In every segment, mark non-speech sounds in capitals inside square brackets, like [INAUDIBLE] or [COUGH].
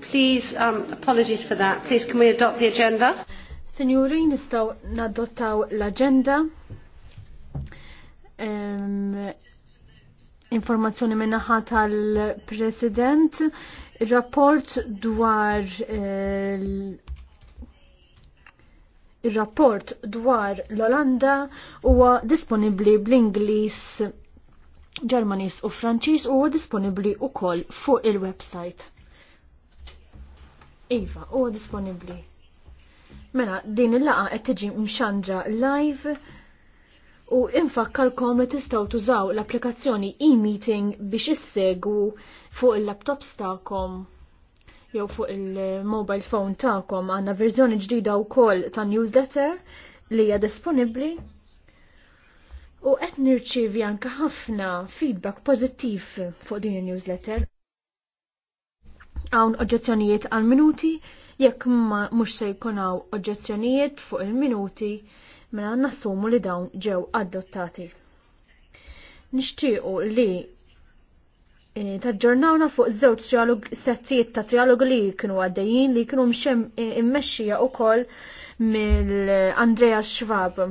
Please, um, apologies for that. Please, can we adopt the agenda? Signori, nistaw nadottaw l-agenda. Um, informazzjoni minnaħa tal-President. Rapport dwar eh, il-rapport dwar l-Olanda huwa disponibbli bl-Ingliż Ġermanis u Franċiż huwa disponibbli wkoll fuq il-website. Iva, huwa disponibbli. Mela, din il-laqa qed tiġi mxandra live u infakkalkom li tistgħu tużaw l-applikazzjoni e-meeting biex issegu fuq il-laptops tagħkom jew fuq il-mobile phone tagħkom għandna verżjoni ġdida wkoll ta' newsletter li hija disponibbli u qed nirċievi anke ħafna feedback pożittiv fuq din il-newsletter. Hawn oġġezzjonijiet għal minuti jekk ma mhux se jkun hawn oġġezzjonijiet fuq il-minuti mela nassumu li dawn ġew adottati. Nixtiequ li eh, taġġornawna fuq żewġ settijiet ta' trialog li kienu għaddejjin li kienu mxem eh, immexxija wkoll mill-Andrea Schwab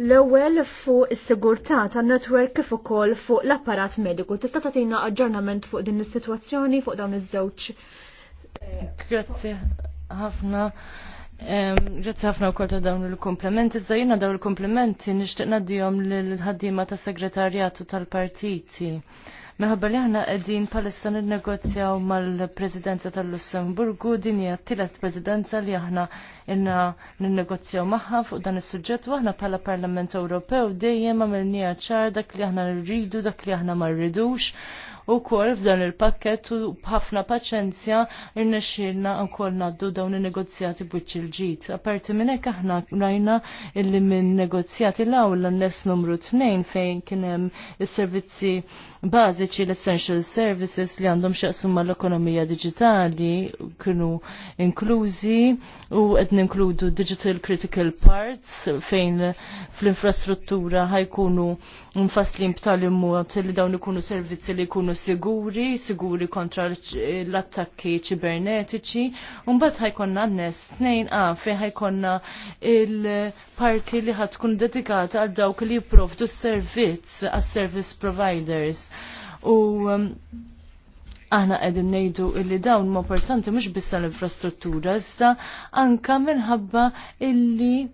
L-ewwel fuq is-sigurtà tan-netwerk kif ukoll fuq l-apparat mediku. Tista' tagħtina aġġornament fuq din is-sitwazzjoni fuq dawn iż-żewġ. Grazzi ħafna. Grazzi ħafna wkoll ta' dawn il-komplimenti. Iżda jiena dawn il-komplimenti nixtieq ngħaddihom lill-ħaddiema tas segretarjatu tal-partiti. Meħabba li aħna qegħdin palissa ninnegozjaw mal-Presidenza tal-Lussemburgu din hija t-tielet Presidenza li aħna inna nil-negozjaw magħha fuq dan is-suġġett u aħna bħala Parlament Ewropew dejjem għamilnija ċar dak li aħna rridu dak li aħna ma rridux u kol f'dan il-pakket u bħafna paċenzja il u kol naddu dawn il-negozjati buċ il-ġit. Aparti minn hekk aħna rajna illi minn negozjati law l-annes numru 2 fejn kien hemm is-servizzi bażiċi l-essential services li għandhom x'jaqsum mal-ekonomija digitali kienu inklużi u qed ninkludu digital critical parts fejn fl-infrastruttura ħajkunu mfasslin b'tali mod li dawn ikunu servizzi li jkunu ikunu siguri, siguri kontra l-attakki ċibernetiċi, bat ħajkonna n-nes snejn għafi ah, ħajkonna il-parti li ħatkun dedikata għal dawk li jiprofdu s-servizz għas service providers. U um, aħna qegħdin ngħidu illi dawn ma importanti mhux biss l-infrastruttura, iżda anka minħabba illi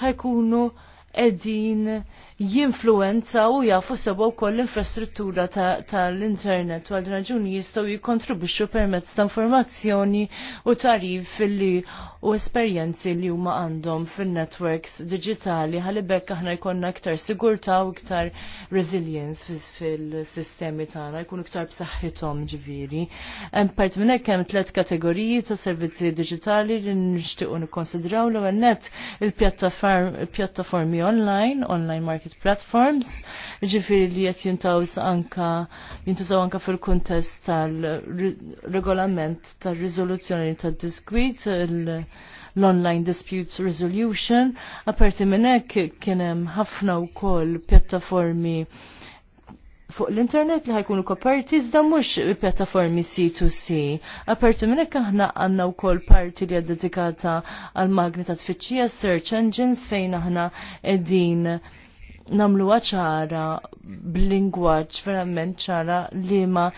ħajkunu qegħdin jinfluenza u jafu sebo wkoll l-infrastruttura tal-internet ta u għal raġuni jistgħu jikkontribwixxu permezz ta' informazzjoni u tarif li u esperjenzi li huma għandhom fin-networks digitali ħalli aħna jkollna iktar sigurtà u iktar resilience fil-sistemi tagħna jkunu iktar b'saħħithom ġifieri. Hemm part minn hekk hemm tliet kategoriji ta' servizzi diġitali li nixtiequ nikkonsidraw l-ewwel net il-pjattaformi online, online marketing Market Platforms, ġifiri li jett jintawz anka, jintużaw anka fil-kontest tal-regolament tal-rizoluzzjoni tal-diskwit, l-online dispute resolution, aperti minnek kienem ħafna u koll pjattaformi fuq l-internet li ħajkunu koperti iżda mhux pjattaformi C2C. Aperti minn hekk aħna għandna wkoll parti li dedikata għal magnetat ta' tfittxija search engines fejn aħna qegħdin namlu ċara b'lingwaġġ verament ċara li ma'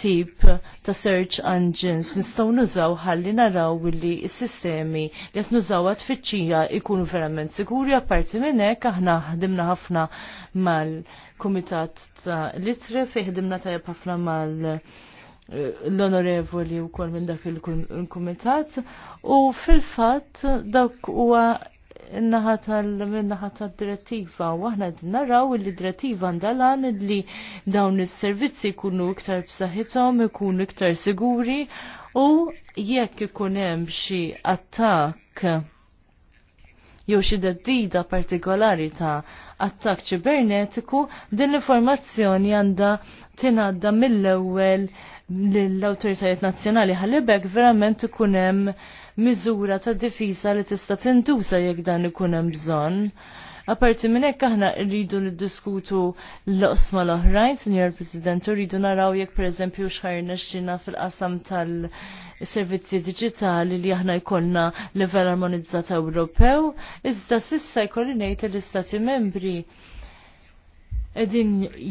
tip ta' search engines nistaw nużaw ħalli naraw li s-sistemi li qed nużaw għatfittxija ikunu verament siguri apparti minn hekk aħna ħdimna ħafna mal-kumitat ta' litri fi ħdimna tajjeb ħafna mal- eh, l-onorevoli u kol minn dak il-kumitat u fil-fat dak huwa naħa tal-naħa tal-direttiva. aħna naraw li direttiva ndalan li dawn is-servizzi jkunu iktar b'saħħithom, ikunu iktar siguri u jekk ikun hemm xi attakk jew xi deddida partikolari ta' attakk ċibernetiku, din l-informazzjoni għandha tingħadda mill-ewwel l awtoritajiet nazzjonali ħalibek verament ikun hemm miżura ta' difisa li tista' tintuża jekk dan ikun hemm bżonn. Aparti minn hekk aħna rridu niddiskutu l-osma l-oħrajn, Sinjor President, rridu naraw jekk pereżempju xħarna xina fil-qasam tal-servizzi diġitali li aħna jkollna livell armonizzat Ewropew, iżda sissa jkolli ngħid l-Istati membri edin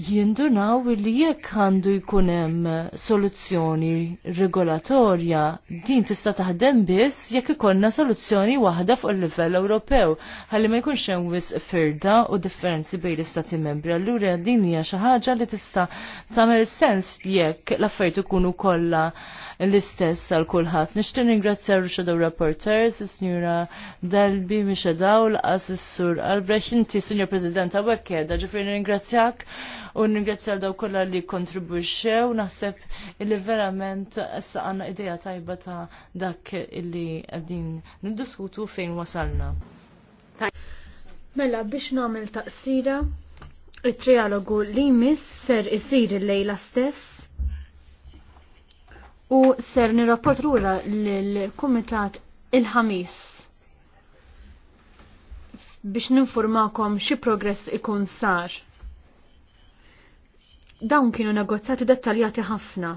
jindunaw li jekk għandu jkunem soluzzjoni regolatorja din tista' taħdem biss jekk ikollna soluzzjoni waħda fuq il-livell Ewropew ħalli ma jkunx hemm wisq firda u differenzi bejn l-istati membri. Allura din hija xi ħaġa li tista' tagħmel sens jekk l-affarijiet ikunu kollha l-istess għal kulħadd. Nixtieq ningrazzja Shadow Reporters, is-Sinjura Dalbi Mixedaw, l-Qas sur Albrecht, inti Sinjur President Abekeda, ġifieri ringrazzjaw tijak u l daw kollha li kontribwixxew naħseb illi verament issa għandna idea tajba ta' dak illi qegħdin niddiskutu fejn wasalna. Mela biex nagħmel taqsira il trialogu li mis ser isir il-lejla stess u ser nirrapportrura l-Kumitat il-ħamis biex ninformakom xi progress ikun sar dawn kienu negozjati dettaljati ħafna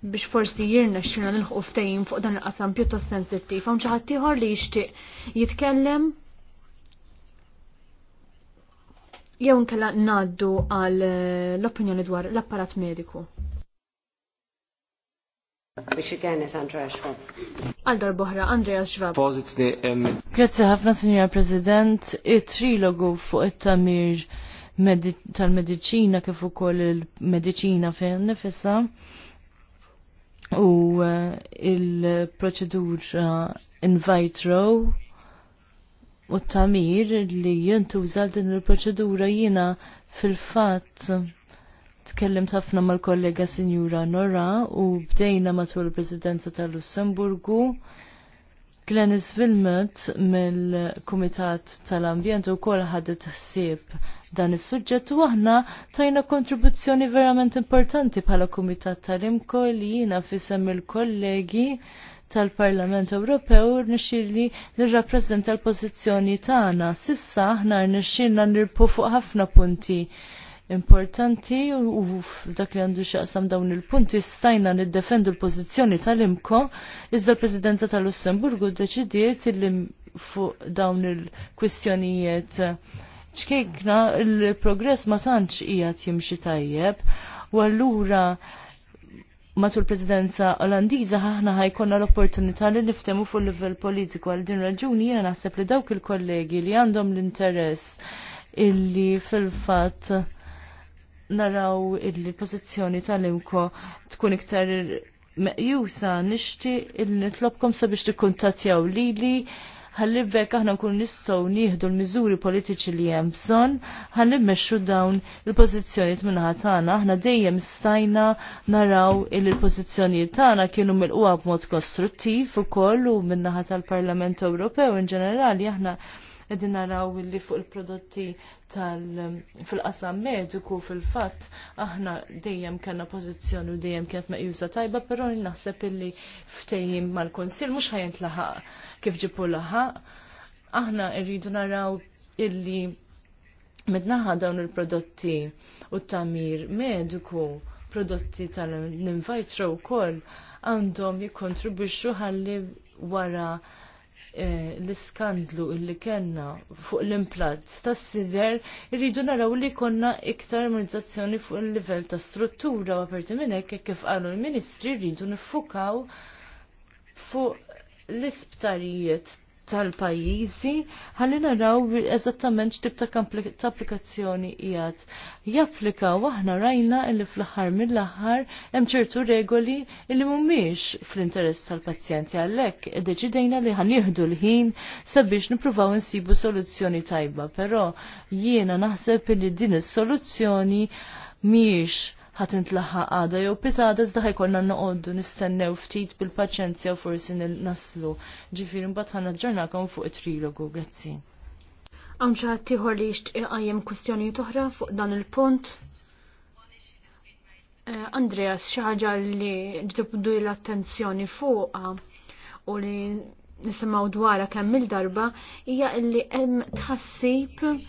biex forsi jirna xirna nilħu ftejn fuq dan il-qasam pjuttost sensittiv, għam ċaħatiħor li jixtieq jitkellem jew nkella naddu għal eh, l-opinjoni dwar l-apparat mediku. Biex ikene Andrea Schwab. Għaldar boħra, Andrea Schwab. Grazie ħafna, Signora President, it-trilogu fuq it-tamir tal-medicina kif ukoll il-medicina fejn nifissa u eh, il-proċedura eh, in vitro u tamir li jintuża din il-proċedura jiena fil-fatt tkellimt ħafna mal-kollega Sinjura Nora u bdejna matul il-Presidenza tal-Lussemburgu Glenis Vilmet mill-Kumitat tal-Ambjent u kol ħadet ħsieb f'dan is-suġġett u aħna tajna kontribuzzjoni verament importanti bħala Kumitat tal-Imko li jiena fisem il-kollegi tal-Parlament Ewropew nixilli nirrappreżenta l-pożizzjoni tagħna. Sissa aħna nixilna nirpu fuq ħafna punti importanti u f'dak li għandu xaqsam dawn il-punti stajna niddefendu l-pożizzjoni tal-imko iżda l-Presidenza tal-Lussemburgu deċidiet li fuq dawn il-kwistjonijiet ċkejkna il-progress ma tantx ijat jimxi tajjeb u allura matul presidenza Olandiża aħna ħajkonna l-opportunità li niftemu fuq livell politiku għal din raġuni jiena naħseb li dawk il-kollegi li għandhom l-interess illi fil-fatt naraw il-pożizzjoni tal-imko tkun iktar meqjusa nixti il-nitlobkom sabiex tikkuntattjaw lili li ħalli aħna nkun nistgħu nieħdu l-miżuri politiċi li hemm bżonn, ħalli mmexxu dawn il-pożizzjonijiet minnaħa tagħna. Aħna dejjem stajna naraw il il-pożizzjonijiet tagħna kienu milquha b'mod kostruttiv ukoll u minnaħa tal-Parlament Ewropew in ġenerali aħna qegħdin naraw li fuq il-prodotti tal fil-qasam mediku fil-fatt aħna dejjem kellna pożizzjoni u dejjem kienet meqjusa tajba, però naħseb illi ftejjim mal-Kunsill mhux ħajent laħaq kif ġipu laħaq. Aħna rridu naraw illi midnaħa dawn il-prodotti u tamir mediku prodotti tal-invitro u koll għandhom jikontribuxxu ħalli wara Eh, l-iskandlu illi kena fuq l-implant tas sider rridu naraw li konna iktar armonizzazzjoni fuq il-livell ta' struttura u aperti minn hekk kif qalu l-Ministri rridu nifukaw fuq l-isptarijiet tal-pajjiżi ħalli naraw eżattament x'tip ta' applikazzjoni qiegħed. Japplika aħna rajna li fl-aħħar mill-aħħar hemm ċertu regoli li mhumiex fl-interess tal-pazjenti għalhekk iddeċidejna li ħanieħdu l-ħin sabiex nippruvaw insibu soluzzjoni tajba, però jiena naħseb li din is-soluzzjoni miex ħat laħħa għada jew pisada iżda ħajkonna noqogħdu nistennew ftit bil-paċenzja u forsi naslu. Ġifieri mbagħad ħana ġġornakom fuq it-trilogu, grazzi. Hawn xi ħadd ieħor li jixtieq kwistjonijiet oħra fuq dan il-punt. Eh, Andreas, xi ħaġa li ġdibdu l-attenzjoni fuqha u li nisimgħu dwarha kemm il-darba hija li hemm tħassib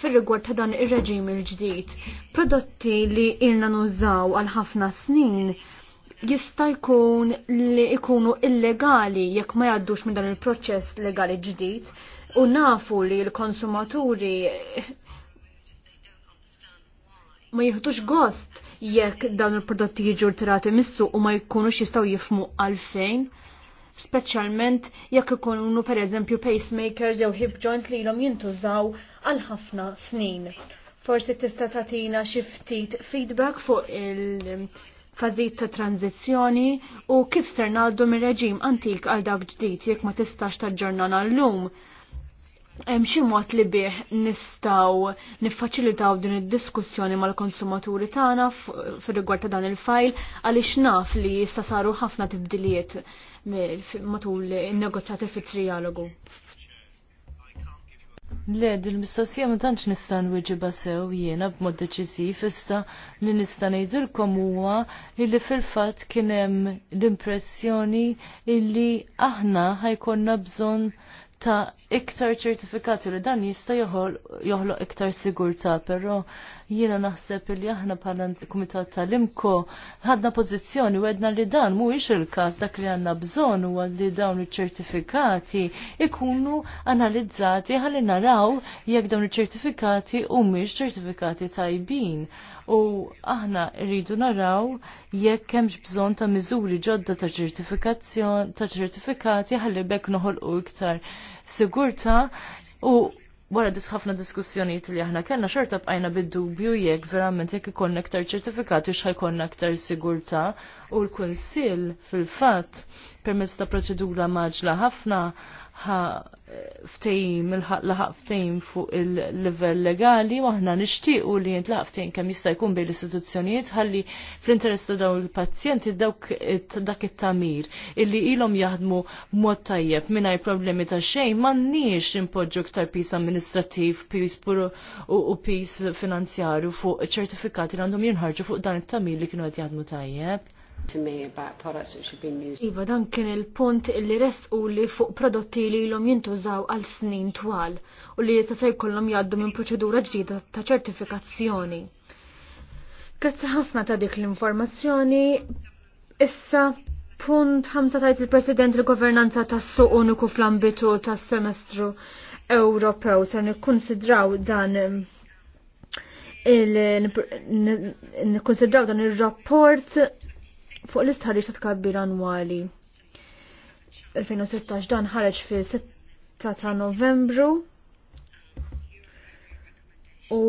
fil-rigward ta' dan ir-reġim il-ġdid, prodotti li ilna nużaw għal ħafna snin jista' jkun li jkunu illegali jekk ma jgħaddux minn dan il-proċess legali ġdid u nafu li l-konsumaturi ma jieħdux gost jekk dawn il-prodotti jiġu tirati missu u ma jkunux jistgħu jifmu għalfejn speċjalment jekk ikunu pereżempju pacemakers jew hip joints li ilhom jintużaw għal ħafna snin. Forsi tista' tagħtina xi ftit feedback fuq il fażit ta' tranzizzjoni u kif ser ngħaddu mir-reġim antik għal dak ġdid jekk ma tistax taġġornana llum hemm xi mod li bih nistgħu niffaċilitaw din id-diskussjoni mal-konsumaturi tagħna fir-rigward ta' dan il-fajl għaliex naf li jista' saru ħafna tibdiliet matul in-negozjati fit-trialogu. Le, dil-mistoqsija ma tantx nista' nwiġiba sew jiena b'mod deċiżiv issa li nista' ngħidilkom huwa illi fil-fatt kien hemm l-impressjoni illi aħna ħajkonna bżonn ta' iktar ċertifikati li dan jista' joħloq iktar sigurtà, però jiena naħseb li aħna bħala kumitat tal-imko ħadna pożizzjoni u għedna li dan mhuwiex il-każ dak li għandna bżonn huwa li dawn iċ-ċertifikati ikunu analizzati ħalli naraw jekk dawn iċ-ċertifikati humiex ċertifikati tajbin. U aħna rridu naraw jekk hemmx bżonn ta' miżuri ġodda ta' ċertifikazzjoni ta' ċertifikati ħalli bekk noħolqu iktar sigurta u wara dis ħafna diskussjonijiet li aħna kellna xorta bqajna bid-dubju jekk verament jekk ikollna aktar ċertifikati x'ħajkollna aktar sigurtà u l-Kunsill fil-fatt permezz ta' proċedura maġla ħafna ftejm, l-ħaq ftejm fuq il-level legali, u aħna nixtiequ li jintlaħaq ftejm kemm jista' jkun bejn l-istituzzjonijiet ħalli fl-interess ta' dawn il-pazjenti dawk dak it-tamir illi ilhom jaħdmu mod tajjeb mingħajr problemi ta' xejn m'għandniex impoġġu ktar pis amministrattiv, pis puru u pis finanzjarju fuq ċertifikati li għandhom jinħarġu fuq dan it-tamir li kienu qed jaħdmu tajjeb to me about products that should be used. Iva dan kien il-punt illi rest u li fuq prodotti li l-om jintużaw għal snin twal u li jistasaj se jkollhom jgħaddu minn proċedura ġdida ta' ċertifikazzjoni. Grazzi ħafna ta' dik l-informazzjoni. Issa punt ħamsa tajt il-President il-Governanza tas-suq uniku fl-ambitu tas-semestru Ewropew ser nikkonsidraw dan il-konsidraw dan il-rapport fuq l-istħarriġ ta' tkabbir annwali 2016 dan ħareġ fil 6 ta' Novembru u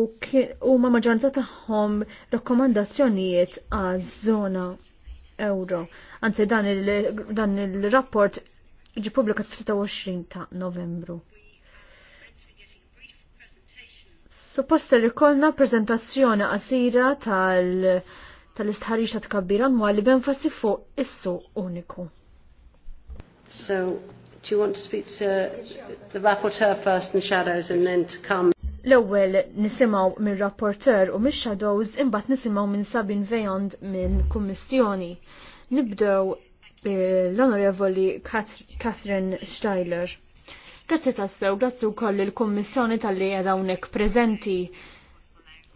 huma maġġoranza tagħhom rakkomandazzjonijiet għaż-żona euro. Anzi dan il-rapport ġi publikat fil 26 ta' Novembru. Supposta li kolna prezentazzjoni qasira tal- tal-istħarriċ ta' tkabbir annwali b'enfasi fuq is-suq uniku. So, do you want to speak to the rapporteur first and shadows and then to come? L-ewwel nisimgħu mir-rapporteur u mix-shadows imbagħad nisimgħu minn Sabin Vejand minn kummissjoni. Nibdew l-Onorevoli Catherine Steiler. Grazzi tassew, grazzi u koll il-Kommissjoni tal-li għedawnek prezenti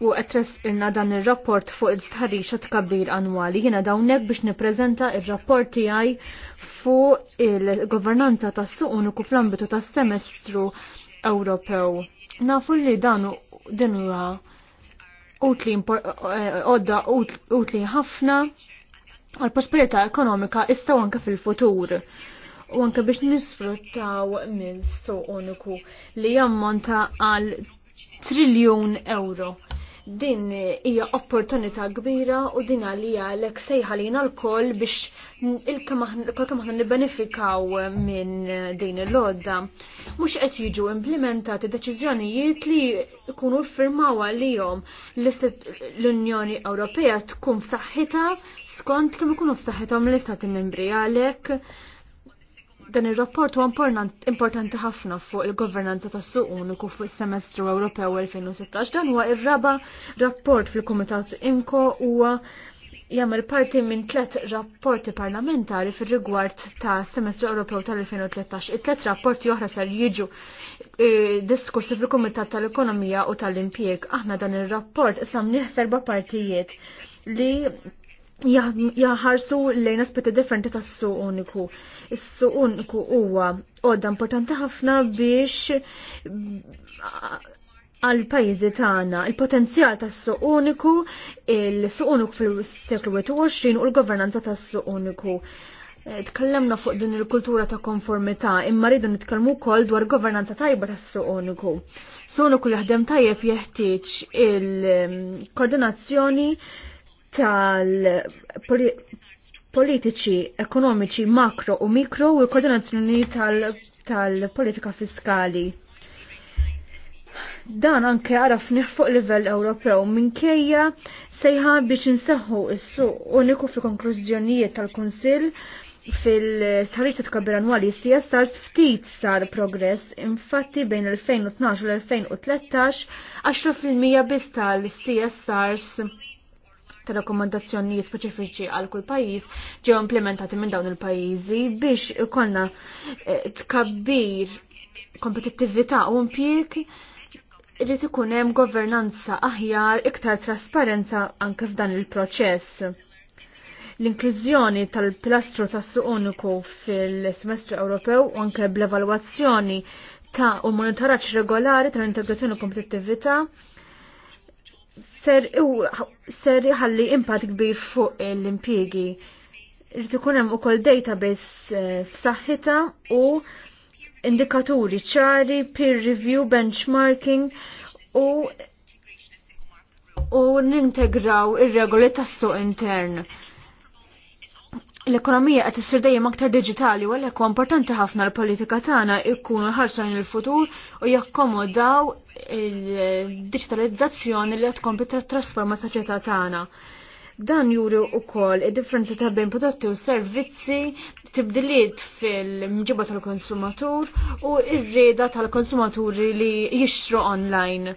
u għetres inna dan il-rapport fuq il-tħarriċa tkabbir annwali. Jena dawnek biex niprezenta il-rapport għaj fuq il-governanza tas suqun u fl-ambitu tas semestru Ewropew. Nafu li dan din huwa utli eh, odda utli ħafna għal prosperità ekonomika istaw anke fil-futur u anke biex nisfruttaw minn suqun li jammonta għal triljon euro. Din hija opportunità kbira u din għalija l-ek sejħalina l-koll biex il-kemm aħna nibbenefikaw minn din il-lodda. Mhux qed jiġu implementati deċiżjonijiet li jkunu ffirmaw għalihom l-Unjoni Ewropea tkun f'saħħitha skont kemm ikunu f'saħħithom l-istati membri għalhekk Dan ir-rapport huwa importanti ħafna fuq il-governanza tas suq uniku fuq is-semestru Ewropew 2016. Dan huwa ir-raba rapport fil-Kumitat Imko huwa jagħmel parti minn tliet rapporti parlamentari fir-rigward ta' semestru Ewropew tal-2013. It-tliet rapporti oħra sar jiġu e, diskussi fil-Kumitat tal-Ekonomija u tal-Impjeg. Aħna dan ir-rapport issa nieħ serba partijiet li jaħarsu lejn aspetti differenti tas-suq uniku. Is-suq uniku huwa għodda importanti ħafna biex għal pajjiżi tagħna il-potenzjal tas-suq uniku, il-suq uniku fil-seklu 21 u l-governanza tas-suq uniku. Tkellemna fuq din il-kultura ta' konformità, imma rridu nitkellmu wkoll dwar governanza tajba tas-suq uniku. Suq uniku jaħdem tajjeb jeħtieġ il-koordinazzjoni il koordinazzjoni tal-politiċi ekonomiċi makro u mikro u koordinazzjoni tal-politika fiskali. Dan anke għaraf fuq livell Ewropew minkejja sejħa biex inseħħu s-suq uniku fil-konklużjonijiet tal-Kunsill fil-sħarriċ ta' tkabbir annwali CSRs ftit sar progress infatti bejn 2012 u l-2013 10% biss tal-CSRs ta' rakkomandazzjonijiet speċifiċi għal kull pajjiż ġew implementati minn dawn il-pajjiżi biex ikollna eh, tkabbir kompetittività u impjieg irid ikun hemm governanza aħjar iktar trasparenza anke f'dan il-proċess. L-inklużjoni tal plastru tas-suq uniku fil-semestru Ewropew u anke bl-evalwazzjoni ta' u monitoraġġ regolari tal-integrazzjoni u kompetittività ser ħalli impatt kbir fuq l-impjegi. Irrid ikun hemm ukoll database eh, f'saħħitha u indikaturi ċari, peer review, benchmarking u u nintegraw ir-regoli tas-suq intern l-ekonomija qed issir dejjem aktar diġitali u għalhekk importanti ħafna l-politika tagħna jkunu ħarsan il-futur u jakkomodaw il-diġitalizzazzjoni li qed tkompli trasforma soċjetà tagħna. Dan juri wkoll id-differenza ta' bejn prodotti u servizzi, tibdiliet fil mġibba tal-konsumatur u r-rieda tal-konsumaturi li jixtru online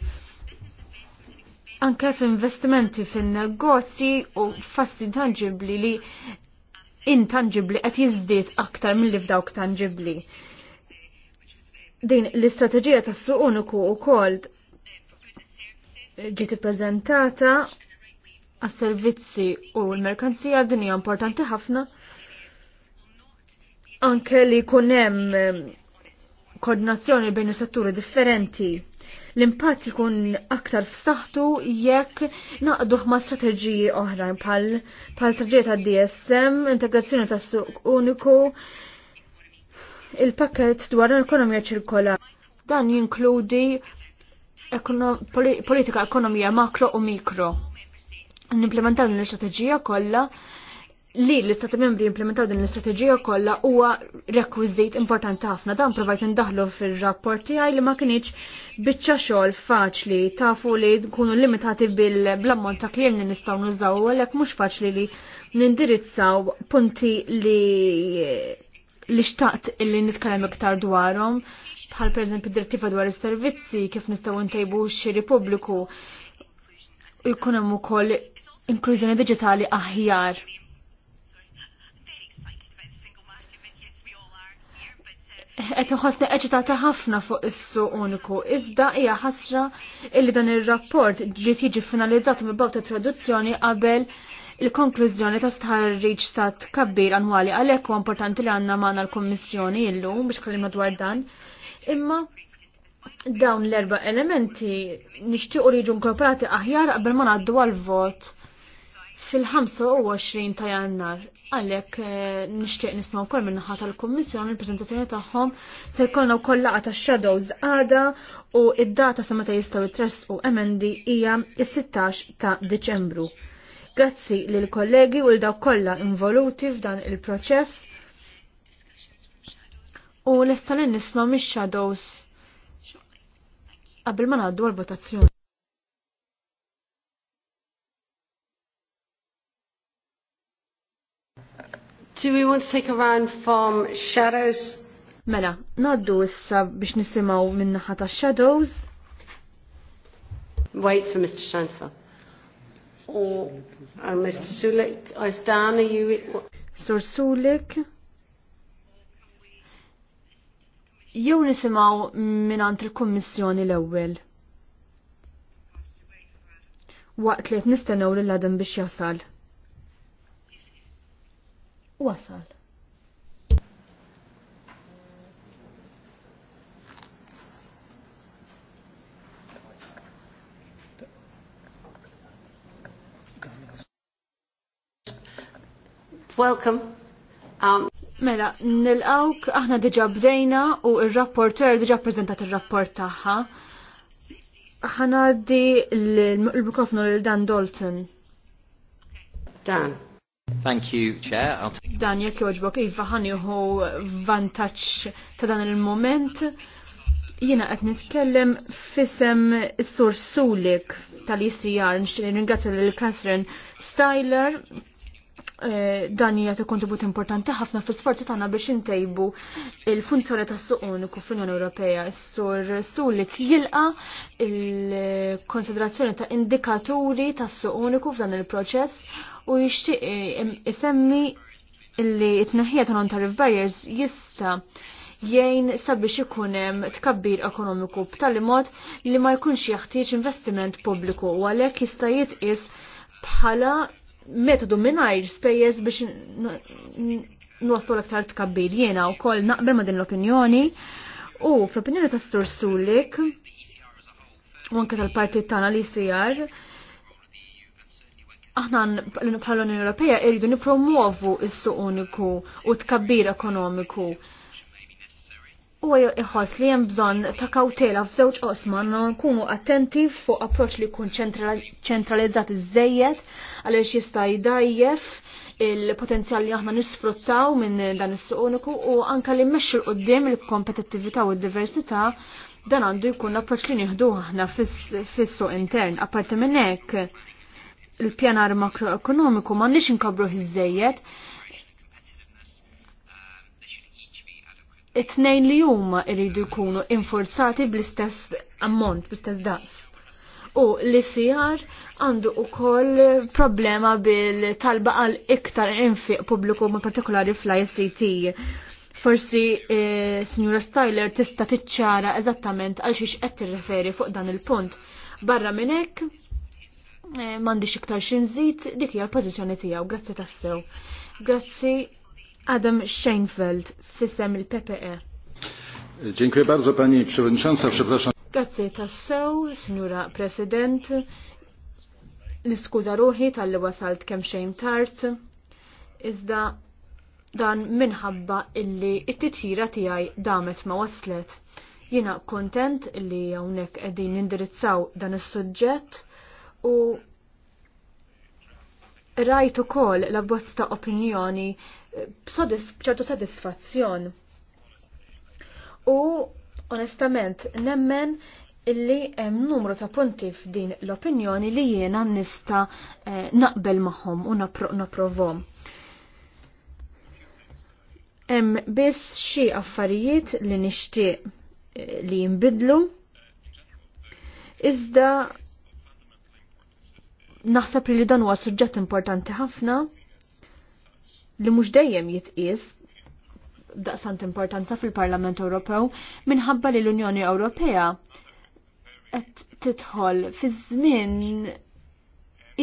anke f'investimenti fin-negozji u fasti tangibli li intangibli qed jiżdied aktar mill f'dawk tangibli. Din l-istrateġija tas-suq uniku wkoll ġiet ippreżentata għas-servizzi u l-merkanzija din hija importanti ħafna anke li jkun hemm koordinazzjoni bejn is-setturi differenti l-impatt ikun aktar f'saħħtu jekk naqduh ma' strateġiji oħrajn bħal strateġija ta' DSM, integrazzjoni ta' suq uniku, il-pakket dwar l-ekonomija ċirkola. Dan jinkludi politika ekonomija makro u mikro. Nimplementaw l-istrateġija kollha li l-istati membri implementaw din l-istrateġija kollha huwa rekwiżit importanti ħafna. Dan provajt indaħlu fir-rapport tiegħi li ma kinitx biċċa xogħol faċli tafu li tkunu limitati bil-ammont ta' kliem li nistgħu nużaw għalhekk mhux faċli li nindirizzaw punti li li xtaqt illi nitkellem iktar dwarhom bħal pereżempju direttiva dwar is-servizzi kif nistgħu ntejbu x-xiri pubbliku jkun hemm ukoll inklużjoni diġitali aħjar qed iħossni eċitata ħafna fuq is uniku, iżda hija ħasra illi dan ir-rapport ġiet jiġi finalizzat mibgħu ta' traduzzjoni qabel il-konklużjoni ta' stħarriġ sa' tkabbir annwali għalhekk importanti li għandna maħna l-Kummissjoni illu biex kellimna dwar dan. Imma dawn l-erba' elementi nixtiequ li jiġu inkorporati aħjar qabel ma ngħaddu għal-vot fil-25 ta' jannar. Għalek eh, nishtiq nisma' wkoll minn naħa tal-Kummissjoni il-preżentazzjoni tagħhom se jkollna wkoll laqgħa tax-shadows għada u id-data sa meta jistgħu u MND hija il 16 ta' Diċembru. Grazzi l kollegi u l daw kollha involuti f'dan il-proċess. U l-estalin nisma' mix-shadows qabel ma ngħaddu għall-votazzjoni. Do we want to take a round from shadows? Mela, naddu issa biex nisimaw minnaħa ta' shadows. Wait for Mr. Shanfa. Or uh, Mr. Sulik, I uh, stand, are you... Sir Sulik. Jew nisimaw minant il-kommissjoni l-ewel. Waqt li nistennew l-ladan biex jasal wasal. Welcome. Um, mela, nil-awk, aħna diġa bdejna u il-rapporter diġa prezentat il-rapport taħħa. di l-mikrofonu l-Dan Dalton. Dan. Thank you, Chair. dan jekk joġbok jiva ħani uħu vantaċ ta' dan il-moment. Jina qed nitkellem fissem is-sur Sulik tal-ICR nixtieq ringrazzja lil Catherine Styler eh, dan hija kontribut importanti ħafna fl-sforzi tagħna biex intejbu il-funzjoni tas-suq uniku fl-Unjoni Ewropea. Is-sur Sulik jilqa il-konsiderazzjoni ta' indikaturi tas-suq uniku f'dan il-proċess u jixtieq isemmi illi t-naħija ta' non-tariff barriers jista' jgħin sabiex ikun hemm tkabbir ekonomiku b'tali mod li ma jkunx jaħtieġ investiment pubbliku u għalhekk jista' jitqis bħala metodu mingħajr spejjeż biex nwaslu l-aktar tkabbir jiena wkoll naqbel ma' din l-opinjoni u fl-opinjoni ta' Sur Sulik u anke tal-partit tagħna li jsir aħna bħala Unjoni Ewropea irridu nipromuovu s-suq uniku u tkabbir ekonomiku. U iħoss li hemm bżonn ta' kawtela f'żewġ qosma nkunu attenti fuq approċċ li jkun ċentralizzat iżejjed għaliex jista' jdajjef il-potenzjal li aħna nisfruttaw minn dan is-suq uniku u anke li mmexxu l-qudiem il-kompetittività u d-diversità dan għandu jkun approċċ li nieħdu aħna fis-suq intern. Apparti minn hekk il-pjanar makroekonomiku ma nix nkabru hizzejiet. it-tnejn li huma jridu jkunu infurzati bl-istess ammont, bl-istess daqs. U l-ICR għandu u koll problema bil-talba għal iktar infiq publiku ma partikolari fl-ICT. Forsi eh, Signora Styler tista' tiċċara eżattament għal xiex qed tirreferi fuq dan il-punt. Barra minn hekk, Eh, mandi xiktar xinżit dik hija l-pożizzjoni tiegħu. Grazzi tassew. Grazzi Adam Scheinfeld fissem il-PPE. Dziękuję bardzo pani przewodnicząca, przepraszam. Grazzi tassew, signora President. Niskuża ruħi tal-li wasalt kemm xejn tard. Iżda dan minħabba illi it-titjira tiegħi damet ma waslet. Jina kontent illi hawnhekk qegħdin nindirizzaw dan is-suġġett u rajt ukoll la bosta ta' opinjoni eh, b'ċertu sadisfazzjon. U onestament nemmen illi hemm numru ta' punti f'din l-opinjoni li jiena nista eh, naqbel magħhom u naprovom. Hemm biss xi affarijiet li nixtieq eh, li jinbidlu iżda Naħseb li dan huwa suġġett importanti ħafna li mhux dejjem jitqies daqsant importanza fil-Parlament Ewropew minħabba li l-Unjoni Ewropea qed tidħol fi żmien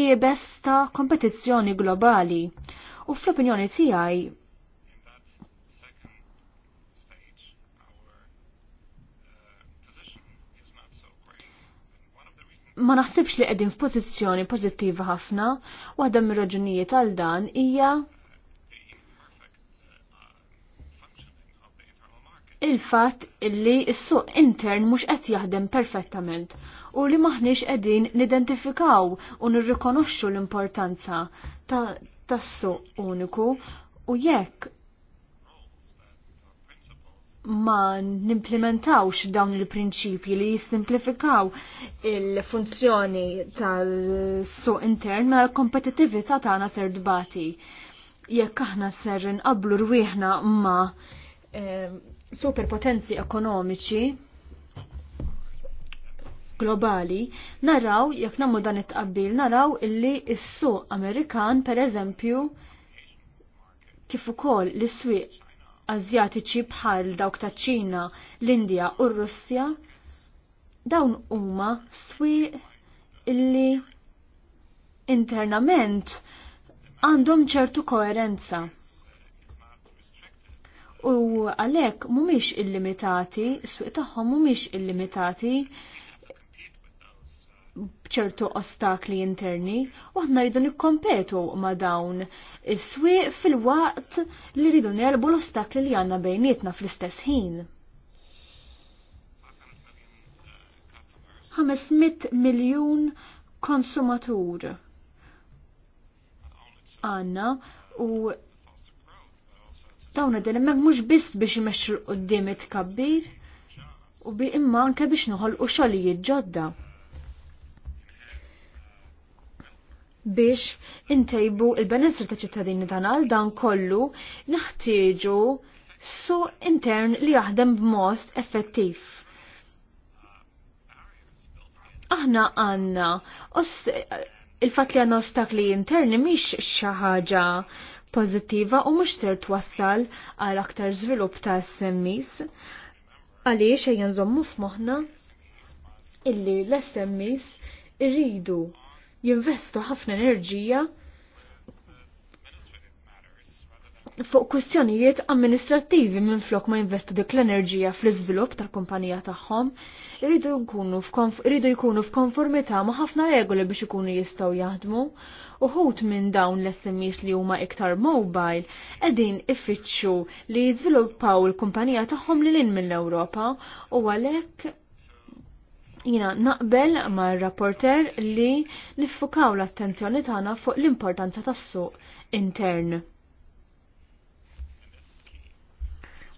ibes ta' kompetizzjoni globali. U fl-opinjoni tiegħi ma naħsibx li qegħdin f'pożizzjoni pożittiva ħafna, waħda mir-raġunijiet għal dan hija il-fatt li s-suq intern mhux qed jaħdem perfettament u li maħniex qegħdin nidentifikaw u nirrikonoxxu l-importanza tas-suq uniku u jekk ma nimplementawx dawn il-prinċipji li jissimplifikaw il-funzjoni tal-suq intern ma l-kompetitività tagħna ser dbati. Jekk aħna ser nqablu rwieħna ma eh, superpotenzi ekonomiċi globali, naraw jekk nagħmlu dan it-tqabbil, naraw illi s-suq Amerikan pereżempju kif ukoll l swieq Azjatiċi bħal dawk ta' ċina, l-Indja u r-Russja, dawn huma swieq illi internament għandhom ċertu koerenza. U għalhekk mhumiex illimitati, swieq tagħhom mhumiex illimitati, ċertu ostakli interni u aħna rridu nikkompetu ma' dawn is-swieq fil-waqt li rridu nerbu l-ostakli li għandna bejnietna fl-istess ħin. 500 miljun konsumatur għanna u dawn id-din mhux biss biex imexxu l-qudiem it-kabbir u bi imma anke biex noħolqu xogħlijiet ġodda. biex intejbu il-benessri ta' ċittadini tagħna għal dan kollu naħtieġu su intern li jaħdem b'most effettiv. Aħna għanna, il-fat li għanna ostakli interni miex xaħġa pozittiva u mux ser twassal għal aktar zvilup ta' SMIs. Għaliex għajjan zommu f'moħna illi l smis irridu jinvestu ħafna enerġija fuq kwistjonijiet amministrativi minn flok ma jinvestu dik l-enerġija fl-iżvilupp tal-kumpanija tagħhom, iridu jkunu f'konformità ma' ħafna regoli biex ikunu jistgħu jaħdmu. Uħut minn dawn l-SMEs li huma iktar mobile qegħdin ifittxu li jiżviluppaw il-kumpanija tagħhom lil min mill-Ewropa u għalhekk jina naqbel ma' rapporter li niffukaw l-attenzjoni tagħna fuq l-importanza tas-suq intern.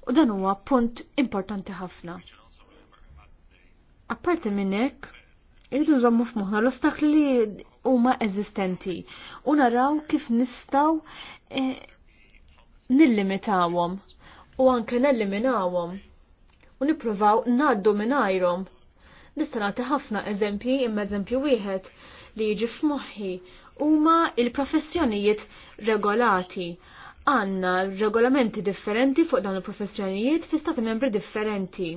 U dan huwa punt importanti ħafna. Apparti minn hekk, irridu nżommu f'moħħna l-ostakli li huma eżistenti u naraw kif nistgħu e, nillimitawhom u anke nelliminawhom u nippruvaw ngħaddu mingħajrhom Nista' nagħti ħafna eżempji imma eżempju wieħed li jiġi f'moħħi huma il-professjonijiet regolati. Għanna regolamenti differenti fuq dawn il-professjonijiet fi stati membri differenti.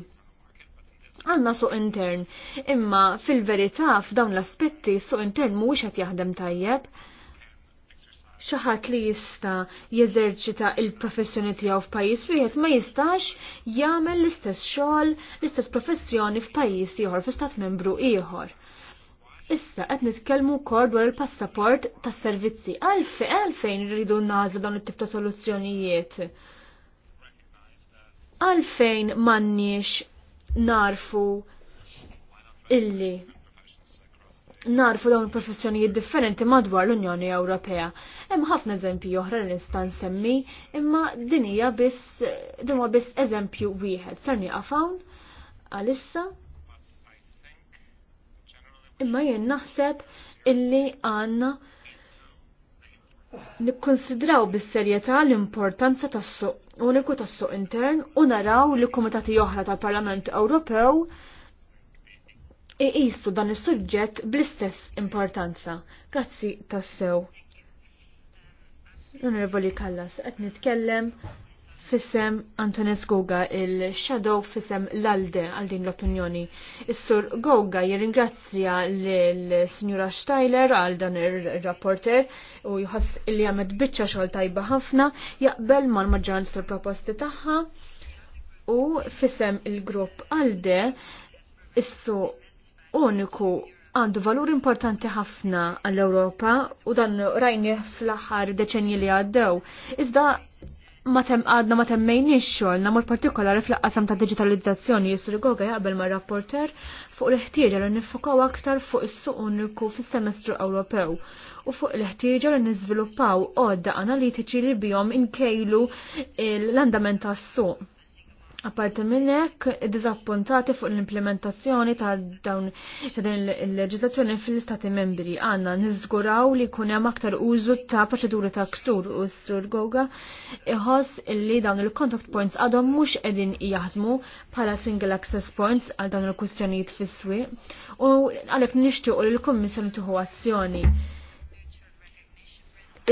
Għanna suq intern, imma fil-verità f'dawn l-aspetti suq intern mhuwiex qed jaħdem tajjeb xaħat li jista jeżerċita il-professjoni tiegħu f'pajjiż wieħed ma jistax jagħmel l-istess xogħol, l-istess professjoni f'pajjiż ieħor f'istat membru ieħor. Issa qed nitkellmu wkoll dwar il-passaport tas-servizzi. Għalfejn għalfejn irridu nażla dawn it-tip ta' soluzzjonijiet. Għalfejn m'għandniex narfu illi narfu dawn il-professjonijiet differenti madwar l-Unjoni Ewropea. Hemm ħafna eżempji oħra li nista' nsemmi, imma din hija biss din huwa biss eżempju wieħed. Sar nieqaf hawn għalissa. Imma jien naħseb illi għandna nikkonsidraw bis-serjetà l-importanza tas-suq uniku tas-suq intern u naraw li kumitati oħra tal-Parlament Ewropew iqisu dan is-suġġett bl-istess importanza. Grazzi tassew. Onorevoli Kallas, qed nitkellem fissem Antones Goga il-shadow fissem l-alde għal din l-opinjoni. Is-sur Goga jirringrazzja l-Sinjura Steiler għal dan ir-rapporter u jħoss li għamet bicċa xogħol tajba ħafna jaqbel mal-maġġoranza tal-proposti tagħha u fissem il-grupp għalde issu uniku għandu valur importanti ħafna għall-Ewropa u dan rajni fl-aħħar deċenji li għaddew. Iżda ma tem għadna ma temmejniex xogħolna namur partikolari fl-qasam ta' digitalizzazzjoni jisri Goga jaqbel ma' rapporter fuq l-ħtieġa li nifokaw aktar fuq is-suq uniku fis-semestru Ewropew u fuq l-ħtieġa li niżviluppaw għodda analitiċi li bihom inkejlu l-andament tas-suq Apparti minn hekk, diżappuntati fuq l-implementazzjoni ta' dawn din il-leġislazzjoni fl-Istati membri għandna niżguraw li jkun hemm aktar użu ta' proċeduri ta' ksur u s-sur Goga iħoss illi dawn il-contact points għadhom mhux qegħdin jaħdmu bħala single access points għal dawn il-kwistjonijiet fis-swieq u għalhekk nixtiequ li l-Kummissjoni tieħu azzjoni.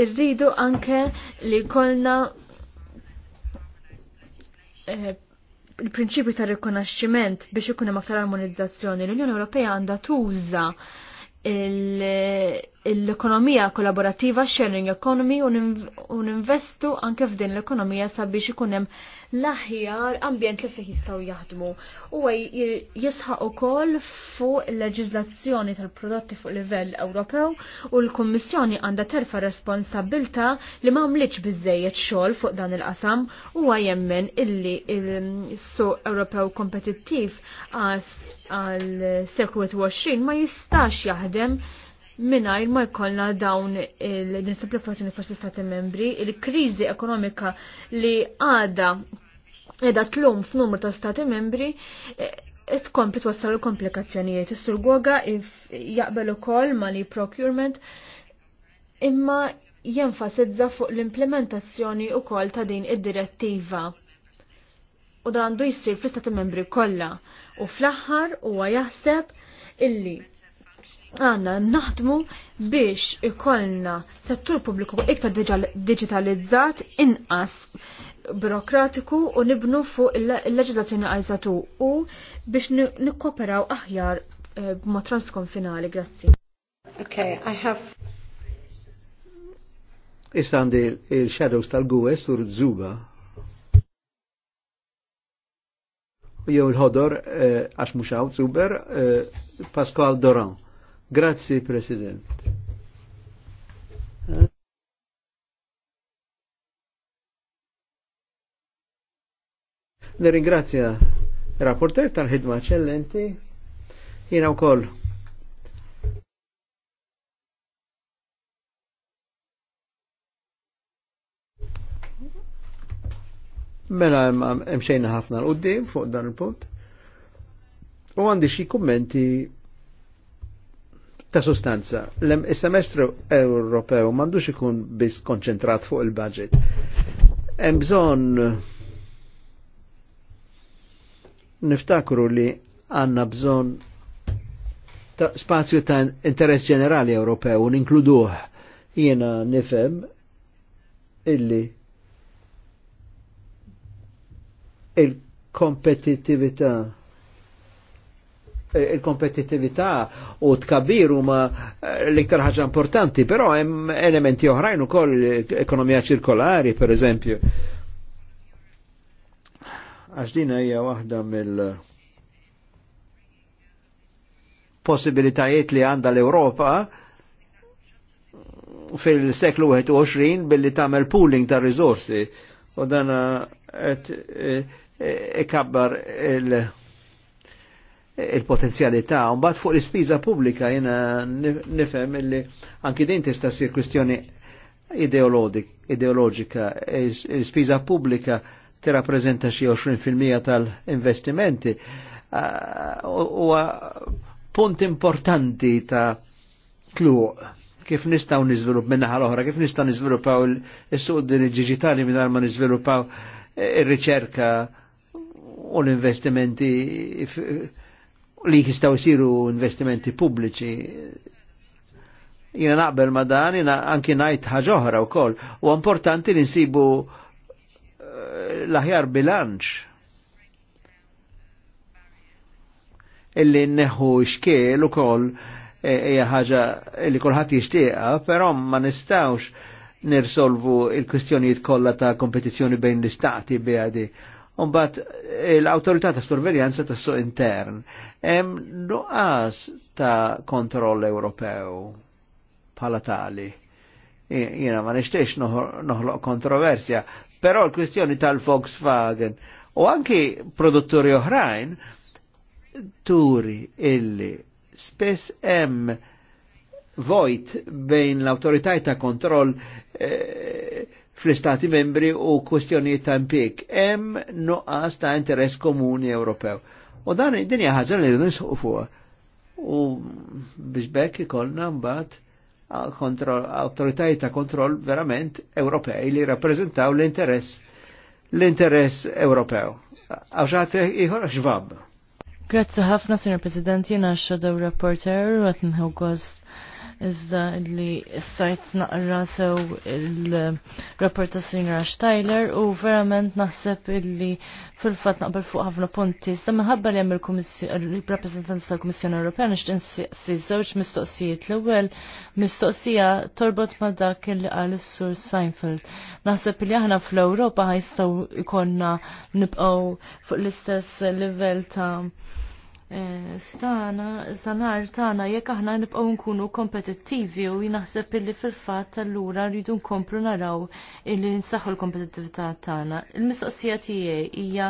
Irridu anke li kollna eh, il-prinċipju ta' rikonaxximent biex ikun hemm aktar armonizzazzjoni, l-Unjoni Ewropea għandha tuża l-ekonomija kollaborativa sharing economy u ninvestu anke f'din l-ekonomija sabiex ikun hemm l-aħjar ambjent li fih jistgħu jaħdmu. U jisħaq ukoll fuq il-leġiżlazzjoni tal-prodotti fuq livell Ewropew u l-Kummissjoni għandha terfa' responsabilta li ma mlitx biżejjed xogħol fuq dan il-qasam u jemmen illi il-suq Ewropew kompetittiv għal circuit 20 ma jistax jaħdem minajr ma jkollna dawn il-simplifikazzjoni fost stati membri, il-krizi ekonomika li għada edha tlum f'numru ta' stati membri, e, e, t-wassal l-komplikazzjonijiet. Is-sur Goga jaqbel ukoll ma li procurement imma jenfasizza fuq l-implementazzjoni ukoll ta' din id-direttiva. U dan għandu jissir fl-istati membri kollha u fl-aħħar huwa jaħseb illi għanna naħdmu biex ikollna settur pubbliku iktar digitalizzat inqas burokratiku u nibnu fuq il-leġislazzjoni għajzatu u biex nikkoperaw aħjar eh, b'mod transkonfinali, grazzi. Okay, I have Issa għandi il-shadows tal gues u rżuba. Jew il-ħodor eh, għax muxaw Zuber, eh, Pasqual Doran. Grazzi, President. Nirringrazzja rapporter tal-ħidma eccellenti. Jina wkoll Mela mxejna ħafna l-qoddim fuq dan il-punt. U għandi xi kummenti ta' sostanza, l semestru Ewropew mandux ikun biss konċentrat fuq il-budget. Hemm bżonn niftakru li għanna bżonn ta' spazju ta' interess ġenerali Ewropew u ninkluduh jiena nifhem illi il-kompetitività il kompetitività u tkabbir huma eh, l-iktar ħaġa importanti, però hemm elementi oħrajn ukoll ekonomija ċirkolari, per eżempju. Għax din hija waħda mill possibilitajiet li għanda l-Europa fil-seklu 21 billi tamel pooling ta' rizorsi u dan eh, ikabbar il- il-potenzjalità, un bat fuq l-ispiża pubblika jena nifhem illi anki din tista' sir kwistjoni ideoloġika. L-ispiża pubblika tirrappreżenta xi 20% tal-investimenti huwa punt importanti ta' tluq kif nistgħu niżvilupp minn naħa l-oħra, kif nistgħu niżviluppaw is-suq diġitali mingħajr ma niżviluppaw ir-riċerka u l-investimenti li jistaw jsiru investimenti pubbliċi. Jina naqbel ma dan, jina anki najt ħagħoħra u koll. U importanti li nsibu eh, l-aħjar bilanċ. Illi neħu xkiel u koll eh, hija ħaġa li kulħadd jixtieqha, però ma nistgħux nirsolvu il-kwistjonijiet kollha ta' kompetizzjoni bejn l-istati bi Umbat eh, l-autorità ta' sorveljanza ta' so intern. Hemm nuqas ta' kontroll Ewropew pala tali. Jiena ma nishtiex noħloq kontroversja, però l-kwistjoni tal-Volkswagen u anki produtturi oħrajn turi illi spess hemm vojt bejn l autorità ta' kontroll eh, fl-istati membri u kwestjoni ta' impik. Hemm nuqqas ta' interess komuni Ewropew. U dan id-dinja ħaġa li nisqu fuq. U biex bekk ikollna mbagħad autoritajiet ta' kontroll verament Ewropej li rappreżentaw l-interess l-interess Ewropew. Għawxat iħor xvab. Grazzi ħafna, Sr. President, jena xadaw rapporter għatnħu għost iżda li stajt naqra sew il-rapport ta' Sinra Steiler u verament naħseb illi fil-fat naqbel fuq ħafna punti. Iżda minħabba li hemm il-rappresentanza tal-Kummissjoni Ewropea nixtieq si żewġ mistoqsijiet. L-ewwel mistoqsija torbot ma' dak li qal is-Sur Seinfeld. Naħseb li aħna fl-Ewropa ħajstaw ikonna nibqgħu fuq l-istess livell ta' Eh, stana, sanar tana, jekk aħna nibqgħu nkunu kompetittivi u jinaħseb illi fil-fatt allura rridu nkomplu naraw illi nsaħħu l-kompetittività tagħna. Il-mistoqsija tiegħi hija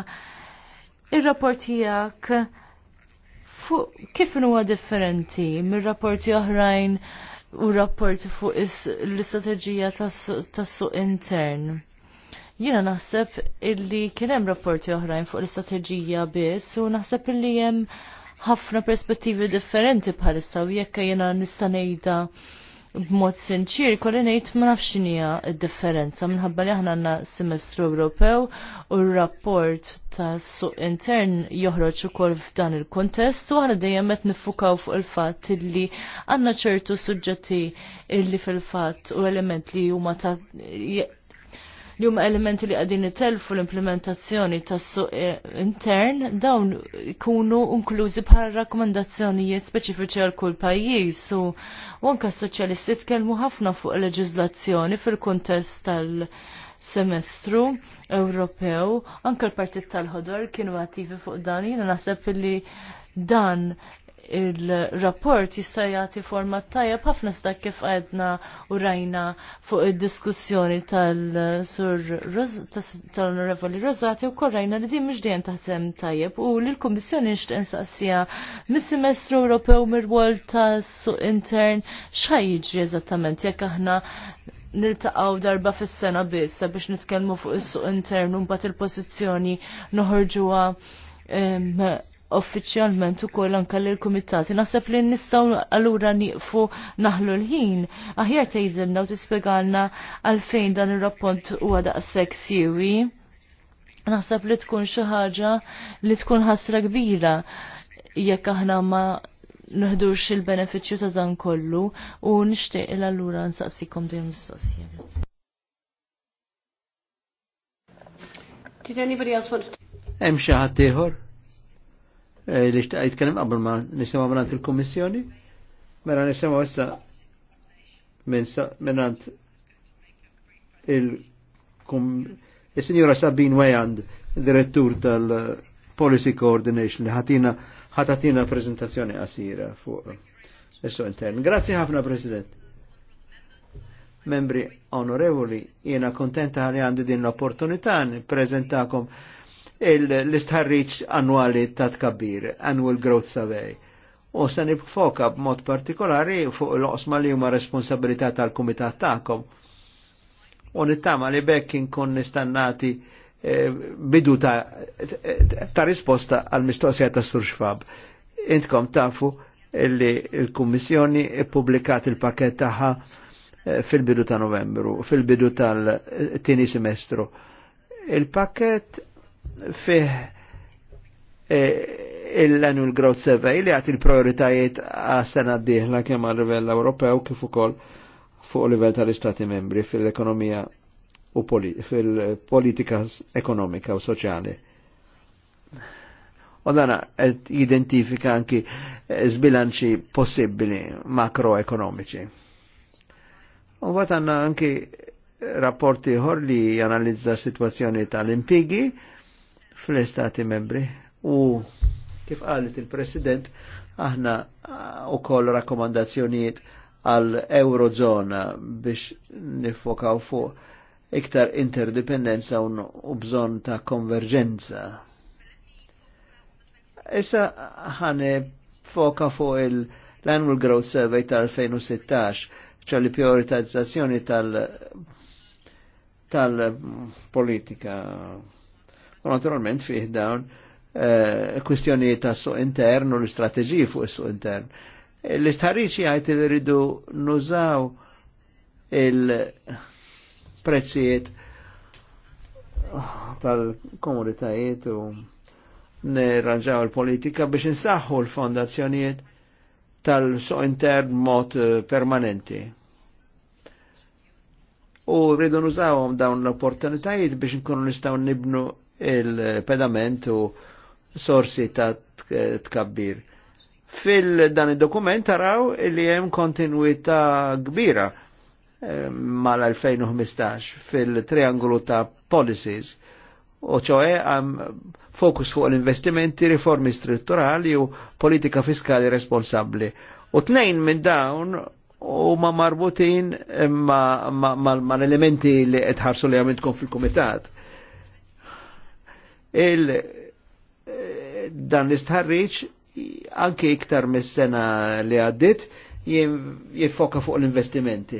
ir-rapport tiegħek fuq kif huwa differenti mir-rapporti oħrajn u rapporti fuq l-istrateġija tas-suq intern. Jiena naħseb illi kien hemm rapporti oħrajn fuq l-istrateġija biss u naħseb illi hemm ħafna perspettivi differenti bħalissa u jekk jiena nista' ngħidha b'mod sinċir, kolli ngħid ma nafx d-differenza minħabba li aħna għandna semestru Ewropew u r-rapport tas suq intern joħroġ ukoll f'dan il-kontest u aħna dejjem qed niffukaw fuq il-fatt illi għandna ċertu suġġetti illi fil-fatt u element li huma ta' li huma elementi li qegħdin itelfu l-implementazzjoni tas-suq eh, intern dawn ikunu inklużi bħal rakkomandazzjonijiet speċifiċi għal kull pajjiż u anke s-soċjalisti tkellmu ħafna fuq leġiżlazzjoni fil-kuntest tal- semestru Ewropew, anke l-partit tal-ħodor kienu attivi fuq dan, jiena naħseb li dan il-rapport jista' jagħti forma tajjeb ħafna sta kif għedna u rajna fuq id-diskussjoni tal-sur tal-Onorevoli Rosati u rajna li din mhux dejjem taħdem tajjeb u li l-Kummissjoni nixtieq insaqsija mis-semestru Ewropew mir-wol tas-suq intern x'ħajjiġri eżattament jekk aħna niltaqaw darba fis-sena biss biex nitkellmu fuq is-suq intern u mbagħad il-pożizzjoni noħorġuha ehm, uffiċjalment ukoll anke lill kumitati Naħseb li nistgħu allura nieqfu naħlu l-ħin. Aħjar tgħidilna u tispjegalna għalfejn dan ir-rapport huwa daqshekk siewi. Naħseb li tkun xi ħaġa li tkun ħasra kbira jekk aħna ma nħdux il-benefiċċju ta' dan kollu u nixtieq l-allura nsaqsikom dejjem mistoqsija. Did anybody else want to? Hemm xi ħadd ieħor? Eh, li xtaq jitkellem qabel ma nisimgħu minn il-Kummissjoni. Mela nisimgħu issa minnant il-Sinjora Sabin Wejand, direttur tal-Policy Coordination, li ħatina ħatatina prezentazzjoni qasira fuq is intern. Grazzi ħafna President membri onorevoli, jena kontenta li għandi din l-opportunità prezentakom l-istħarriċ annuali ta' tkabbir, Annual Growth Survey. U se nibfoka b'mod partikolari fuq l-osma li huma responsabilità tal-kumitat tagħkom. U nittama li bekk inkun nistannati eh, bidu ta' risposta għal mistoqsija ta' Surxfab. Intkom tafu illi il-Kummissjoni ippubblikat il-pakket tagħha eh, fil-bidu ta' novembru, fil-bidu tal-tini semestru. Il-pakket fih eh, il-annual growth survey li għati il-prioritajiet għastana d-dihla kemm għal livell Ewropew kif ukoll fuq livell tal-Istati membri fil-ekonomija u fil-politika ekonomika u soċjali. U dana qed jidentifika anki eh, zbilanċi possibili makroekonomiċi. U bat għanna anki rapporti ħor li janalizza situazzjoni tal-impigi, fl-Istati membri u kif qalet il-President aħna u koll rakkomandazzjonijiet għal Eurozona biex nifokaw fuq iktar interdipendenza u bżon ta' konverġenza. Issa ħane foka fuq l-Annual Growth Survey tal-2016 ċalli prioritizzazzjoni tal- tal-politika tal u naturalment fih dawn eh, kwistjoni ta' su intern u l-istrateġiji fuq is-suq intern. L-istħarriċi għajt rridu nużaw il-prezzijiet tal-komunitajiet u nirranġaw il-politika biex insaħħu l-fondazzjonijiet tal-suq intern mod eh, permanenti. U rridu nużawhom dawn l-opportunitajiet biex nkunu nistgħu nibnu il-pedament u sorsi ta' tkabbir. Fil-dan il-dokument taraw li hemm kontinuità kbira eh, mal-2015 fil-triangolu ta' policies u ċoħe għam fokus fuq l-investimenti, riformi strutturali u politika fiskali responsabli. U tnejn minn dawn u ma marbutin ma, l-elementi li għedħarsu li għamintkom fil-komitat il eh, dan l-istħarriċ anke iktar mis-sena li għaddit jiffoka fuq l-investimenti.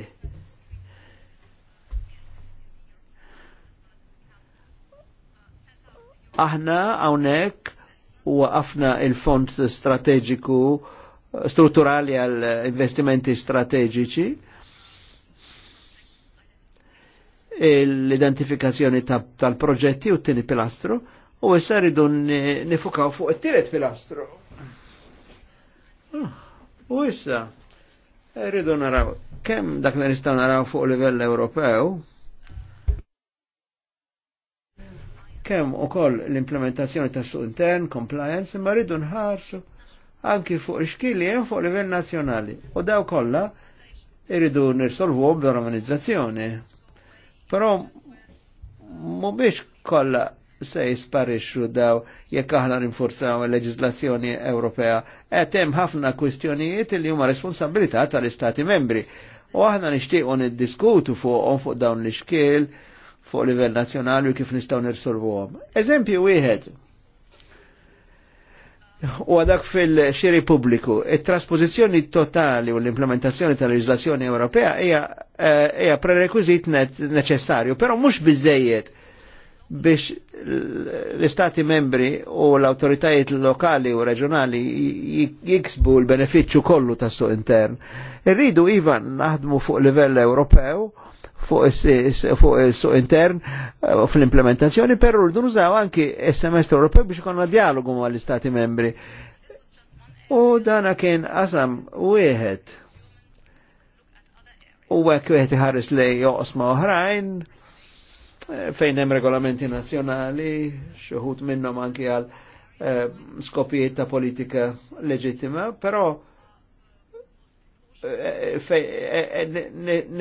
Aħna hawnhekk għafna il-fond Strategiku strutturali għal investimenti strateġiċi l-identifikazzjoni tal-proġetti u t-tini pilastru u issa rridu nifukaw fuq it-tielet pilastru. Ah, u issa rridu naraw kemm dak li nistgħu naraw fuq livell Ewropew kemm ukoll l-implementazzjoni tas suq intern, compliance, imma rridu nħarsu anki fuq xkili hemm fuq livell nazzjonali. U daw kollha irridu nirsolvu b'organizzazzjoni. Però mhumiex kollha se jisparixxu daw jekk aħna rinforzaw il-leġislazzjoni Ewropea. Qed hemm ħafna kwistjonijiet li huma responsabilità tal-Istati membri. U aħna nixtiequ niddiskutu fuqhom fuq dawn l-ixkiel fuq livell nazzjonali u kif nistgħu nirsolvuhom. Eżempju wieħed. U għadak fil-xiri pubbliku, it-trasposizjoni totali u l-implementazzjoni tal-leġislazzjoni Ewropea hija eh, prerekwizit neċessarju, però mhux biżejjed biex l-istati membri u l-autoritajiet lokali u reġjonali jiksbu l-beneficju kollu tas suq intern. Irridu Ivan naħdmu fuq livell Ewropew fuq il-suq intern eh, fl-implementazzjoni, però rridu nużaw anki s semestru Ewropew biex ikonna dialogu mal istati membri. U dana kien qasam wieħed u għek wieħed iħares lej joqsma oħrajn Eh, fejn hemm regolamenti nazzjonali, xuħut minnhom anki għal eh, skopijiet ta' politika leġittima, però eh,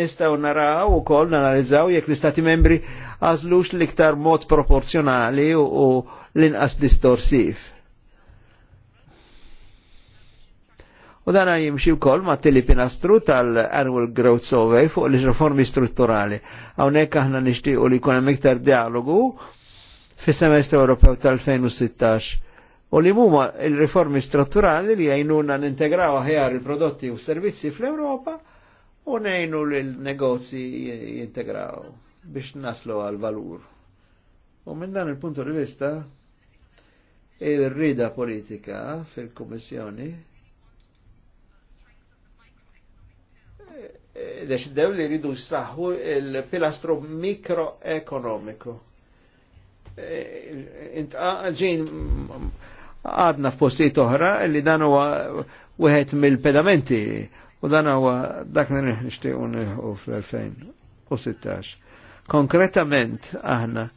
nistaw naraw u koll nanalizzaw jekk l-istati membri għazlux l-iktar mod proporzjonali u, u l-inqas distorsiv U dan jimxi wkoll ma' tili pinastru tal-Annual Growth Survey fuq l-reformi strutturali. Hawnhekk aħna nixtiequ li jkun hemm iktar dialogu fis-semestru Ewropew tal-2016 u li huma il-reformi strutturali li jgħinuna nintegraw aħjar il-prodotti u servizzi fl-Ewropa u nejnu l-negozji jintegraw biex naslu għal-valur. U minn dan il punt di vista, il-rida politika fil-Kommissjoni deċidew li ridu saħu il-pilastru mikroekonomiku. E, ġin għadna f'postijiet oħra li dan huwa wieħed mill-pedamenti u dan huwa dak li nixtiequ nieħu fl-2016. Konkretament aħna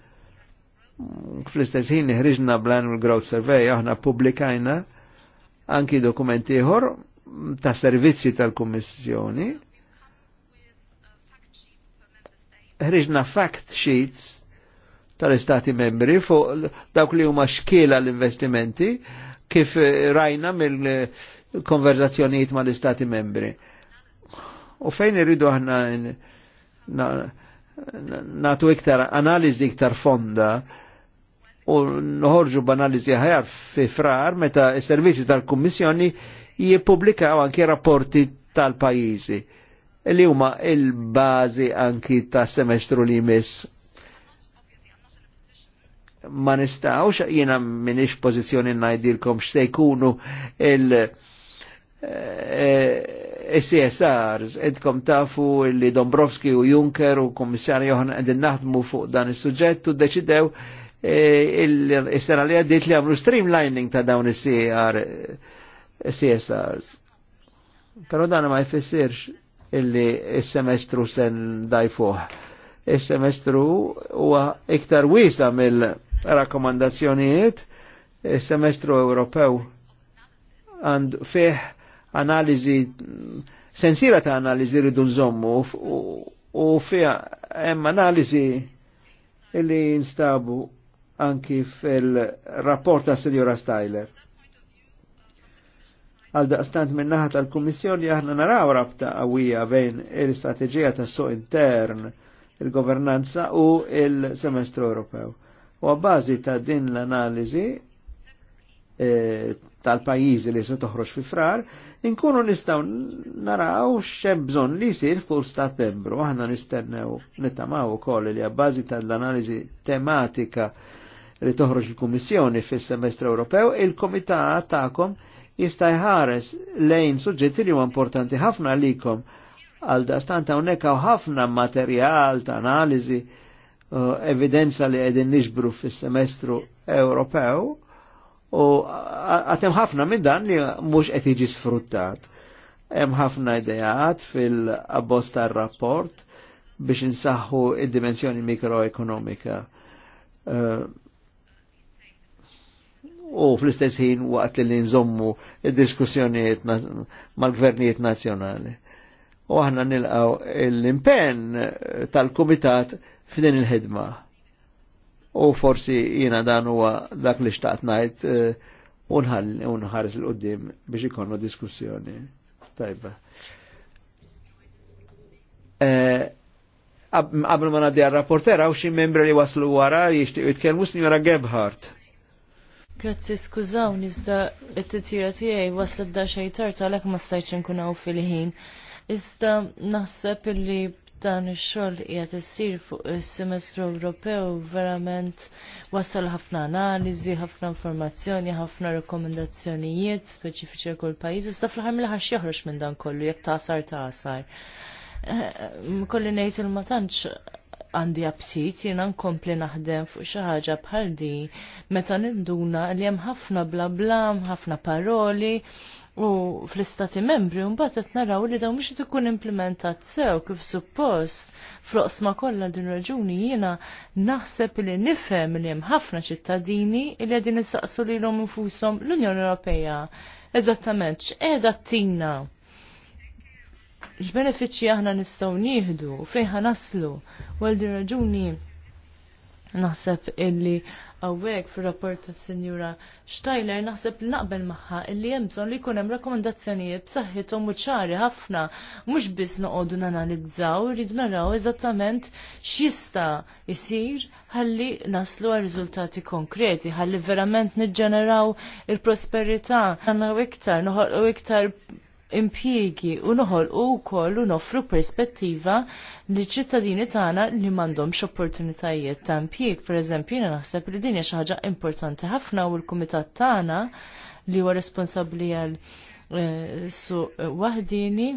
fl-istess ħin ħriġna blan il-Growth Survey aħna publikajna anki dokumenti ieħor ta' servizzi tal-Kummissjoni ħriġna fact sheets tal-istati membri fuq dawk li huma xkiela l-investimenti kif rajna mill-konverzazzjonijiet mal-istati membri. U fejn irridu aħna natu iktar analiżi iktar fonda u noħorġu b'analiżi ħajar fi frar meta s-servizzi tal-Kummissjoni jippubblikaw anke rapporti tal-pajjiżi li huma il-bażi anki ta' semestru li jmiss ma nistawx, jiena minix pozizjoni najdilkom x'se jkunu il- eh, eh, CSRs, edkom tafu li Dombrovski u Juncker u Komissar Johan għedin naħdmu fuq dan is sujġett u deċidew eh, il-sena li għaddit li għamlu streamlining ta' dawn il-CSRs. Pero dan ma jfessirx illi il-semestru sen dajfuħ. Il-semestru huwa iktar wisa mill-rakkomandazzjonijiet, il-semestru Ewropew għand fih analizi, sensira ta' analizi ridu nżommu u fih hemm analizi illi instabu anki fil-rapport ta' Styler Għal daqstant minnaħat tal-Kummissjoni aħna naraw rabta qawwija bejn il-istrateġija ta' suq intern, il-governanza u il-semestru Ewropew. U għabbażi ta' din l-analiżi e, tal-pajizi li se toħroġ fi frar, inkunu nistaw naraw xem bżon li jisir fuq stat membru. Aħna nistennew nittamaw ukoll li għabbażi tal-analiżi tematika li toħroġ il-Kummissjoni fis semestru Ewropew, il-Komitat ta'kom ta jista' ħares lejn suġġetti li huwa importanti ħafna għalikom għal dastanta hawnhekk hawn ħafna materjal ta' analiżi uh, evidenza li qegħdin nixbru fis-semestru Ewropew u għatem ħafna minn dan li mhux qed jiġi sfruttat. Hemm ħafna ideat fil abbost tar-rapport biex insaħħu id-dimensjoni mikroekonomika. Uh, u fl-istess ħin waqt li nżommu diskussjonijiet mal-gvernijiet nazzjonali. U aħna nilqaw l-impenn tal-Kumitat f'din il-ħidma. U forsi jina dan huwa dak li xtaqt ngħid eh, unħares l qudiem biex ikonu diskussjoni. Tajba. Eh, qabel ma nagħdi għar-rapportera u xi membri li waslu wara jixtiequ jitkellmu Sinjora Gebhardt. Grazzi, skużaw, nizda it-tira tijaj wasla da daċa jitarta għalek ma stajċ nkunaw fil-ħin. Iżda naħseb illi dan ix-xogħol qiegħed issir fuq is-semestru Ewropew verament wasal ħafna analiżi, ħafna informazzjoni, ħafna rekomendazzjonijiet speċifiċi kull pajiz. iżda fl ħar mill joħroġ minn dan kollu jekk tasar tasar. Eh, eh, kolli nejt il-ma tantx għandi absit jiena nkompli naħdem fuq xi ħaġa bħal di meta ninduna li hemm ħafna bla bla, ħafna paroli u fl-istati membri mbagħad qed naraw li dawn mhux qed ikun implementat sew kif suppost fl ma kollha din raġuni jiena naħseb li nifhem li hemm ħafna ċittadini li qegħdin issaqsu lilhom infushom l-Unjoni Ewropeja. Eżattament x'qiegħda tina x'benefiċċji aħna nistgħu nieħdu fejn naslu, Għal din raġuni naħseb illi għawek fil rapport ta' Sinjura Steiler naħseb li naqbel maħħa illi jemson li hemm rakkomandazzjonijiet b'saħħithom u ċari ħafna mhux biss noqogħdu nanalizzaw rridu naraw eżattament x'jista' jsir ħalli naslu għal riżultati konkreti, ħalli verament niġġeneraw il-prosperità, għandna iktar, noħolqu iktar impjiegi u noħol u koll u noffru perspettiva li ċittadini tagħna li m'għandhomx opportunitajiet ta' impjieg. eżempju, jiena naħseb li din hija xi ħaġa importanti ħafna u l-kumitat tagħna li huwa responsabbli għal eh, su waħdini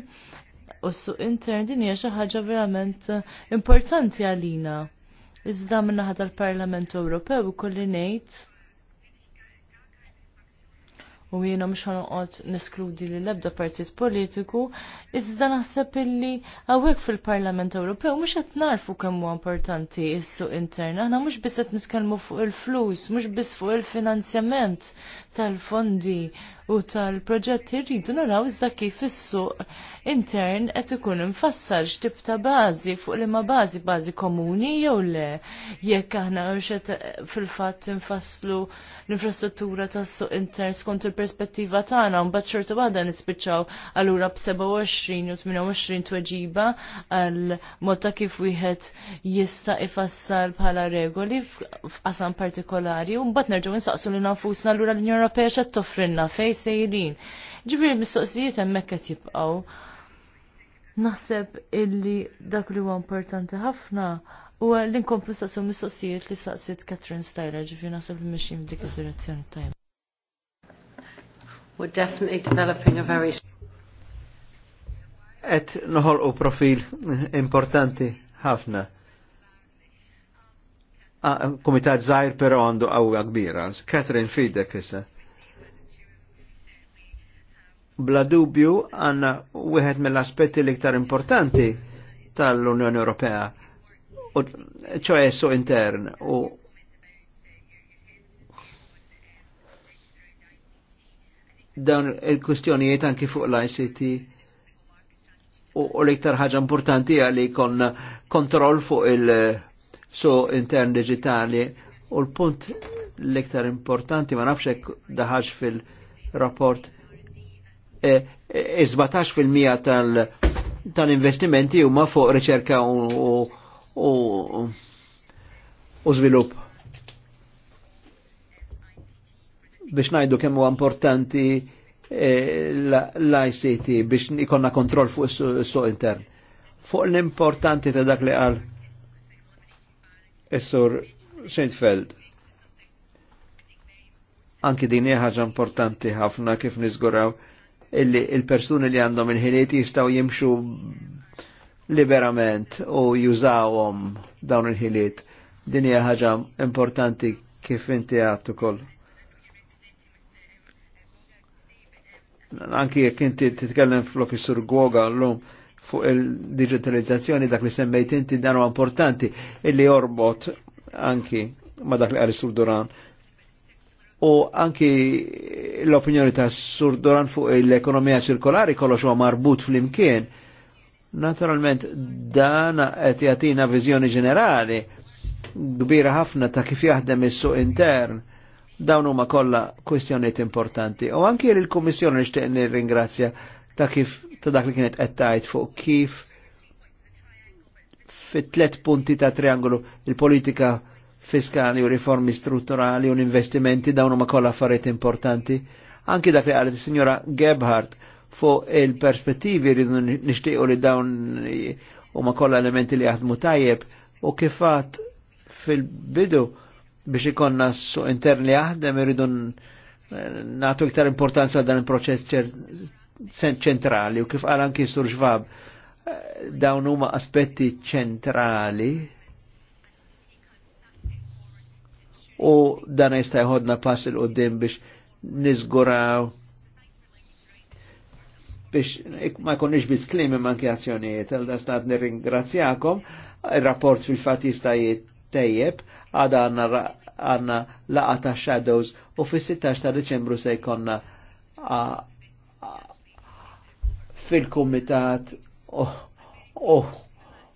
u su intern din hija xi ħaġa verament importanti għalina. Iżda minnaħat tal-Parlament Ewropew kolli ngħid u jiena mhux ħanoqgħod neskludi li l-ebda partit politiku, iżda naħseb illi hawnhekk fil-Parlament Ewropew mhux qed narfu kemm huwa importanti s-suq intern, aħna mhux biss qed niskellmu fuq il-flus, mhux biss fuq il-finanzjament tal-fondi u tal-proġetti rridu naraw iżda kif is-suq intern qed ikun infassal x'tip ta' bażi fuq li ma' bażi bażi komuni jew le jekk aħna xed fil-fatt infasslu l-infrastruttura tas-suq intern skont il-perspettiva tagħna u mbagħad xorta waħda nispiċċaw allura b'27 u 28 tweġiba għal mod ta' kif wieħed jista' ifassal bħala regoli f'qasam partikolari u mbagħad nerġgħu nsaqsu li nafusna allura l-Unjoni Ewropea x'qed toffrilna fejn sejrin. Ġifiri mistoqsijiet hemmhekk qed jibqgħu. Naħseb illi dak li huwa importanti ħafna u l-inkomplu saqsu mistoqsijiet li saqsiet Catherine Styler ġifiri naħseb li mexjin f'dik id-direzzjoni tajba. We're definitely developing a very et noħol u profil importanti ħafna. Ah, komitat zaħir pero għandu għawja kbira. Catherine Fidek issa bla dubju għanna wieħed mill-aspetti l-iktar importanti tal-Unjoni Ewropea, ċoħe su intern u dawn il-kustjonijiet anki fuq l-ICT u l-iktar ħaġa importanti għalli kon kontrol fuq il-su intern digitali u l-punt l-iktar importanti ma nafxek daħax fil-rapport 17% tal- tal-investimenti huma fuq riċerka u żvilupp. Biex najdu kemm huwa importanti eh, l-ICT biex ikonna kontroll fuq s suq intern. Fuq l-importanti ta' dak li għal is-sur Sintfeld. Anki din hija ħaġa importanti ħafna kif niżguraw il-persuni li għandhom il-ħiliet jistaw jimxu liberament u jużawhom dawn il-ħiliet. Din hija ħaġa importanti kif inti għattu koll. Anki jekk inti titkellem flok is-sur Gwoga l-lum fuq il-digitalizzazzjoni dak li semmejt inti dan importanti illi jorbot anki ma dak li għal sur Duran u anki l-opinjoni ta' Sur Doran fuq l-ekonomija ċirkolari kollox huwa marbut fl-imkien. Naturalment dan qed jagħtina viżjoni ġenerali kbira ħafna ta' kif jaħdem is-suq intern dawn huma kollha kwistjonijiet importanti. U anki l-Kummissjoni nixtieq nirringrazzja ta' kif ta' dak li kienet qed tgħid fuq kif fit-tlet punti ta' triangolu il-politika fiskali u riformi strutturali u l-investimenti dawnu ma kolla affarijiet importanti. Anki dak li għalet signora Gebhardt fuq il-perspettivi rridu nishtiqu li dawn u ma kolla elementi li jaħdmu tajjeb u kifat fil-bidu biex ikonna su intern li jaħdem irridu natu iktar importanza dan il-proċess ċentrali u kif għal anki sur ġvab dawn huma aspetti ċentrali u dan jista' jħodna pass il qoddim biex nizguraw biex ma jkunniex biss kliem imma anke azzjonijiet. Għal stat nirringrazzjakom, ir-rapport fil fat jista' jittejjeb, għada għanna laqa ta' Shadows u fis-16 ta' Deċembru se jkonna fil-kumitat oh, oh,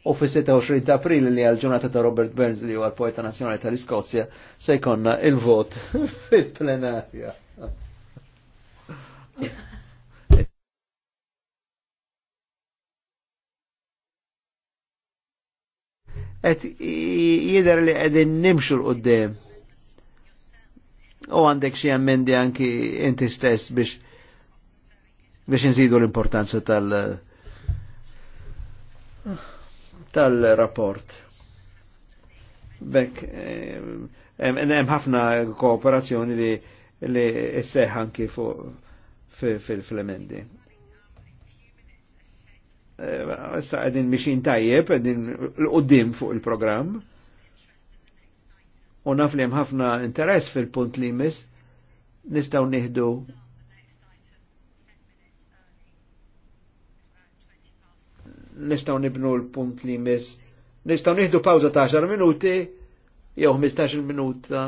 u fi 26 ta' april li għal-ġurnata ta' Robert Burns li huwa l-poeta nazzjonali tal-Iskozja se jkollna il-vot [LAUGHS] fil-plenarja. Et jider li għedin nimxur qoddim. U għandek xie ammendi anki inti stess biex biex nżidu l-importanza tal- uh, tal-rapport. Bekk, hemm ħafna kooperazzjoni li li isseħ anki fil-emendi. E, issa għedin miexin tajjeb, għedin l-qoddim fuq il-programm. U naf li ħafna interess fil-punt li mis, nistaw nihdu nistaw nibnu l-punt li mis. Nistaw nieħdu pawza ta' 10 minuti jew 15 minuta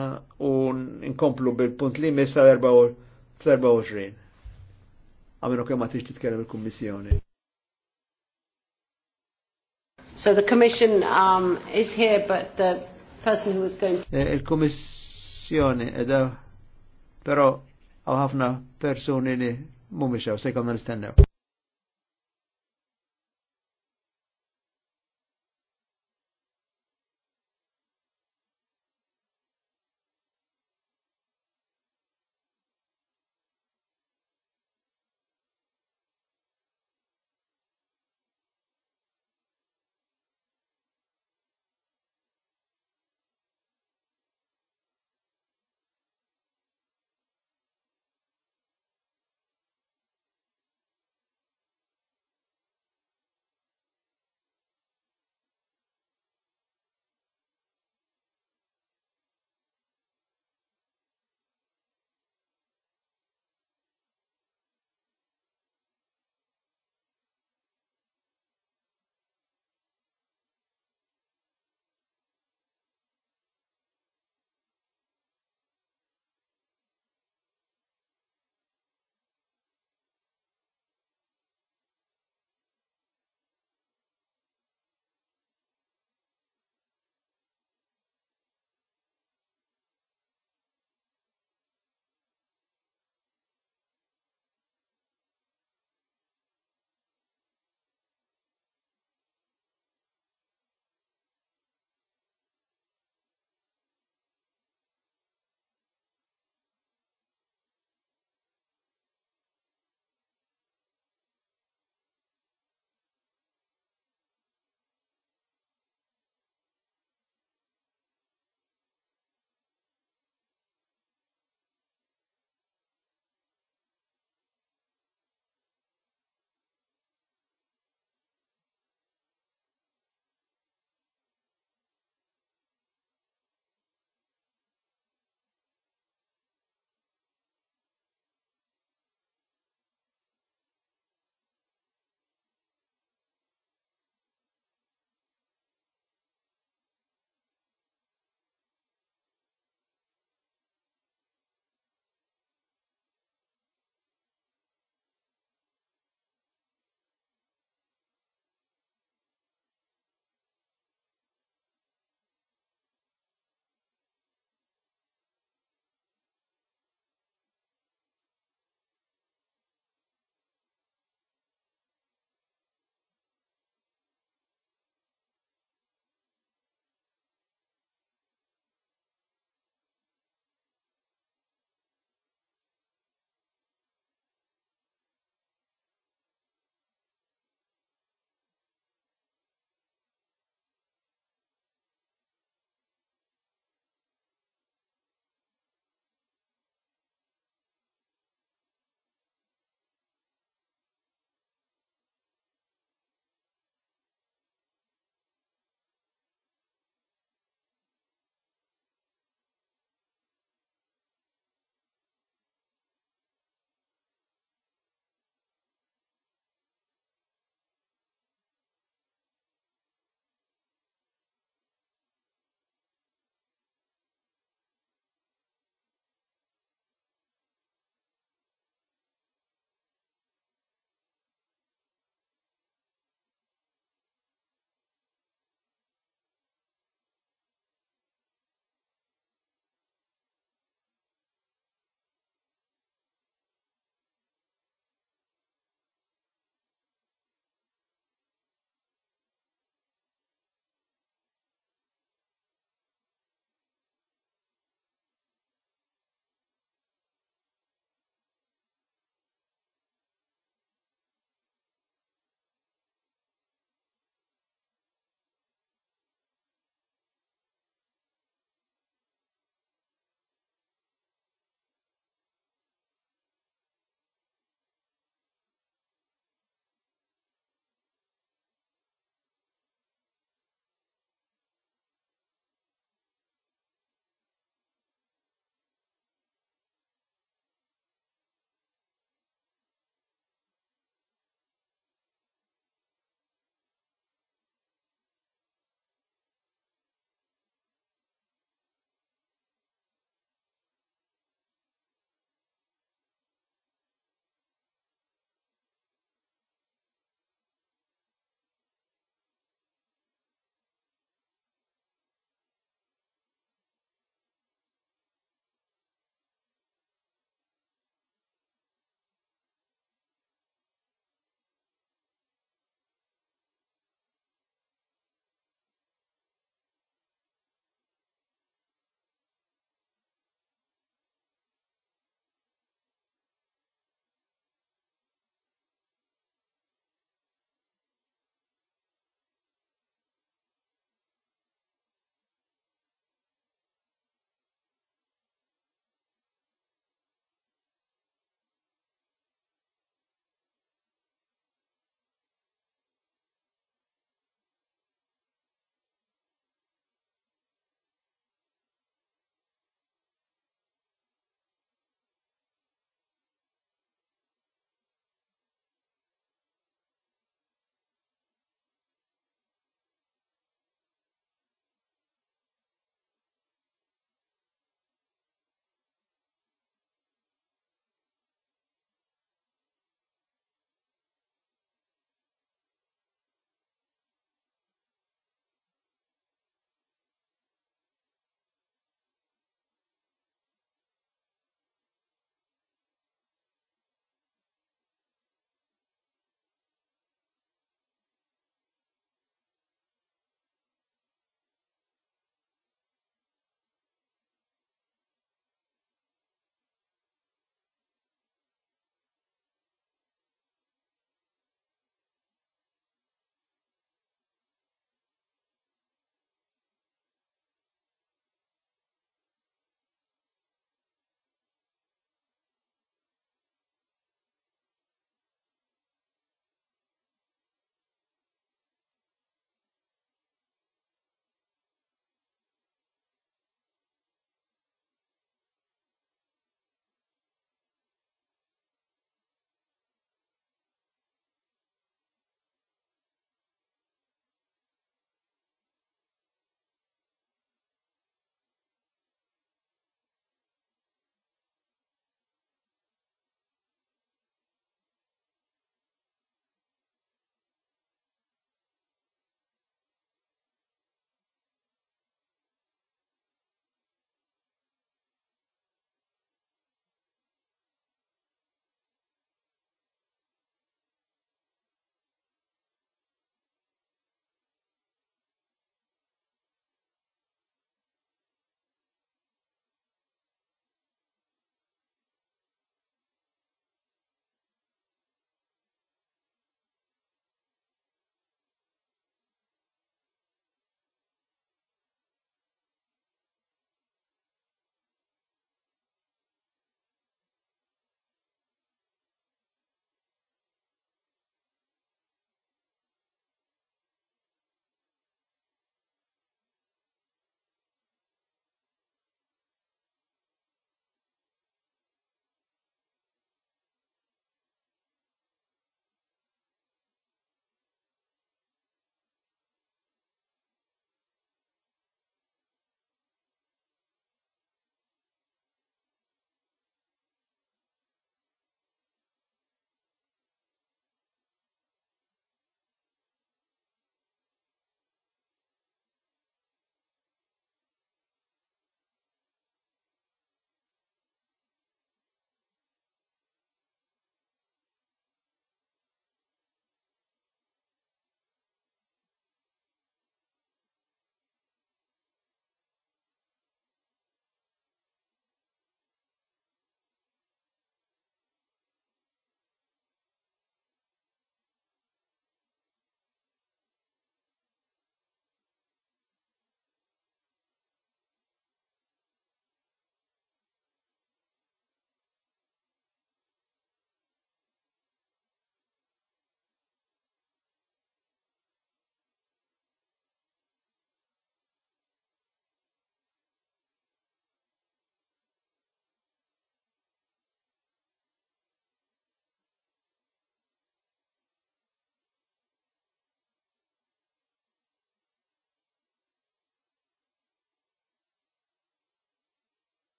u nkomplu bil-punt li mis tal-24. Għamilu kemm ma titkellem il-Kummissjoni. So the commission um, is here, but the person who was going to eh, Il-Kummissjoni edha, però għafna ħafna li mumiċaw, sejkom nistennew.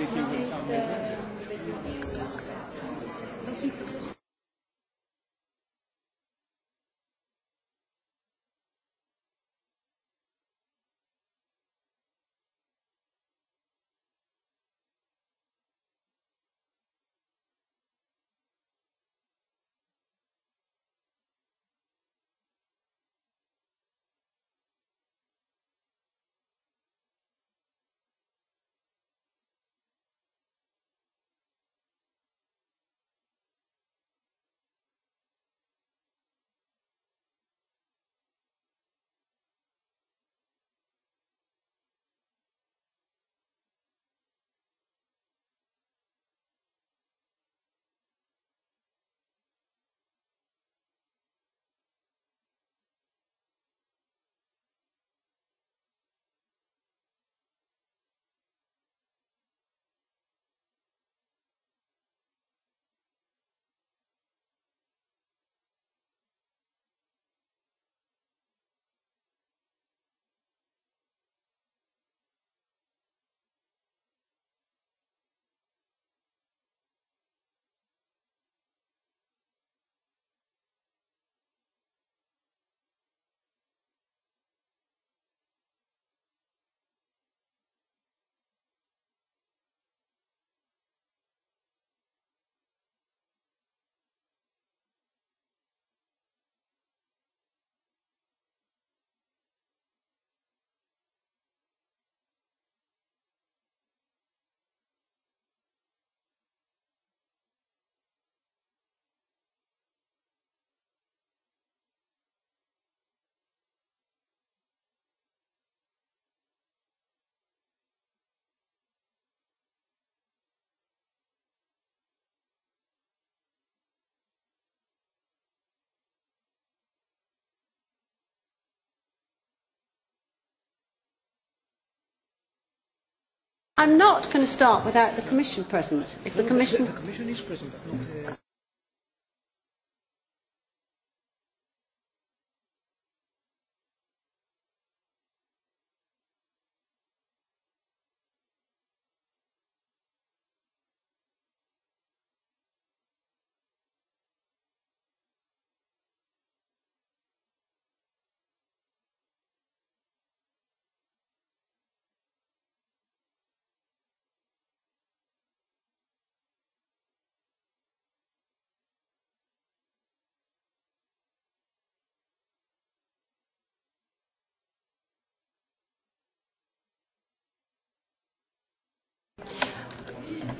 Vicky will come with I'm not going to start without the Commission present. If the Commission, the, commission is present. Not, uh...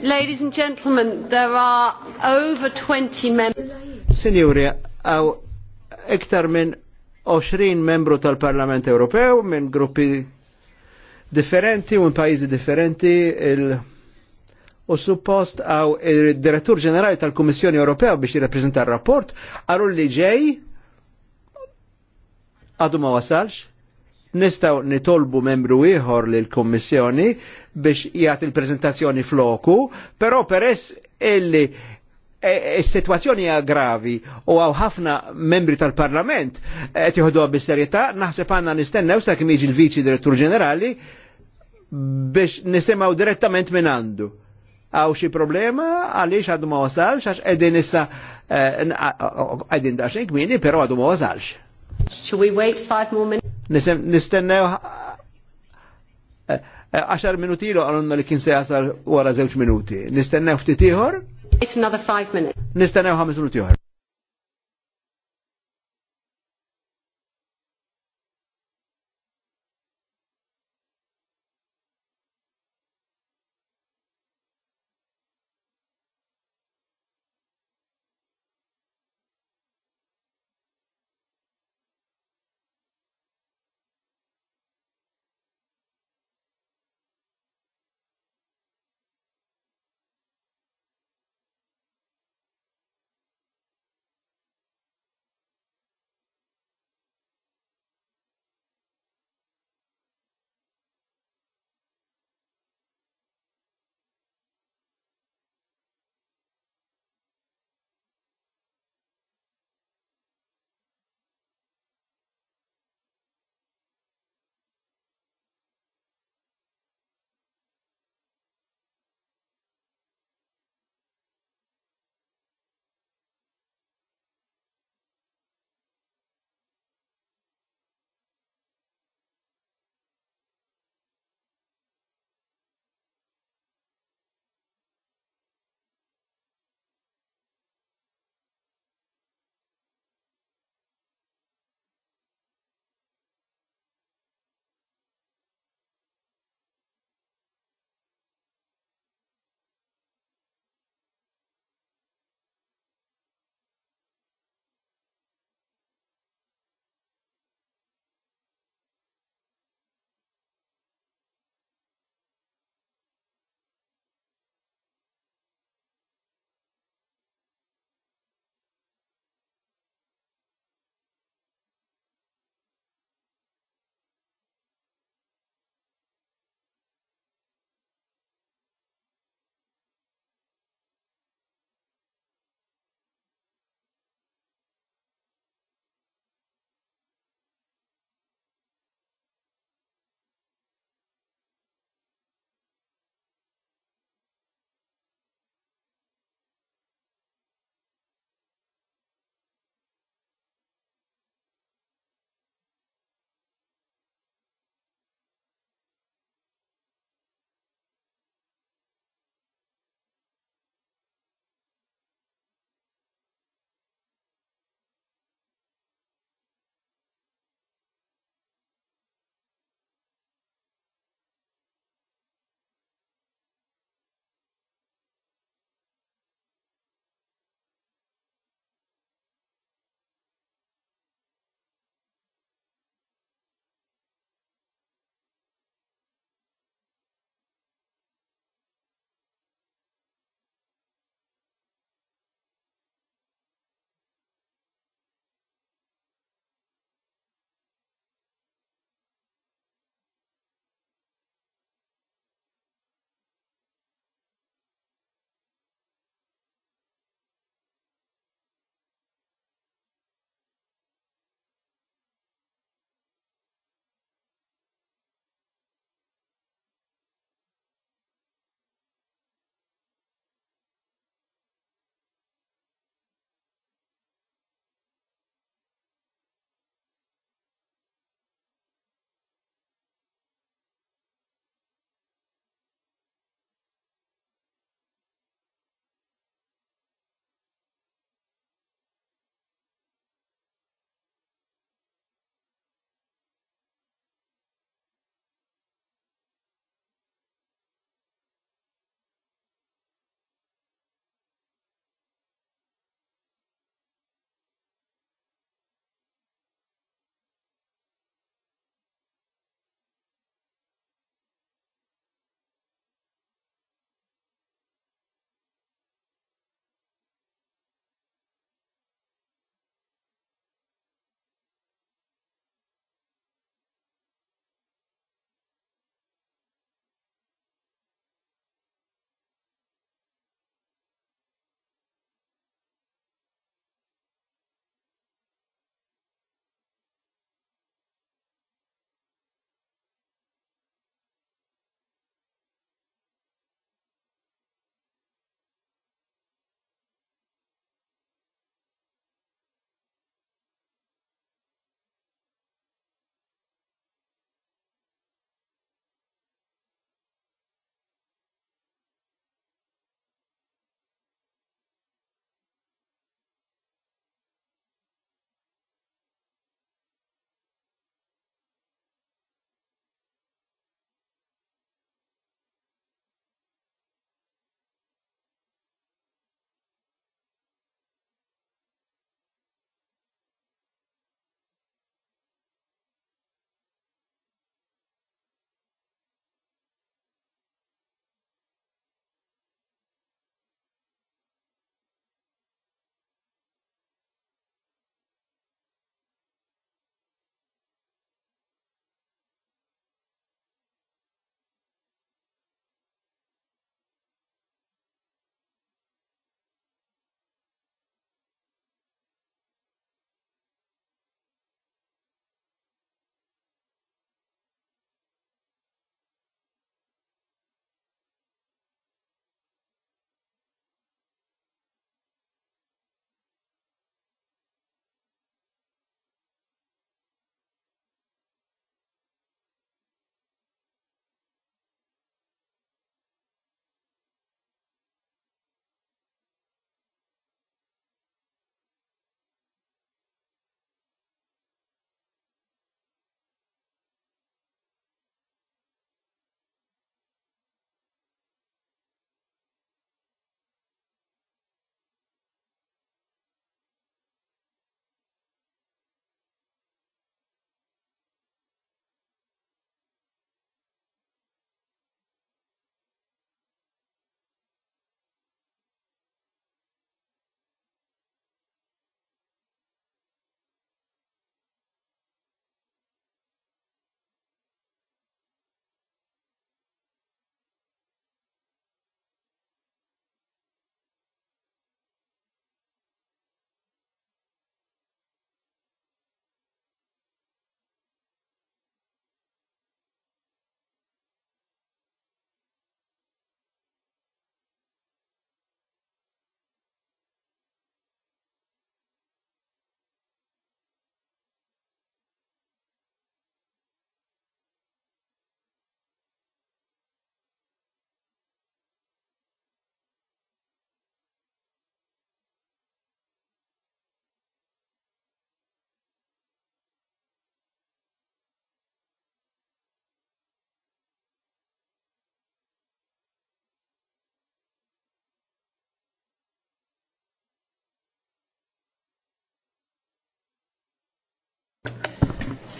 Ladies and gentlemen, there are over 20 members. Signori, għaw iktar minn 20 membru tal-Parlament Ewropew minn gruppi differenti u minn pajizi differenti il u suppost għaw il-Direttur Ġenerali tal-Kommissjoni Ewropew biex jirrepreżenta r-rapport għarru li ġej għadu ma wasalx nistaw nitolbu membru ieħor lil kommissjoni biex jagħti il-preżentazzjoni floku, però peress illi is-sitwazzjoni e, e, hija gravi u għaw ħafna membri tal-Parlament qed jieħduha bis-serjetà, naħseb għandna nistennew sakemm jiġi l-Viċi Direttur Ġenerali biex nisimgħu direttament minn għandu. Għaw xi problema għaliex għadu ma wasalx għax qegħdin issa qegħdin eh, daxxin kmini, però għadu ma wasalx. Should we wait five more minutes? Nistennew 10 eh, eh, minuti ilu għalunna li kien se jasal wara żewġ minuti. Nistennew ftit ieħor? It's another five minutes. Nistennew ħames minuti ieħor.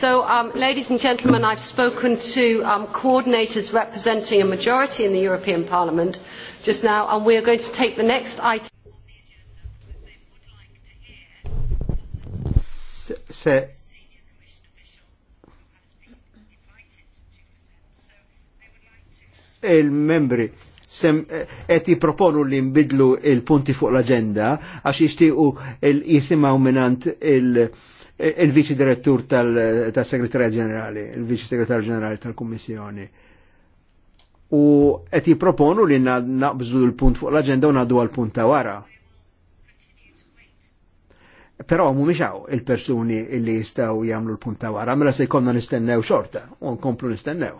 So, um, ladies and gentlemen, I've spoken to um, coordinators representing a majority in the European Parliament just now, and we are going to take the next item. Se, il-membri sem qed eh, jipproponu li mbidlu il-punti fuq l agenda għax jixtiequ jisimaw minant il-, -il il-Viċi Direttur tal-Segretarja Ġenerali, il-Viċi Segretarju Ġenerali tal-Kummissjoni. U qed jipproponu li naqbżu l-punt fuq l agenda u ngħaddu għall-punt ta' wara. Però mhumiex miexaw il-persuni li jistaw jagħmlu l-punt ta' wara, mela se jkollna nistennew xorta u nkomplu nistennew.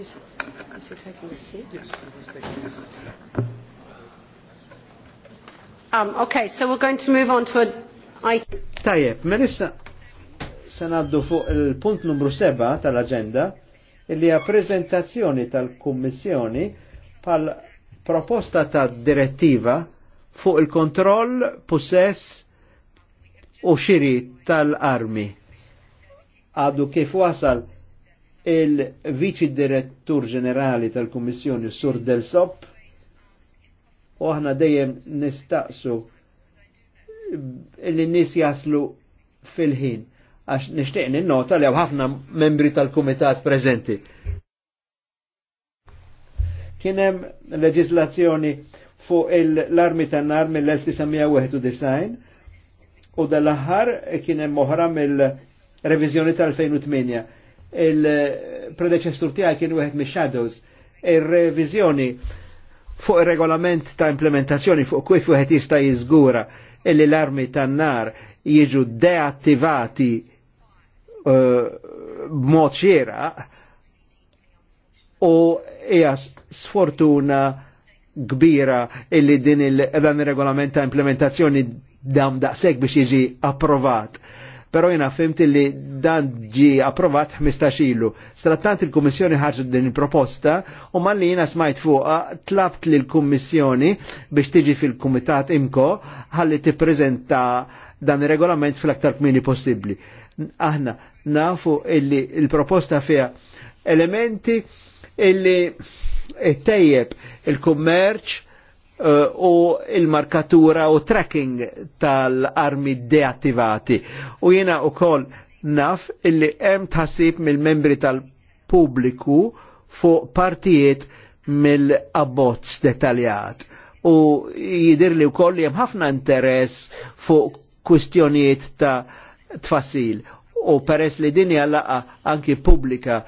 is, is he taking Um, okay, so we're going to move on to a... Tajjeb, Melissa, sanaddu fuq il-punt numru 7 tal-agenda, illi hija prezentazzjoni tal-Kummissjoni pal proposta ta' direttiva fuq il-kontroll, possess u xiri tal-armi. Għadu kif wasal il-Viċi Direttur Ġenerali tal-Kummissjoni Sur Del Sop u aħna dejjem nistaqsu li nis jaslu fil-ħin għax nishtiq nota li ħafna membri tal-Kumitat prezenti. Kienem leġislazzjoni fuq l-armi tan-nar mill-1991 u dal-aħħar kienem moħra mill-reviżjoni tal-2008 il-predeċessur tiegħi kien wieħed mi shadows il-revizjoni fuq ir-regolament ta' implementazzjoni fuq kif wieħed jista' jiżgura illi l-armi tan-nar jiġu deattivati eh, b'mod xieraq u hija sfortuna kbira illi din il dan regolament ta' implementazzjoni dam daqseg biex jiġi approvat pero jena fimt li dan ġi approvat 15 ilu. Strattant il-Kummissjoni ħarġu din il-proposta u malli jena smajt fuqa tlabt li l-Kummissjoni biex tiġi fil-Kumitat Imko ħalli tippreżenta dan il-regolament fl-aktar kmini possibli. Aħna nafu illi il-proposta fija elementi illi tejjeb il-kummerċ, Eh, u il-markatura u tracking tal-armi deattivati. U jena u kol naf illi hemm tħassib mill-membri tal-pubbliku fuq partijiet mill-abbozz detaljat. U jidir li wkoll li hemm ħafna interess fuq kwistjonijiet ta' tfasil. U peress li dini laqa anki pubblika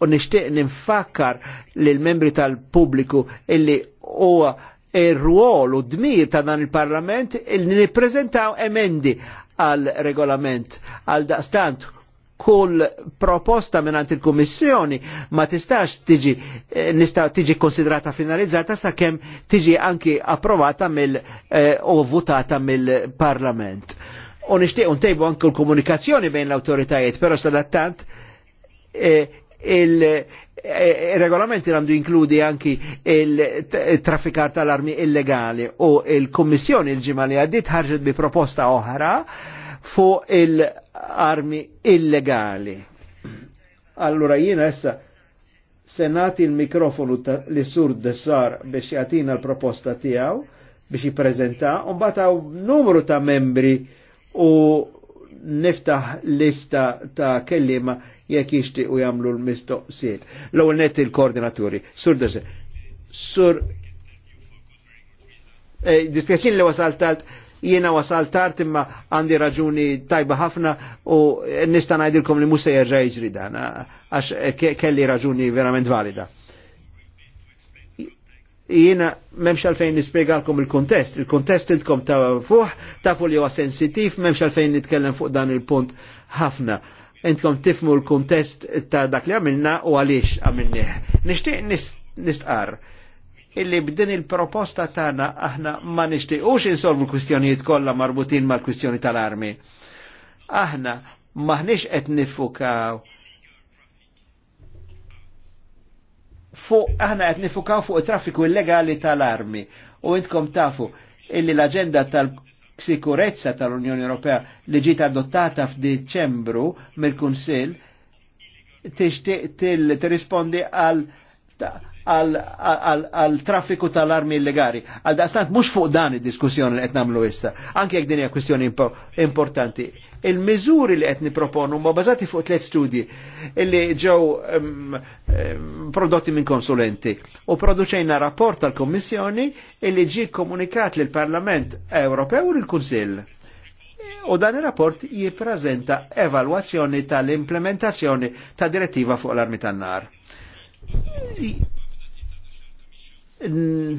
u nixtieq ninfakkar l membri tal-pubbliku illi huwa ir-ruol u dmir ta' dan il-Parlament il niprezentaw emendi għal regolament għal daqstant kull proposta minnant il komissjoni ma tistax tiġi eh, nista tiġi konsidrata finalizzata sa kem tiġi anki approvata mill eh, u votata mill-Parlament. U un tejbu anki l-komunikazzjoni bejn l-autoritajiet, però sadattant eh, il-regolament eh, għandu inkludi anki il trafikar tal-armi illegali u il-Kommissjoni il-ġimma li għaddit ħarġet bi proposta oħra fuq il-armi illegali. Allura jina essa senati il-mikrofonu li sur dessar biex jatina l-proposta tijaw biex jiprezenta un bataw numru ta' membri u niftaħ lista ta' kellima jekk jixti u jamlu l-mistoqsijiet. l għol net il-koordinaturi. Sur Dese. Sur eh, Dispjaċin li wasaltalt jena wasal imma għandi raġuni tajba ħafna u nista' ngħidilkom li musa se jerġa' jiġri dan għax kelli raġuni verament valida jiena memx għalfejn nispiegalkom il-kontest, il-kontest intkom ta' fuq, ta' fuq li huwa sensitiv, memx għalfejn nitkellem fuq dan il-punt ħafna. Intkom tifmu l-kontest ta' dak li għamilna u għaliex għamilniħ. Nishtiq nistqar illi b'din il-proposta tagħna aħna ma nixtiequx insolvu l-kwistjonijiet kollha marbutin mal-kwistjoni tal-armi. Aħna maħniex qed nifukaw fuq aħna qed nifukaw fuq traffiku illegali tal-armi u intkom tafu illi l-aġenda tal sikurezza tal-Unjoni Ewropea li ġiet adottata f'Diċembru mill-Kunsill tixtieq tirrispondi għal għal traffiku tal-armi illegali. Għal daqstant mux fuq dan id-diskussjoni li qed nagħmlu issa, anke jekk din hija kwestjoni importanti. il mizuri li qed proponu ma bazati fuq tliet studji li ġew prodotti minn konsulenti u produċejna rapport tal-Kommissjoni li ġie komunikat lill parlament Ewropew u l-Kunsill. U dan ir-rapport jippreżenta evalwazzjoni tal-implementazzjoni ta' direttiva fuq l-armi tan-nar Mm.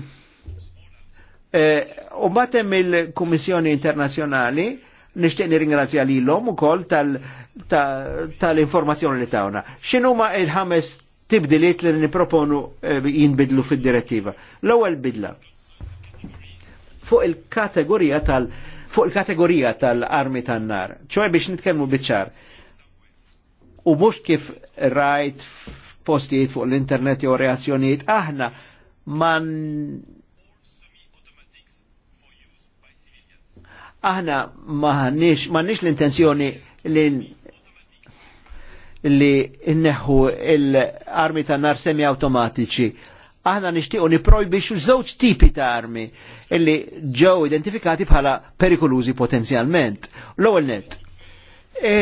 Eh, u batem il-Kummissjoni Internazjonali, nishtiq l-om u ukoll tal-informazzjoni li tawna. X'inhuma il-ħames tibdiliet li niproponu eh, jinbidlu fid-direttiva. L-ewwel bidla fuq il-kategorija tal- fuq il-kategorija tal-armi tan-nar, ċoj biex nitkellmu biċċar. U mhux kif rajt postijiet fuq l-internet jew reazzjonijiet aħna man aħna maħnix maħnix l-intenzjoni li li inneħu l-armi ta' nar semi automatiċi. Aħna nishtiqu niprojbixu żewġ tipi ta' armi illi ġew identifikati bħala perikolużi potenzjalment. L-ewwel net. E,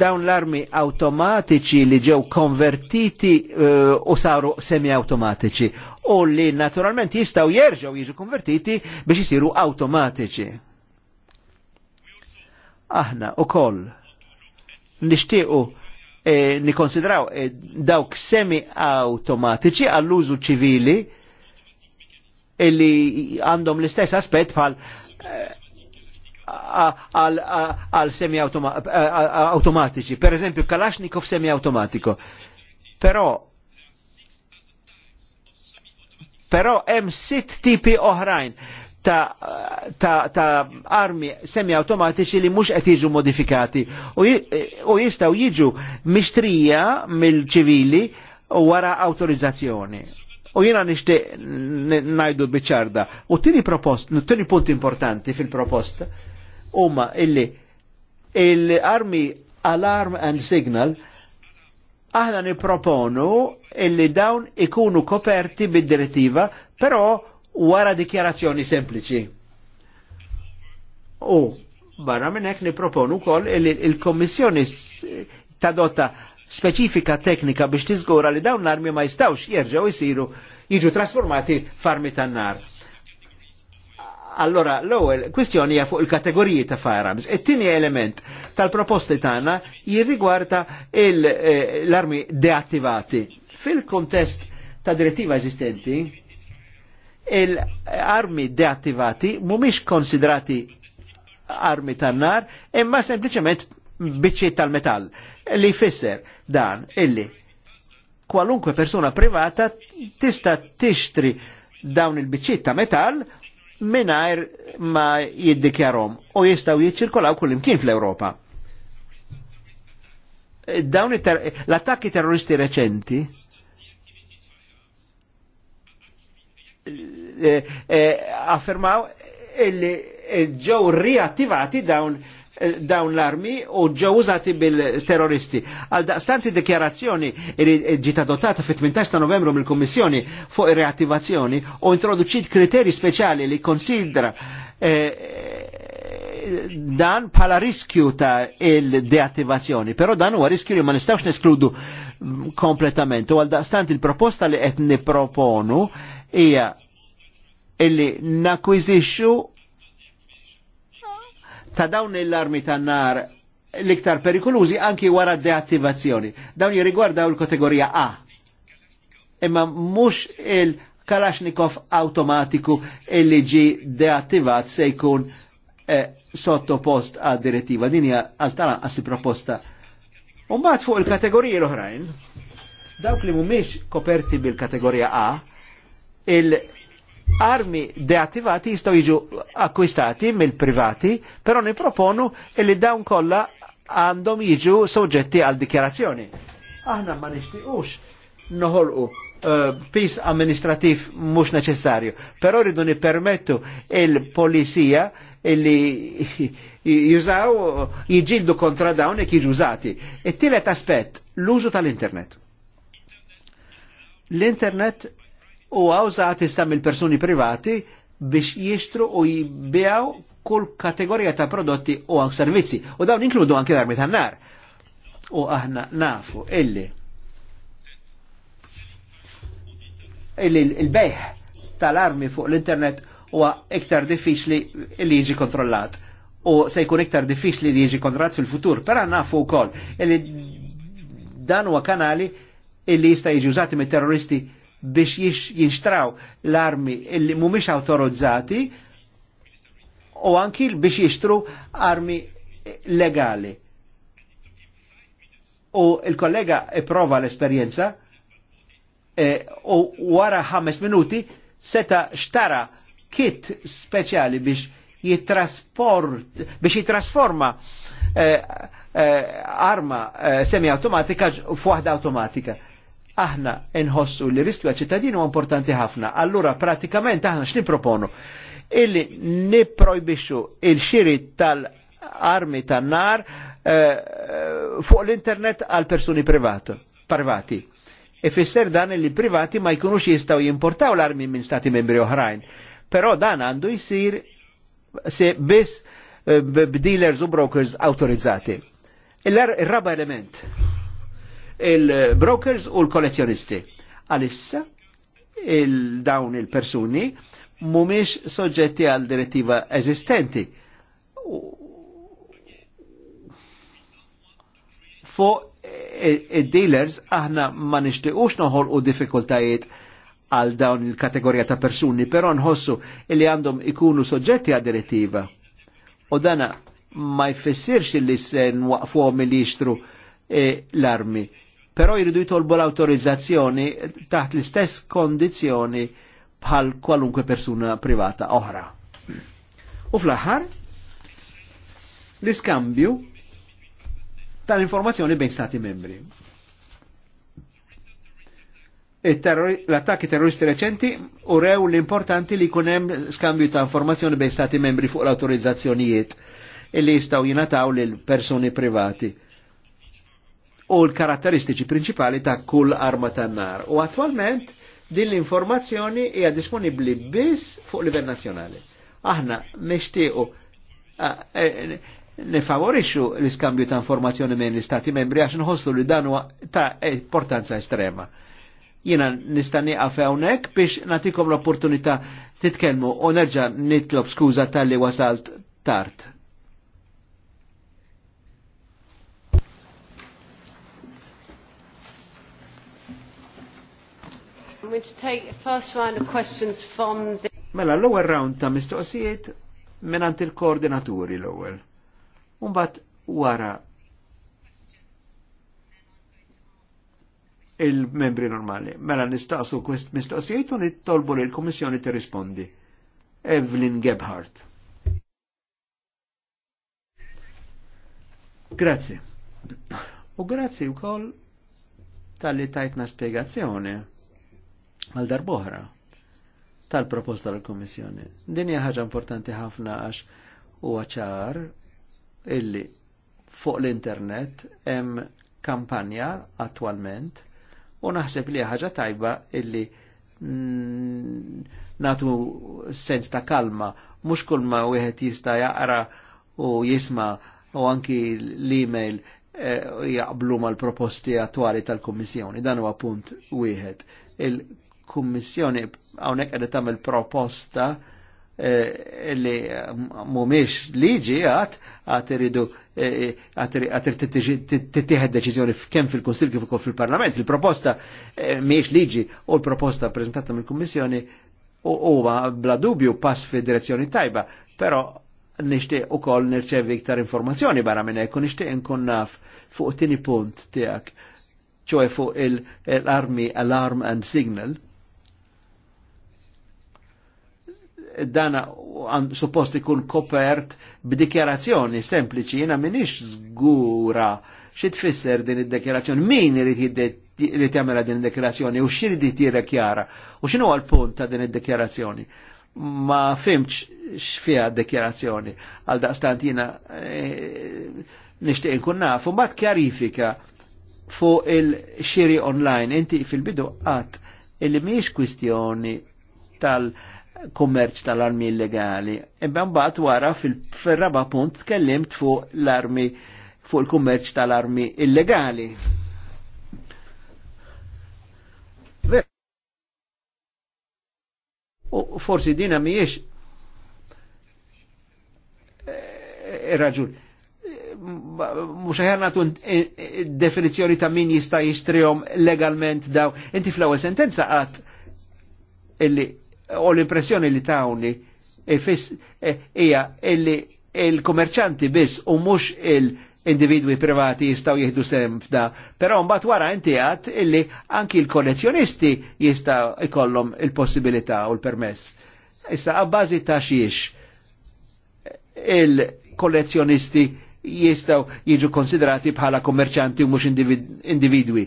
dawn l-armi automatiċi li ġew konvertiti e, u uh, saru semi automatiċi u li naturalment jistaw jerġaw jiġu konvertiti biex jisiru automatiċi. Aħna u koll nishtiqu e, nikonsidraw e, dawk semi automatiċi għall-użu ċivili illi għandhom l-istess aspet bħal e, għal semi e, automatiċi, per eżempju Kalashnikov semi automatiko. Però Però hemm sitt tipi oħrajn ta', ta, ta armi semi-automatiċi li mux qed jiġu modifikati u, u jistgħu jiġu mixtrija mill-ċivili wara autorizzazzjoni. U jiena nixtieq ngħidu biċarda. U tini propost, tini punt importanti fil propost huma illi l-armi alarm and signal aħna niproponu illi dawn ikunu koperti bid-direttiva, però wara dikjarazzjoni sempliċi. U barra minn hekk niproponu wkoll illi il-Kommissjoni tadotta speċifika teknika biex tiżgura li dawn l-armi ma jistawx jerġgħu jisiru jiġu trasformati farmi tan-nar. Allora, l-ewwel kwistjoni hija fuq il-kategoriji ta' firearms. It-tieni element tal-proposti tagħna jirrigwarda eh, l-armi deattivati. Fil-kontest ta' direttiva eżistenti, l-armi deattivati mhumiex konsidrati armi tan-nar, imma sempliċement biċċi tal-metall. Li jfisser dan illi kwalunkwe persuna privata tista' tixtri dawn il-biċċiet ta' metall minajr ma jiddikjarom u jistaw jiċirkolaw kull imkien fl-Europa. Dawn l-attakki terroristi reċenti eh, eh, affermaw il-ġow riattivati dawn Eh, dawn l-armi u ġew bil-terroristi. Għal daqstanti dikjarazzjoni ġita dotata fit-18 ta' novembru mill kommissjoni fuq ir-reattivazzjoni u introduċit kriteri speċjali li konsidra eh, dan pala riskju ta' il-deattivazzjoni, però dan huwa riskju li ma nistawx neskludu kompletament. U għal daqstant il-proposta li qed niproponu hija illi nakwizixxu ta' dawn l-armi tan-nar l-iktar perikolużi anki wara deattivazzjoni. Dawn jirrigwardaw il-kategorija A. Imma mhux il-Kalashnikov automatiku illi ġi deattivat se jkun eh, sottopost għad direttiva. Din hija għal tal proposta. Umbagħad fuq il-kategoriji l-oħrajn, dawk li mhumiex koperti bil-kategorija A, il- armi deattivati jistgħu jiġu akkwistati mill-privati, però niproponu li dawn kollha għandhom jiġu soġġetti għal dikjarazzjoni. Aħna ma nixtiequx noħolqu eh, pis amministrativ mux neċessarju. però rridu nipermettu il-polizija illi [LAUGHS] jużaw, jġildu kontra dawn e użati. It-tielet aspett, l-użu tal-internet. L-internet u għawżat istam il-personi privati biex jistru u jibijaw kull kategorija ta' prodotti u għank servizzi. U dawn inkludu għank l-armi ta' nar. U aħna nafu illi illi il-bejħ tal-armi fuq l-internet huwa iktar diffiċli li jiġi kontrollat. U se jkun iktar diffiċli li jiġi kontrollat fil-futur, però nafu wkoll illi dan u kanali illi jista' jiġi użati mit-terroristi biex jinxtraw l-armi illi mumiex autorizzati u anki biex jixtru armi legali. U il-kollega prova l-esperienza e, u wara ħames minuti seta xtara kit speċjali biex jitrasport, biex jitrasforma e, e, arma e, semi-automatika f'waħda automatika aħna nħossu li rispju għal-ċittadini huwa importanti ħafna. Allura pratikament aħna x'niproponu Illi nipprojbixxu il-xiri tal-armi tan-nar eh, eh fuq l-internet għal persuni privati. Ifisser e dan li privati ma jkunux jistaw jimportaw l-armi minn stati membri oħrajn. Però dan għandu jisir se biss eh, b'dealers u brokers autorizzati. Il-raba element il-brokers u l-kollezzjonisti. Għalissa, il-dawn il-persuni mumiex soġġetti għal direttiva eżistenti. Fu il e- e- dealers aħna ma nishtiqux noħol u diffikultajiet għal dawn il-kategorija ta' persuni, però nħossu li għandhom ikunu soġġetti għad direttiva. U dana ma jfissirx li se nwaqfu li jixtru e, l-armi però jridu jitolbu l-autorizzazzjoni taħt l-istess kondizjoni bħal kwalunkwe persuna privata oħra. U fl-aħħar, l-iskambju tal-informazzjoni bejn stati membri. L-attakki terroristi reċenti u rew l-importanti li kunem skambju ta' informazzjoni bejn stati membri fuq l-autorizzazzjonijiet illi jistaw jinataw l persuni privati u l-karatteristiċi principali ta' kull arma tan-nar. U attualment din l-informazzjoni hija disponibbli biss fuq livell nazzjonali. Aħna nixtiequ e, nifavorixxu l-iskambju ta' informazzjoni minn l-Istati membri għax nħossu li dan huwa ta' importanza estrema. Jiena nista' nieqaf hawnhekk biex nagħtikom l-opportunità titkellmu u nerġa' nitlob skuża tal-li wasalt tard. going to take the first round of questions from the... Mela, l-ewwel round ta' mistoqsijiet minant il-koordinaturi l-ewwel. Umbat wara il-membri normali. Mela nistaqsu kwest mistoqsijiet u nittolbu li l-Komissjoni tirrispondi. Evelyn Gebhardt. Grazie. U grazie u koll tal-li tajtna spiegazzjoni għal darboħra tal-proposta tal-Komissjoni. Din hija ħaġa importanti ħafna għax huwa ċar illi fuq l-internet hemm kampanja attwalment u naħseb li ħaġa tajba illi mm, natu sens ta' kalma, mhux kull ma wieħed jista' jaqra u jisma' u anki l-email eh, jaqblu mal proposti attuali tal kummissjoni Dan huwa punt wieħed il-Kummissjoni hawnhekk qed il proposta eh, li mumiex liġi għat għat iridu eh, għat tittieħed deċiżjoni kemm fil konsil kif ukoll fil-Parlament. Il-proposta eh, miex liġi u l-proposta prezentata mill-Kummissjoni huwa bla dubju pass fi direzzjoni tajba, però nixtieq ukoll nirċevi iktar informazzjoni barra minn hekk u nixtieq inkun naf fuq tini punt tiegħek, ċoe fuq l-armi alarm and signal dana supposti kun kopert b'dikjarazzjoni sempliċi, jena minix zgura xie tfisser din id-dekjarazzjoni, min irid li tagħmel din id-dekjarazzjoni u xi rid kjara, u x'inhu għal punt ta' din id-dekjarazzjoni. Ma fimx x'fiha d-dekjarazzjoni għal daqstant jiena eh, nixtieq inkun naf, mbagħad kjarifika fuq il-xiri online. Inti fil-bidu qatt illi mhijiex kwistjoni tal- kummerċ tal-armi illegali. Ebben mbagħad wara fil-raba punt tkellimt fuq l-armi fuq il-kummerċ tal-armi illegali. U forsi dina miex eh, raġun. Mux ħerna tun eh, definizjoni ta' min jista' jistrijom legalment daw. Inti fl-ewwel sentenza għat illi ho l-impressjoni li tawni hija e e e il-kummerċanti biss u mhux il-individwi privati jistaw jihdu sem f'da, però mbagħad wara inti għat illi anki l-kollezzjonisti jistaw ikollhom il-possibilità u l-permess. Issa għabbażi ta' xiex il kollezjonisti jistaw jiġu konsiderati bħala kommerċanti u mux individwi.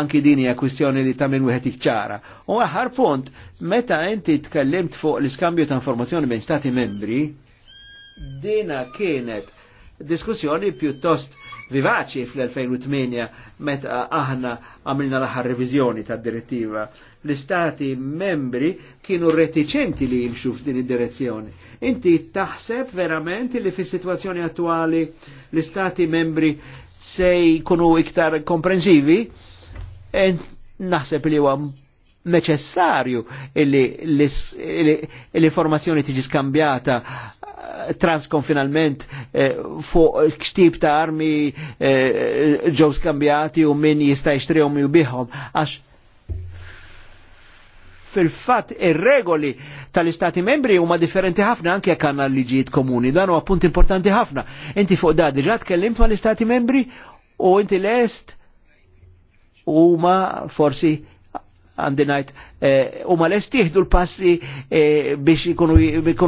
Anki din hija kwistjoni li ta' minn wieħed ikċara. U aħar punt, meta inti tkellimt fuq l-iskambju ta' informazzjoni bejn stati membri, dina kienet diskussjoni pjuttost vivaċi fl-2008 meta aħna għamilna l-aħħar revizjoni tad direttiva L-istati membri kienu reticenti li jimxu f'din id-direzzjoni. Inti taħseb verament li fis situazzjoni attuali l-istati membri se jkunu iktar komprensivi? naħseb li huwa neċessarju illi l-informazzjoni tiġi skambjata eh, transkonfinalment eh, fuq ktib ta' armi eh, ġew skambjati u min jista' jixtrihom u bihom għax fil-fatt ir-regoli tal-istati membri huma differenti ħafna anke jekk għandna liġijiet komuni. Dan huwa punt importanti ħafna. Inti fuq da diġà tkellimt mal-istati membri u inti lest huma forsi għandinajt eh, u ma lest jihdu l-passi eh, biex jikunu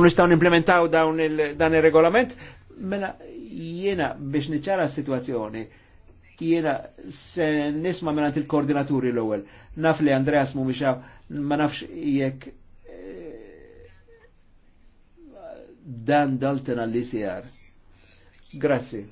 jistaw implementaw dan il-regolament, mela jiena biex niċara s-situazzjoni, jiena se nisma mela il-koordinaturi l-ewel. Naf li Andreas mu mixaw, ma nafx jekk eh, dan dalten l icr Grazie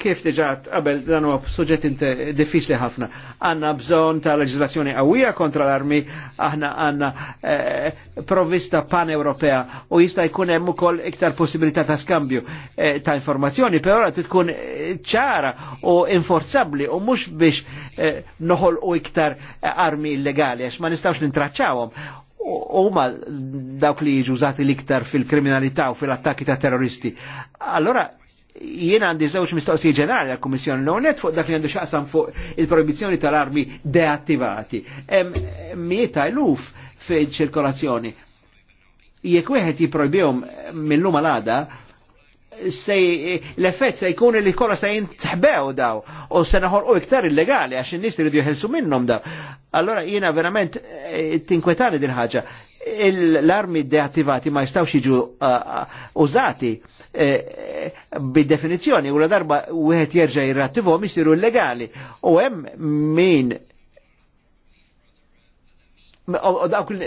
kif diġat qabel dan huwa suġġett diffiċli ħafna. Għandna bżonn ta' leġislazzjoni qawwija kontra l-armi, aħna għandna eh, provvista pan-Ewropea u jista' jkun hemm ukoll iktar possibilità ta' skambju eh, ta' informazzjoni, però ora tkun eh, ċara u inforzabbli u mhux biex noħol noħolqu iktar armi illegali għax ma nistgħux nintraċċawhom ma dawk li jiġu użati l-iktar fil-kriminalità u fil-attakki ta' terroristi. Allora jien għandi żewġ mistoqsijiet ġenerali għall-Kummissjoni l-Onet fuq dak li għandu xaqsam fuq il-proibizzjoni tal-armi deattivati. Mieta iluf fi ċirkolazzjoni Jekk wieħed jipprojbihom mill-lum għal sej, l-effett se jkun li kolla se jintħbew daw u se naħorqu iktar illegali għax in-nies iridu jħelsu minnhom daw. Allora jiena verament eh, tinkwetani din ħaġa. L-armi deattivati ma jistawx jiġu eh, użati eh, bid-definizzjoni u la darba wieħed jerġa' jirrattivhom isiru illegali u hemm min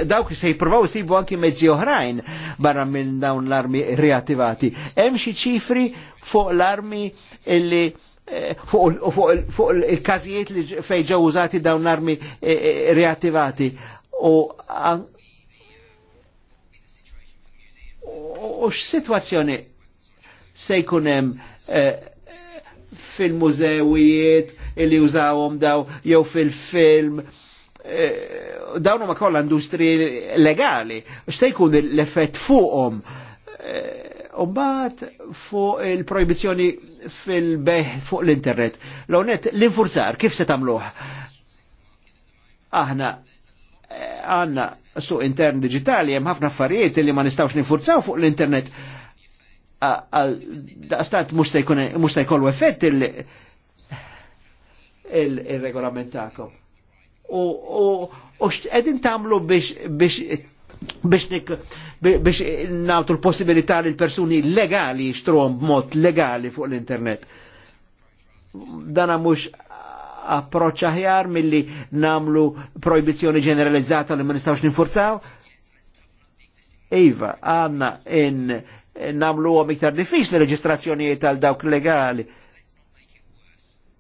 dawk se jippruvaw isibu anki mezzi oħrajn barra minn dawn l-armi reattivati. Hemm xi ċifri fuq l-armi illi eh, fuq il-każijiet li fej ġew użati dawn l-armi eh, eh, reattivati. U x-situazzjoni se jkun hemm fil-mużewijiet illi użawhom daw jew fil-film. -film, dawnu ma kolla industri legali, x'se jkun l-effett fuqhom. Eh, Umbat fuq il-proibizjoni fil-beħ fuq l-internet. L-onet l-infurzar, kif se tamluħ? Aħna eh, għanna su intern digitali hemm ħafna affarijiet li ma nistawx ninfurzaw fuq l-internet daqstat musta se jkollu effett il-regolamentakom u x'qegħdin tamlu biex biex biex biex nawtu l-possibilità li l-persuni legali jishtruhom b'mod legali fuq l-internet. Dana mhux approċċ aħjar milli namlu proibizjoni ġeneralizzata li ma nistgħux ninfurzaw? Iva, għanna in namlu għom iktar diffiċ reġistrazzjonijiet għal dawk legali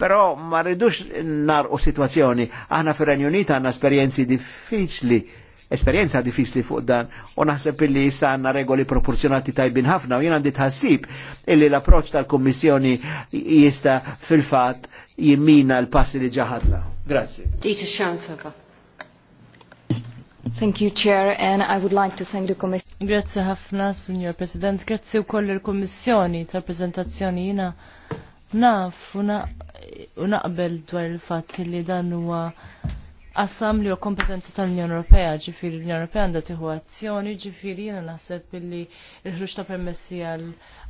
Però ma ridux nar u situazzjoni. Aħna fir-Renju Unit għandna esperjenzi diffiċli esperienza diffiċli fuq dan u naħseb illi issa għandna regoli proporzjonati tajbin ħafna u jien għandi tħassib illi l-approċ tal-Kommissjoni jista fil-fatt jimmina l-passi li ġaħadna. Grazie. Dita xansaba. Thank you, Chair, and I would like to thank the Commission. Grazie ħafna, Signor President. Grazie u koll il-Kommissjoni tal-prezentazzjoni jina naf u u naqbel dwar il fat li dan huwa qassam li huwa kompetenza tal-Unjoni Ewropea, ġifieri l-Unjoni Ewropea għandha tieħu azzjoni, ġifieri jiena naħseb li l-ħruġ ta' permessi għal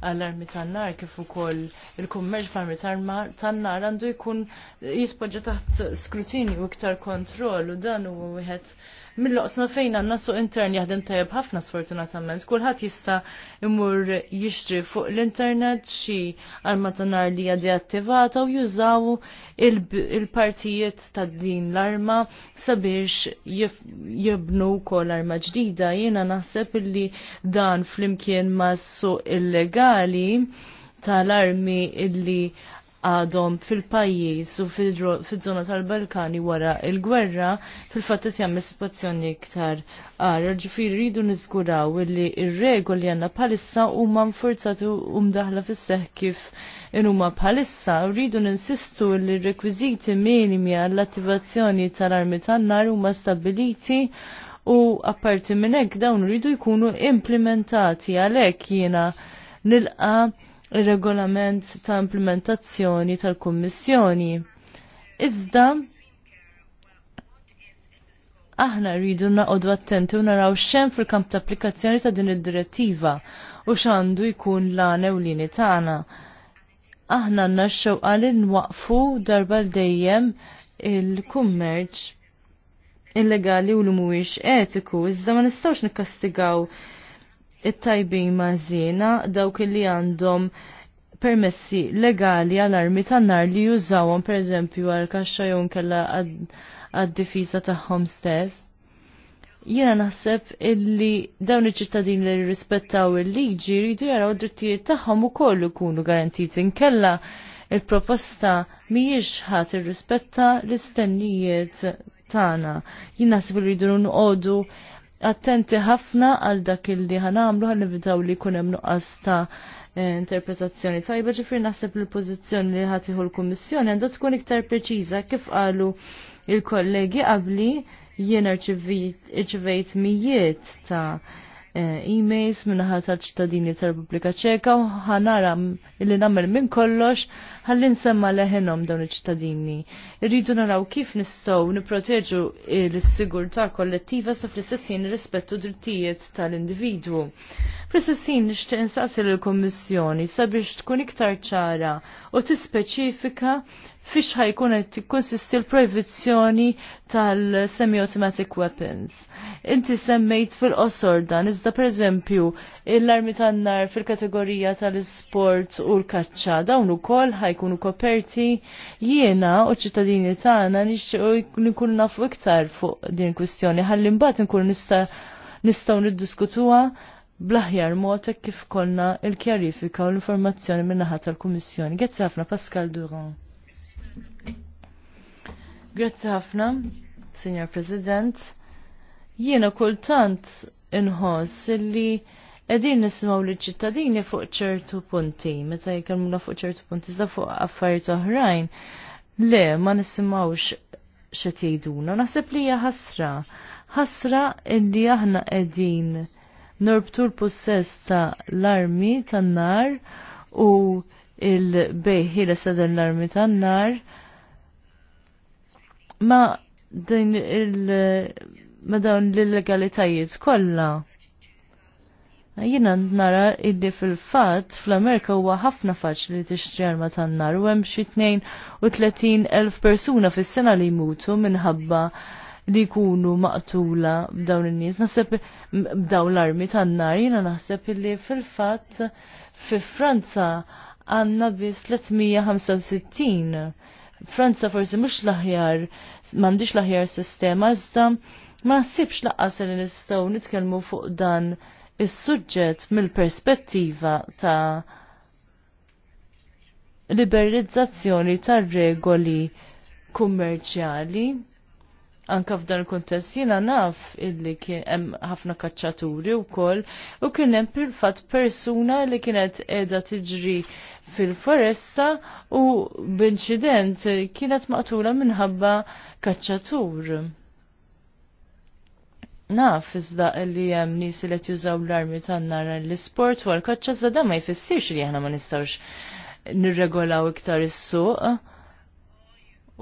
għall-armi tan-nar kif ukoll il-kummerċ bl-armi tan-nar għandu jkun jispoġġa taħt skrutinju u iktar kontroll u dan huwa wieħed mill-oqsma fejn għanna suq intern jaħdem tajab ħafna sfortunatament. Kulħadd jista' jmur jixtri fuq l-internet xi arma tan-nar li għadi attivata u jużaw il-partijiet ta' din l-arma sabiex jibnu kol arma ġdida. Jiena naħseb illi dan flimkien ma' suq illegali illegali tal-armi illi għadhom fil-pajjiż u fil-żona tal-Balkani wara il-gwerra fil-fatt qed jagħmel sitwazzjoni iktar għara ġifieri rridu niżguraw li r-regoli għandna bħalissa huma mforzati u mdaħla fis-seħħ kif inhuma bħalissa rridu ninsistu li r-rekwiżiti minimi għall-attivazzjoni tal-armi tan-nar huma stabiliti u apparti minn hekk dawn rridu jkunu implementati għalhekk jiena nilqa il-regolament ta' implementazzjoni tal-Kummissjoni. Iżda aħna rridu naqodu attenti u naraw xem fil-kamp ta' applikazzjoni ta' din id-direttiva u xandu jkun l-għana u l-lini tagħna. Aħna għanna xewqa li nwaqfu darba l-dejjem il-kummerċ illegali u l-mhuwiex etiku, iżda ma nistgħux nikkastigaw it-tajbin mażina dawk li għandhom permessi legali għal-armi tan-nar li jużawhom pereżempju għal kaxxa jew kella għad-difiża tagħhom stess. Jiena naħseb illi dawn iċ ċittadin li rispettaw il-liġi jridu jaraw drittijiet tagħhom ukoll ikunu garantiti inkella il-proposta mhijiex ħadd irrispetta l-istennijiet tagħna. Jien naħseb li jridu nqogħdu attenti ħafna għal dak illi ħanamlu ħan nivitaw li kunem nuqqas ta' eh, interpretazzjoni tajba ġifri naħseb l-pozizjoni li ħatiħu l kummissjoni għandha tkun iktar preċiża kif qalu il-kollegi qabli jien irċivejt mijiet ta' Eh, e-mails minnaħat tal-ċittadini tal-Repubblika Ċeka u ħanara illi namel minn kollox ħalli nsemma leħenom dawn iċ-ċittadini. Irridu naraw kif nistgħu nipproteġu l-sigurtà kollettiva sa fl istessin rispettu drittijiet tal-individwu. fl istessin nixtieq insaqsi l kummissjoni sabiex tkun iktar ċara u tispeċifika fiex ħajkun qed tikkonsisti l-proibizzjoni tal-semi-automatic weapons. Inti semmejt fil-qosor dan, iżda pereżempju l-armi tan-nar fil-kategorija tal-isport u l-kaċċa dawn ukoll ħajkunu koperti jiena u ċittadini tagħna nixtiequ nkunu nafu iktar fuq din kwistjoni ħalli mbagħad nkunu nista' nistgħu niddiskutuha blaħjar motek kif konna il-kjarifika u l-informazzjoni minnaħat tal-Kummissjoni. Grazzi ħafna Pascal Durand. Grazzi ħafna, Signor President. Jiena kultant inħoss li edin nisimaw li ċittadini fuq ċertu punti, meta jkallmuna fuq ċertu punti, zda fuq affarijiet oħrajn. Le, ma nisimawx xet jgħiduna. Naħseb li hija ħasra. Ħasra illi aħna qegħdin norbtu l-possess ta' l-armi tan-nar u il-bejħi l din l-armi tan-nar ma din il- ma dawn l-legalitajiet kollha. Jina nara illi fil-fat fl-Amerika huwa ħafna faċli li tixtri arma tan-nar u hemm xi elf persuna fis-sena li jmutu minħabba li jkunu maqtula b'dawn in-nies. Naħseb b'dawn l-armi tan-nar jiena naħseb illi fil-fatt fi Franza għanna biss 365. Franza forsi mhux l-aħjar, laħjar l-aħjar sistema, iżda ma sibx laqqas li nistgħu nitkellmu fuq dan is-suġġett mill-perspettiva ta' liberalizzazzjoni tar regoli kummerċjali. Anka f'dan il-kontest jiena naf illi kien hemm ħafna kaċċaturi wkoll u kien hemm fil-fatt persuna li kienet qiegħda tiġri fil-foresta u b'inċident kienet maqtula minħabba kaċċatur. Naf iżda li hemm nies li qed jużaw l-armi tan-nar l-isport u għal kaċċa iżda ma jfissirx li aħna ma nistgħux nirregolaw iktar is-suq.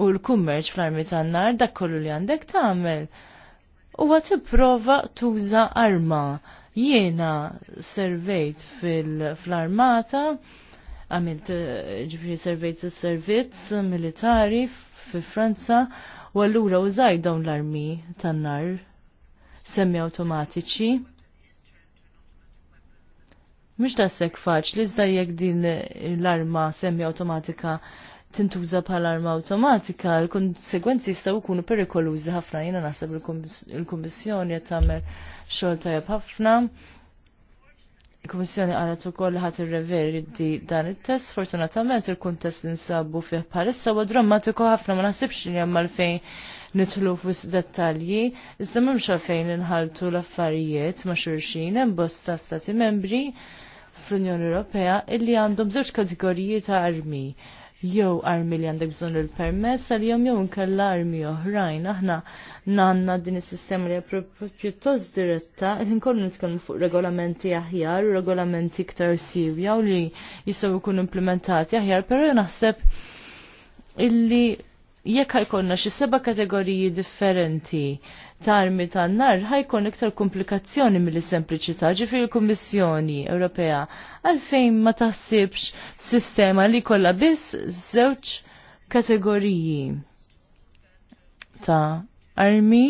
U l-kummerċ fl-armi tan-nar dak kollu li għandek tagħmel. Huwa tipprova tuża arma. Jiena servejt fil-armata fil armata għamilt eh, ġifri servejt servizz militari fi Franza u allura użaj dawn l-armi tan-nar semmi automatiċi. Mhux sekk faċli iżda jekk din l-arma semmi automatika tintuża bħala arma automatika, l konsekwenzi jistgħu jkunu perikolużi ħafna. Jiena naħseb il-Kummissjoni qed tagħmel xogħol tajjeb ħafna Il-Kummissjoni għalet ukoll ħadd irreverdi dan it-test, fortunatament il-kuntest li nsabu fih bħalissa huwa drammatiku ħafna ma naħsibx li hemm għalfejn nitlu fis dettalji, iżda m'hemmx għalfejn inħaltu l-affarijiet ma' xulxin hemm bosta stati membri fl-Unjoni Ewropea illi għandhom żewġ kategoriji ta' armi jew armi li għandek bżonn il-permess għal jom jew nkella armi oħrajn. Aħna nanna din is-sistema li pjuttost diretta, inkollu nitkellmu fuq regolamenti aħjar, regolamenti iktar sirja u li jistgħu jkunu implementati aħjar, però naħseb illi jekk ħajkonna xi seba' kategoriji differenti ta' armi ta' nar ħajkon iktar komplikazzjoni mill sempliċità ġifir l kummissjoni Ewropea għalfejn ma taħsibx sistema li kollha biss żewġ kategoriji ta' armi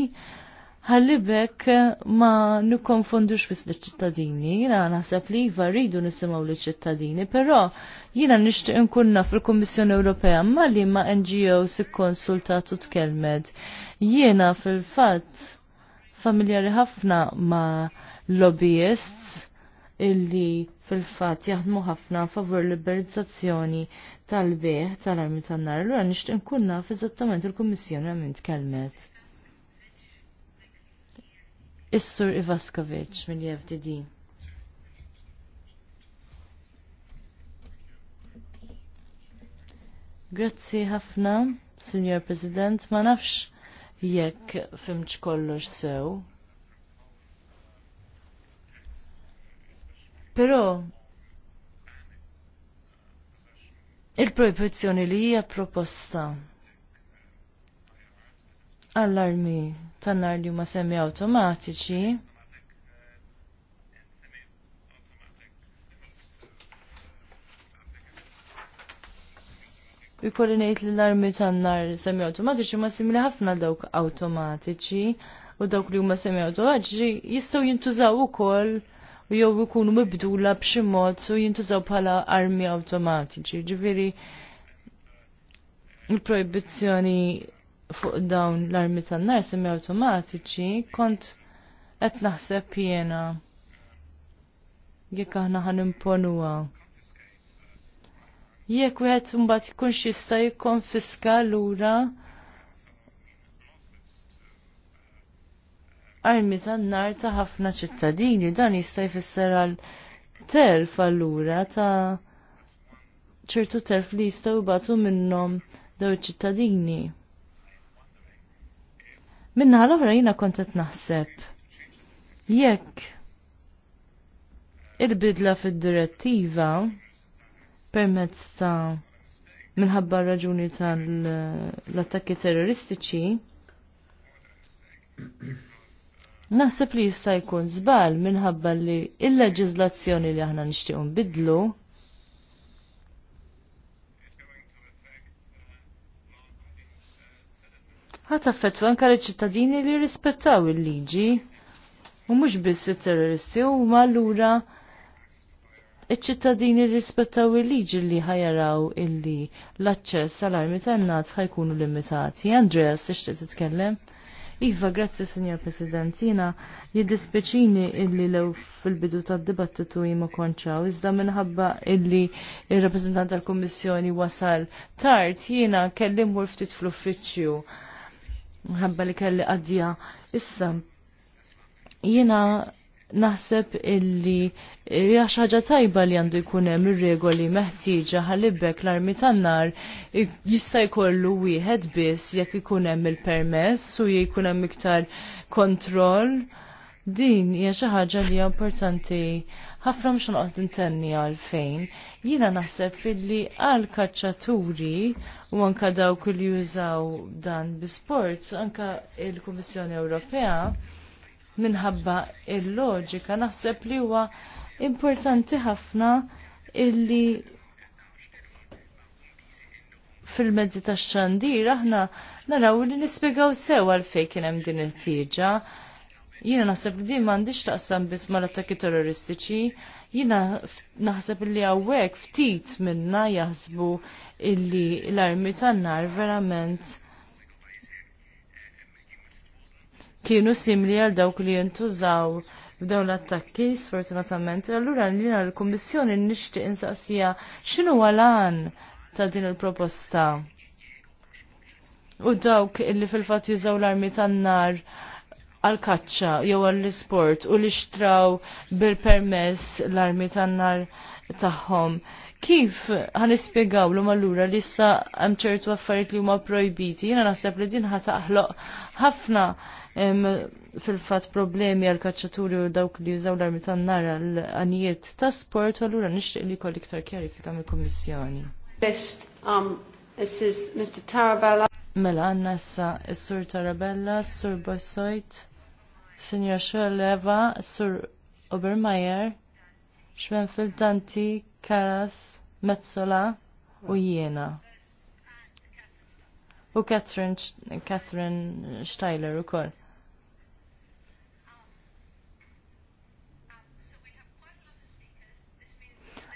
ħallibek eh, ma nikkonfondux bis l-ċittadini, jina naħseb li jiva rridu nisimaw l-ċittadini, pero jina nishtiq nkunna naf il-Kommissjoni Ewropea ma li ma NGOs ikkonsultat u tkelmed. Jiena fil-fat familjari ħafna ma lobbyists illi fil-fat jaħdmu ħafna favur liberalizzazzjoni tal-beħ tal-armi tan-nar, l-għan nishtiq nkun naf eżattament il-Kommissjoni għamint kelmet. Is-Sur Ivaskovic minn JFDD. Grazzi ħafna, Signor President, ma nafx jekk fimċ kollox sew. Però il-proibizzjoni li hija proposta allarmi tan-nar li huma semmi automatiċi Ikolli ngħid li l-armi tan-nar semmi automatiċi ma simili ħafna dawk automatiċi u dawk li huma semmi automatiċi jistgħu jintużaw ukoll u jew ikunu mibdula b'xi mod u jintużaw bħala armi automatiċi. Ġifieri il-proibizzjoni fuq dawn l-armi tan-nar semi automatiċi kont qed naħseb jiena jekk aħna ħan imponuha. Jekk wieħed imbagħad jkunx jista' jikkonfiska lura armi tan-nar ta' ħafna ċittadini dan jista' jfisser għal telf allura ta' ċertu telf li jistgħu jbagħtu minnhom daw iċ-ċittadini. Minna l-oħra jina kontet naħseb. Jekk il-bidla fid-direttiva permezz ta' minħabba raġuni tal-attakki terroristiċi naħseb li jista' jkun żbal minħabba li il-leġiżlazzjoni li aħna nixtiequ nbidlu ħat affettwa anka li ċittadini li rispettaw il-liġi u mhux biss it-terroristi huma allura iċ-ċittadini rispettaw il-liġi li ħajaraw illi l-aċċess għal armi tan-nat ħajkunu limitati. Andreas, t tkellem? Iva, grazzi, Signor President. Jina jiddispeċini illi lew fil-bidu tad dibattitu jima konċaw, iżda minħabba illi il-rappresentant tal-Kommissjoni wasal tard jiena kellim ftit fl-uffiċċju ħabba li kelli għaddija. Issa, jiena naħseb illi hija xi ħaġa tajba li għandu jkun hemm regoli meħtieġa ħalibek l-armi tan-nar jista' jkollu wieħed biss jekk ikun hemm il-permess u jkun hemm iktar kontroll. Din hija xi ħaġa li hija importanti ħafna mhux noqgħod intenni għalfejn. Jiena naħseb illi għal kaċċaturi u anka dawk li jużaw dan bi sports, anka il-Kummissjoni Ewropea minħabba il-loġika naħseb li huwa importanti ħafna illi fil-mezzi tax xandir aħna naraw li nispjegaw sew għalfejn kien hemm din il-tieġa Jiena naħseb li din m'għandix taqsam biss mal-attakki terroristiċi, jiena naħseb li hawnhekk ftit minna jaħsbu illi l-armi tan-nar verament kienu simli għal dawk li jintużaw b'dawn l-attakki sfortunatament. Allura lina l-Kummissjoni nixtieq insaqsija x'inhu għalan ta' din il-proposta. U dawk illi fil-fatt jużaw l-armi tan-nar għal-kaċċa jew għall-isport u li xtraw bil-permess l-armi tan-nar tagħhom. Kif ħan l-um allura li issa hemm ċertu affarijiet li huma projbiti, jiena naħseb li din ħataħloq ħafna fil-fat problemi għal kaċċaturi u dawk li jużaw l-armi tan-nar għal-anijiet ta' sport, u allura nixtieq li jkoll iktar kjarifika mill-Kummissjoni. Best, um, this is Mr. Tarabella. Mela għanna issa s-Sur Tarabella, s-Sur Bossoit. Signor Xoleva, Sur Obermeyer, Schwenfeld, Tanti, Karas, Metzola u jiena. U Catherine, Catherine Steiler u koll.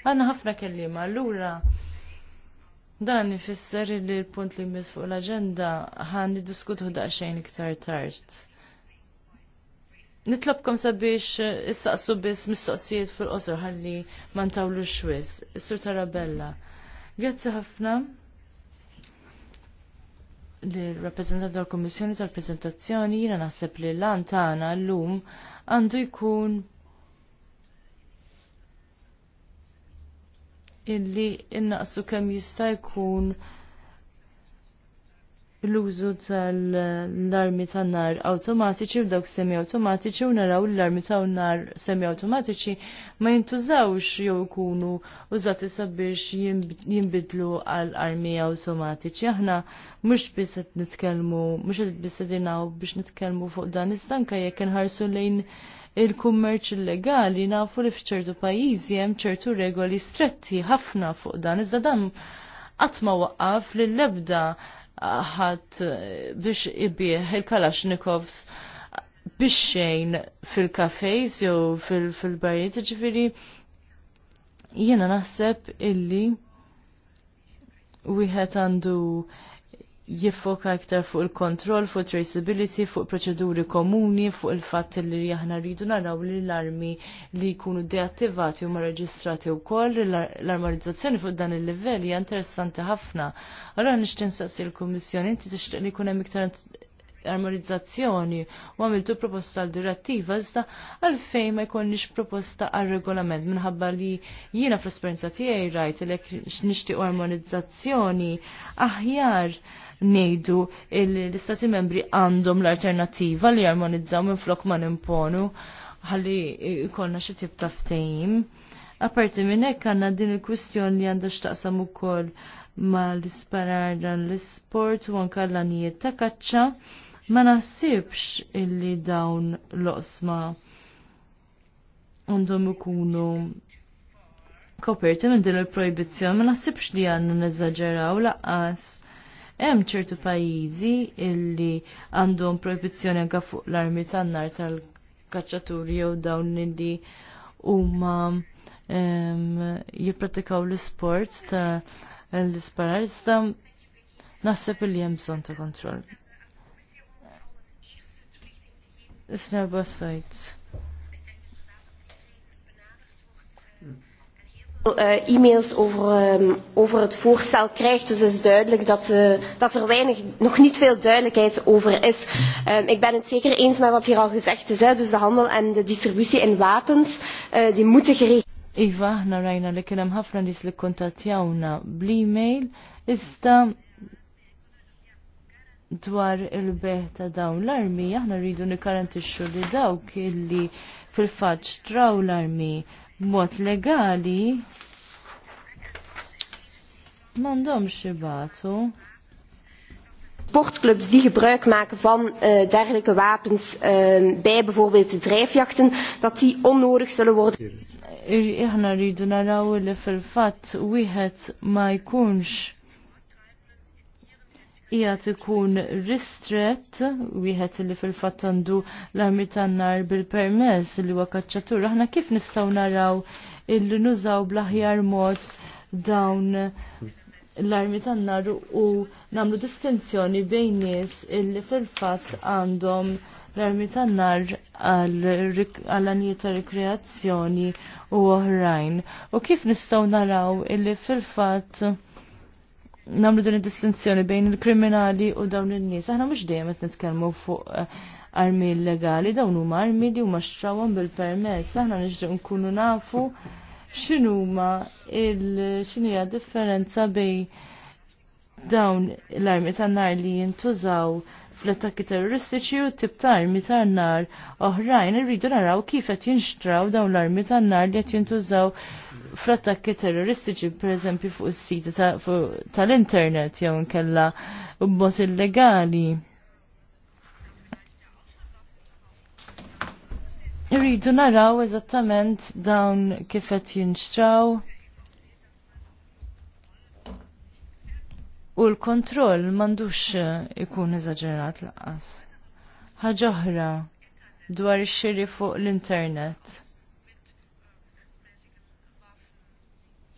Għanna ħafna kellima, l-ura dan ifisser li l-punt li mis fuq l-agenda ħan diskutu daqxejn iktar tard. Nitlobkom sabiex eh, issaqsu biss mistoqsijiet fil-qosor ħalli ma ntawlu xwis. Is-Sur Tarabella. Grazzi ħafna l-rappresentant tal-Kommissjoni tal-prezentazzjoni jina naħseb li l-lan tagħna llum għandu jkun illi innaqsu kemm jista' jkun l-użu tal-armi tan-nar awtomatiċi u dawk semi automatiċi u naraw l-armi tan-nar semi automatiċi ma jintużawx jew ikunu użati sabiex jinbidlu għal armi awtomatiċi. Aħna mhux biss qed nitkellmu, mhux qed biss biex nitkellmu fuq dan istanka jekk inħarsu lejn il-kummerċ illegali nafu li f'ċertu pajjiżi hemm ċertu regoli stretti ħafna fuq dan iżda dan qatt ma waqqaf lill-ebda ħadd eh, biex ibieħ il-Kalashnikovs biex xejn fil-kafejs jew fil-barijiet, ġifiri jiena naħseb illi wieħed għandu jiffoka iktar fuq il-kontroll, fuq traceability, fuq proċeduri komuni, fuq il fat li jahna rridu naraw li l-armi li jkunu deattivati u marreġistrati u koll, l-armonizzazzjoni fuq dan il level hija interessanti ħafna. Allora nishtin saqsi l-Kummissjoni, inti tixtieq li jkun hemm iktar armonizzazzjoni u għamiltu proposta l direttiva iżda għalfejn ma jkollniex proposta għal regolament minħabba li jiena fl-esperjenza tiegħi rajt li nixtiequ armonizzazzjoni aħjar ah nejdu l-istati membri għandhom l-alternativa li jarmonizzaw minn flok ma nimponu ħalli ikolna xi tip ta' ftehim. Aparti minn hekk għandna din il-kwistjoni li għandha x'taqsam ukoll ma l-isparar dan l-isport u anke l-anijiet ta' kaċċa ma nasibx illi dawn l-osma għandhom ikunu koperti minn din il-projbizzjoni, ma naħsibx li għanna neżagġeraw laqqas Hemm ċertu pajjiżi illi għandhom proibizzjoni anke fuq l-armi tan-nar tal-kaċċaturi jew dawn illi huma jipprattikaw l-isport ta' l-isparar iżda naħseb illi hemm bżonn ta' kontroll. Isna bassajt. Eh, e-mails over, um, over het voorstel krijgt. Dus het is duidelijk dat, uh, dat er weinig, nog niet veel duidelijkheid over is. Um, ik ben het zeker eens met wat hier al gezegd is. Hè. Dus de handel en de distributie in wapens uh, die moeten geregeld Iva, ħna rajna li kienem ħafna nis li kontatjawna bl-email, iżda dwar il-beħ ta' dawn l-armi, aħna rridu nikarantixxu li dawk illi fil-faċ traw l-armi mod legali mandom jibatu sportclubs die gebruik maken van uh, dergelijke wapens uh, bij bijvoorbeeld de drijfjachten, dat die onnodig zullen worden. Aħna rridu naar de fil-fatt wieħed ma jkunx Hija ikun ristret wieħed li fil-fatt għandu l-armi tan-nar bil-permess li huwa kaċċatur. Aħna kif nistgħu naraw illi nużaw bl-aħjar mod dawn l-armi tan-nar u nagħmlu distinzjoni bejn nies illi fil-fatt għandhom l-armi tan-nar għal-anijiet ta' rekreazzjoni u oħrajn. U kif nistgħu naraw illi fil-fatt namlu din id-distinzjoni bejn il-kriminali u dawn il-nies. Aħna mhux dejjem qed nitkellmu fuq eh, armi illegali, dawn huma armi li huma xtrawhom bil-permess. Aħna nixtieq nkunu nafu x'inhuma il hija differenza bejn dawn l-armi tan-nar li jintużaw fl-attakki terroristiċi u tip ta' armi tan-nar oħrajn irridu naraw kif qed jinxtraw dawn l-armi tan-nar li qed jintużaw frattakki terroristiċi pereżempju fuq is-sita tal-internet jew nkella b'mod illegali. Irridu naraw eżattament dawn kif qed jinxtraw. U l-kontroll m'għandux ikun eżaġerat laqas. Ħaġa oħra dwar ix-xiri fuq l-internet.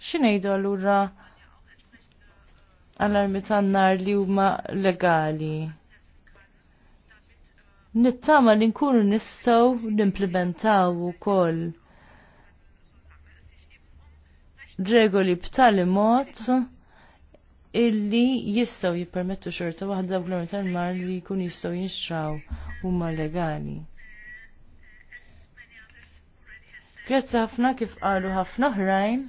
xinejdu għallura għallarmi armi tan-nar li huma legali. Nittama li nkunu nistaw nimplementaw ukoll regoli b'tali mod illi jistaw jippermettu xorta waħda u l-armi li kun jistaw jinxraw huma legali. Grazzi ħafna kif qalu ħafna ħrajn.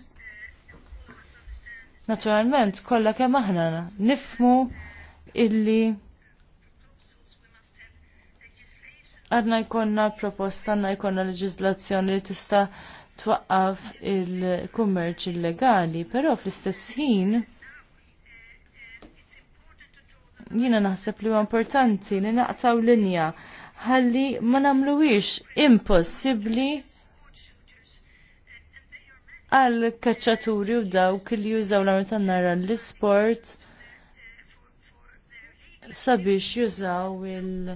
Naturalment, kollha kemm aħna nifmu illi għadna jkonna proposta, għadna jkonna leġizlazzjoni li tista' twaqqaf il-kummerċ illegali, però fl-istess ħin jina naħseb li huwa importanti li naqtaw linja ħalli ma namluwix impossibbli għal kaċċaturi u dawk li jużaw l-għamil tan-nara l-sport sabiex jużaw il-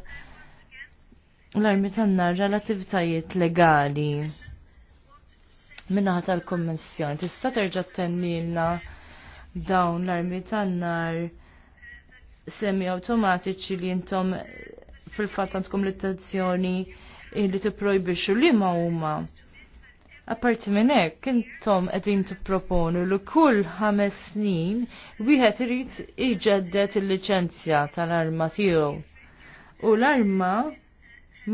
l-armi tan l-attivitajiet legali minna tal-kommissjoni. Tista' terġa' tennilna dawn l-armi ta' nar semi-automatiċi li jintom fil-fatt għandkom l-intenzjoni li tipprojbixxu li ma huma. Apparti minn hekk, intom qegħdin tipproponu li kull ħames snin wieħed irid iġeddet il-liċenzja tal-arma tiegħu. U l-arma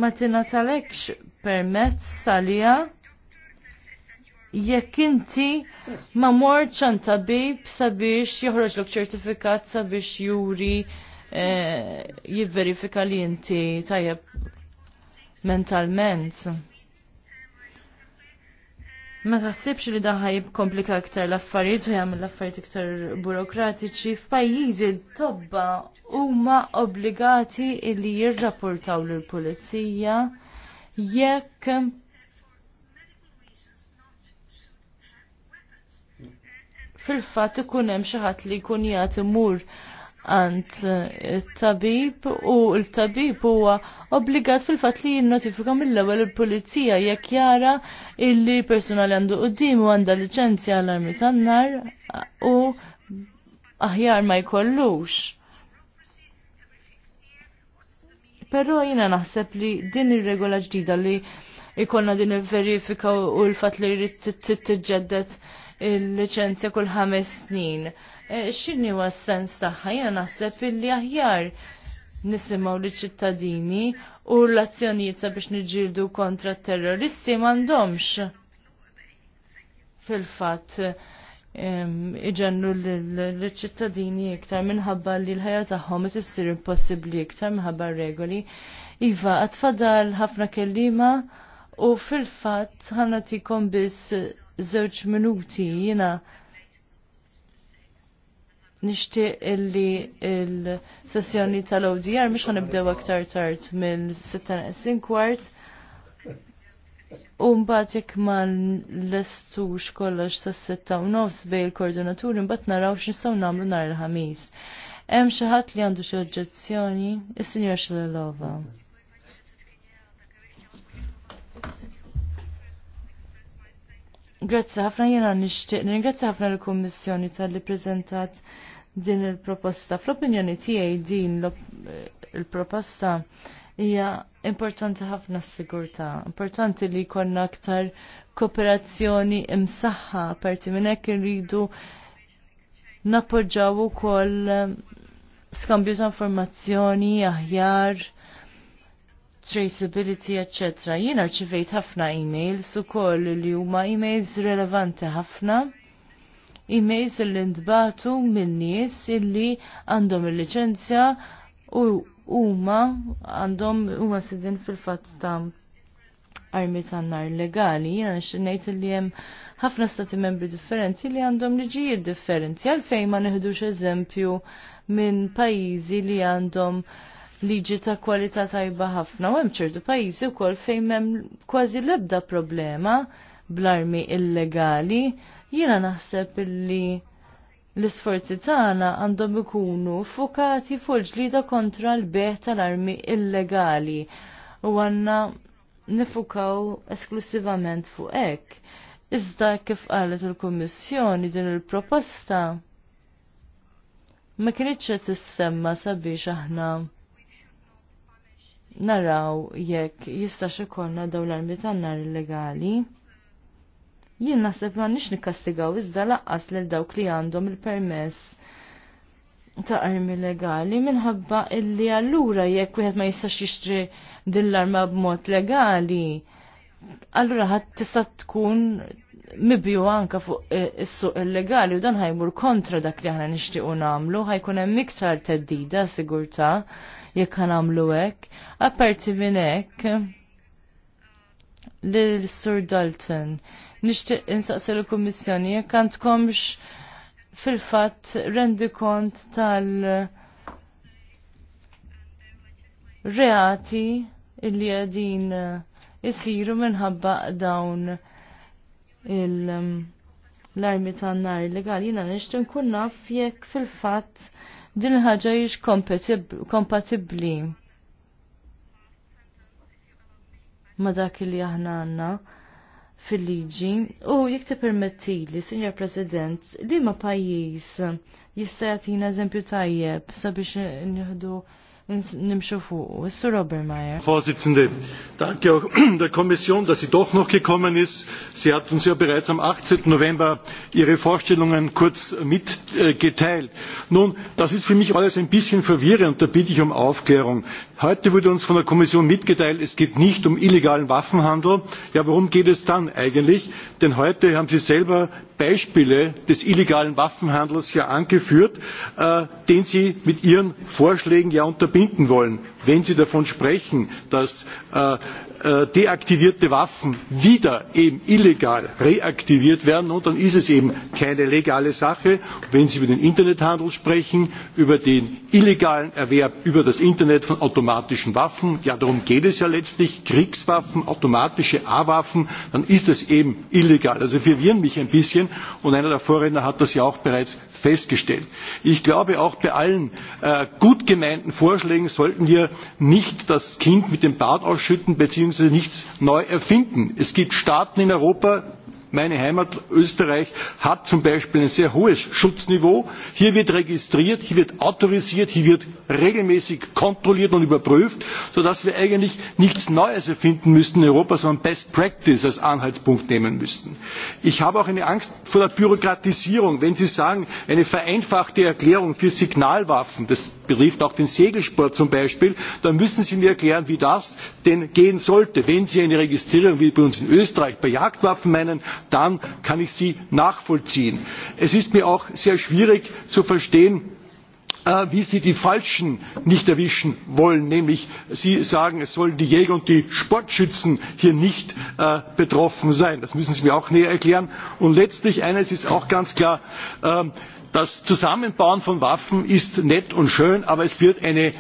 ma tingħatalekx permezz għalija jekk inti ma morċ għan tabib sabiex joħroġlok ċertifikat sabiex juri eh, jivverifika li inti tajjeb mentalment ma taħsibx li daħħa jibkomplika aktar l-affarijiet u jagħmel l-affarijiet iktar burokratiċi f'pajjiżi tobba huma obbligati li jirrapportaw lill pulizija jekk fil-fatt ikun hemm xi ħadd li jkun jagħti mur għand it-tabib u l-tabib huwa obbligat fil-fatt li jinnotifika mill-ewwel il-pulizija jekk jara illi persuna li għandu u għandha liċenzja għall armi tan-nar u aħjar ma jkollux. Però jina naħseb li din ir-regola ġdida li ikonna din il-verifika u l-fat li rrit t-tġeddet il-licenzja kull ħames snin. Eh, x'inhi huwa s-sens tagħha? jena naħseb illi aħjar nisimgħu liċ-ċittadini u l-azzjonijiet sabiex niġġieldu kontra t terroristi m'għandhomx fil-fatt iġennu l-ċittadini iktar minħabba li l-ħajja tagħhom qed issir impossibbli iktar minħabba regoli. Iva, għatfadal ħafna kellima u fil-fatt ħanatikom biss żewġ minuti jiena nixtieq illi il-sessjoni tal-ODR mhux ħanibdew aktar tard mill-6 kwart. U mbagħad jekk ma nlestux kollox sas-sitta u nofs bej il-koordinaturi mbagħad naraw x'nistgħu nagħmlu nhar il-ħamis. Hemm xi ħadd li għandu xi oġġezzjoni? Is-Sinjor Xlelova. Grazzi ħafna jena nishtiq, ringrazzi ħafna l-Kommissjoni tal-li prezentat din il-proposta. Fl-opinjoni tiegħi din il-proposta hija importanti ħafna s-sigurtà, importanti li jkollna aktar kooperazzjoni imsaħħa, parti minn hekk irridu nappoġġaw ukoll skambju ta' informazzjoni aħjar traceability, etc. Jina rċivejt ħafna emails u koll li huma emails relevanti ħafna. Emails li ntbatu minn nies illi għandhom il-liċenzja u huma għandhom huma sidin fil-fatt ta' armi tan-nar legali. Jina nxinnejt li hemm ħafna stati membri differenti li għandhom liġijiet differenti għalfejn ma neħdux eżempju minn pajjiżi li għandhom liġi ta' kwalità tajba ħafna u hemm ċertu pajjiżi wkoll fejn hemm kważi l-ebda problema bl-armi illegali. Jiena naħseb illi l-isforzi tagħna għandhom ikunu fukati fuq ġlida kontra l-beħ tal-armi illegali u għanna nifukaw esklusivament fuq hekk. Iżda kif qalet il-Kummissjoni din il-proposta ma kienitx qed issemma sabiex aħna naraw jekk jistax ikollna daw l-armi tan-nar illegali. Jien naħseb ma nix nikkastigaw iżda laqqas lil dawk li għandhom il-permess ta' armi legali minħabba illi allura jekk wieħed ma jistax jixtri din l-arma b'mod legali, allura ħadd tista' tkun mibju anka fuq is-suq illegali u dan ħajmur kontra dak li aħna nixtiequ nagħmlu, ħajkun hemm iktar teddida sigurtà jekk għanamlu hekk. Apparti minn hekk lil Sur Dalton nixtieq insaqsi l-Kummissjoni jekk għandkomx fil-fatt rendi kont tal- reati illi għadin jisiru uh, minħabba dawn um, l-armi tan nar illegali jina nishtu nkun naf jekk fil-fat din il-ħaġa jiex kompatibbli ma dak li aħna għandna fil-liġi u jekk permetti li, Sinjor President, li ma pajjiż jista' jagħtina eżempju tajjeb sabiex nieħdu nimxu fuq. Issu Robert Mayer. Vorsitzende, danke auch [CLEARS THROAT] der Kommission, dass sie doch noch gekommen ist. Sie hat uns ja bereits am 18. November ihre Vorstellungen kurz mitgeteilt. Nun, das ist für mich alles ein bisschen verwirrend, da bitte ich um Aufklärung. Heute wurde uns von der Kommission mitgeteilt, es geht nicht um illegalen Waffenhandel. Ja, worum geht es dann eigentlich? Denn heute haben Sie selber Beispiele des illegalen Waffenhandels ja angeführt, äh, den Sie mit Ihren Vorschlägen ja unterbinden verbinden wollen, wenn Sie davon sprechen, dass äh, äh, deaktivierte Waffen wieder eben illegal reaktiviert werden und dann ist es eben keine legale Sache. Wenn Sie über den Internethandel sprechen, über den illegalen Erwerb über das Internet von automatischen Waffen, ja darum geht es ja letztlich, Kriegswaffen, automatische A-Waffen, dann ist das eben illegal. Also verwirren mich ein bisschen und einer der Vorredner hat das ja auch bereits festgestellt. Ich glaube auch bei allen äh, gut gemeinten Vorschlägen, nachlegen, sollten wir nicht das Kind mit dem Bad ausschütten bzw. nichts neu erfinden. Es gibt Staaten in Europa, Meine Heimat Österreich hat zum Beispiel ein sehr hohes Schutzniveau. Hier wird registriert, hier wird autorisiert, hier wird regelmäßig kontrolliert und überprüft, sodass wir eigentlich nichts Neues erfinden müssten in Europa, sondern Best Practice als Anhaltspunkt nehmen müssten. Ich habe auch eine Angst vor der Bürokratisierung. Wenn Sie sagen, eine vereinfachte Erklärung für Signalwaffen, das betrifft auch den Segelsport zum Beispiel, dann müssen Sie mir erklären, wie das denn gehen sollte. Wenn Sie eine Registrierung wie bei uns in Österreich bei Jagdwaffen meinen, dann kann ich sie nachvollziehen. Es ist mir auch sehr schwierig zu verstehen, äh, wie sie die Falschen nicht erwischen wollen. Nämlich, sie sagen, es sollen die Jäger und die Sportschützen hier nicht äh, betroffen sein. Das müssen Sie mir auch näher erklären. Und letztlich eines ist auch ganz klar. Ähm, das Zusammenbauen von Waffen ist nett und schön, aber es wird eine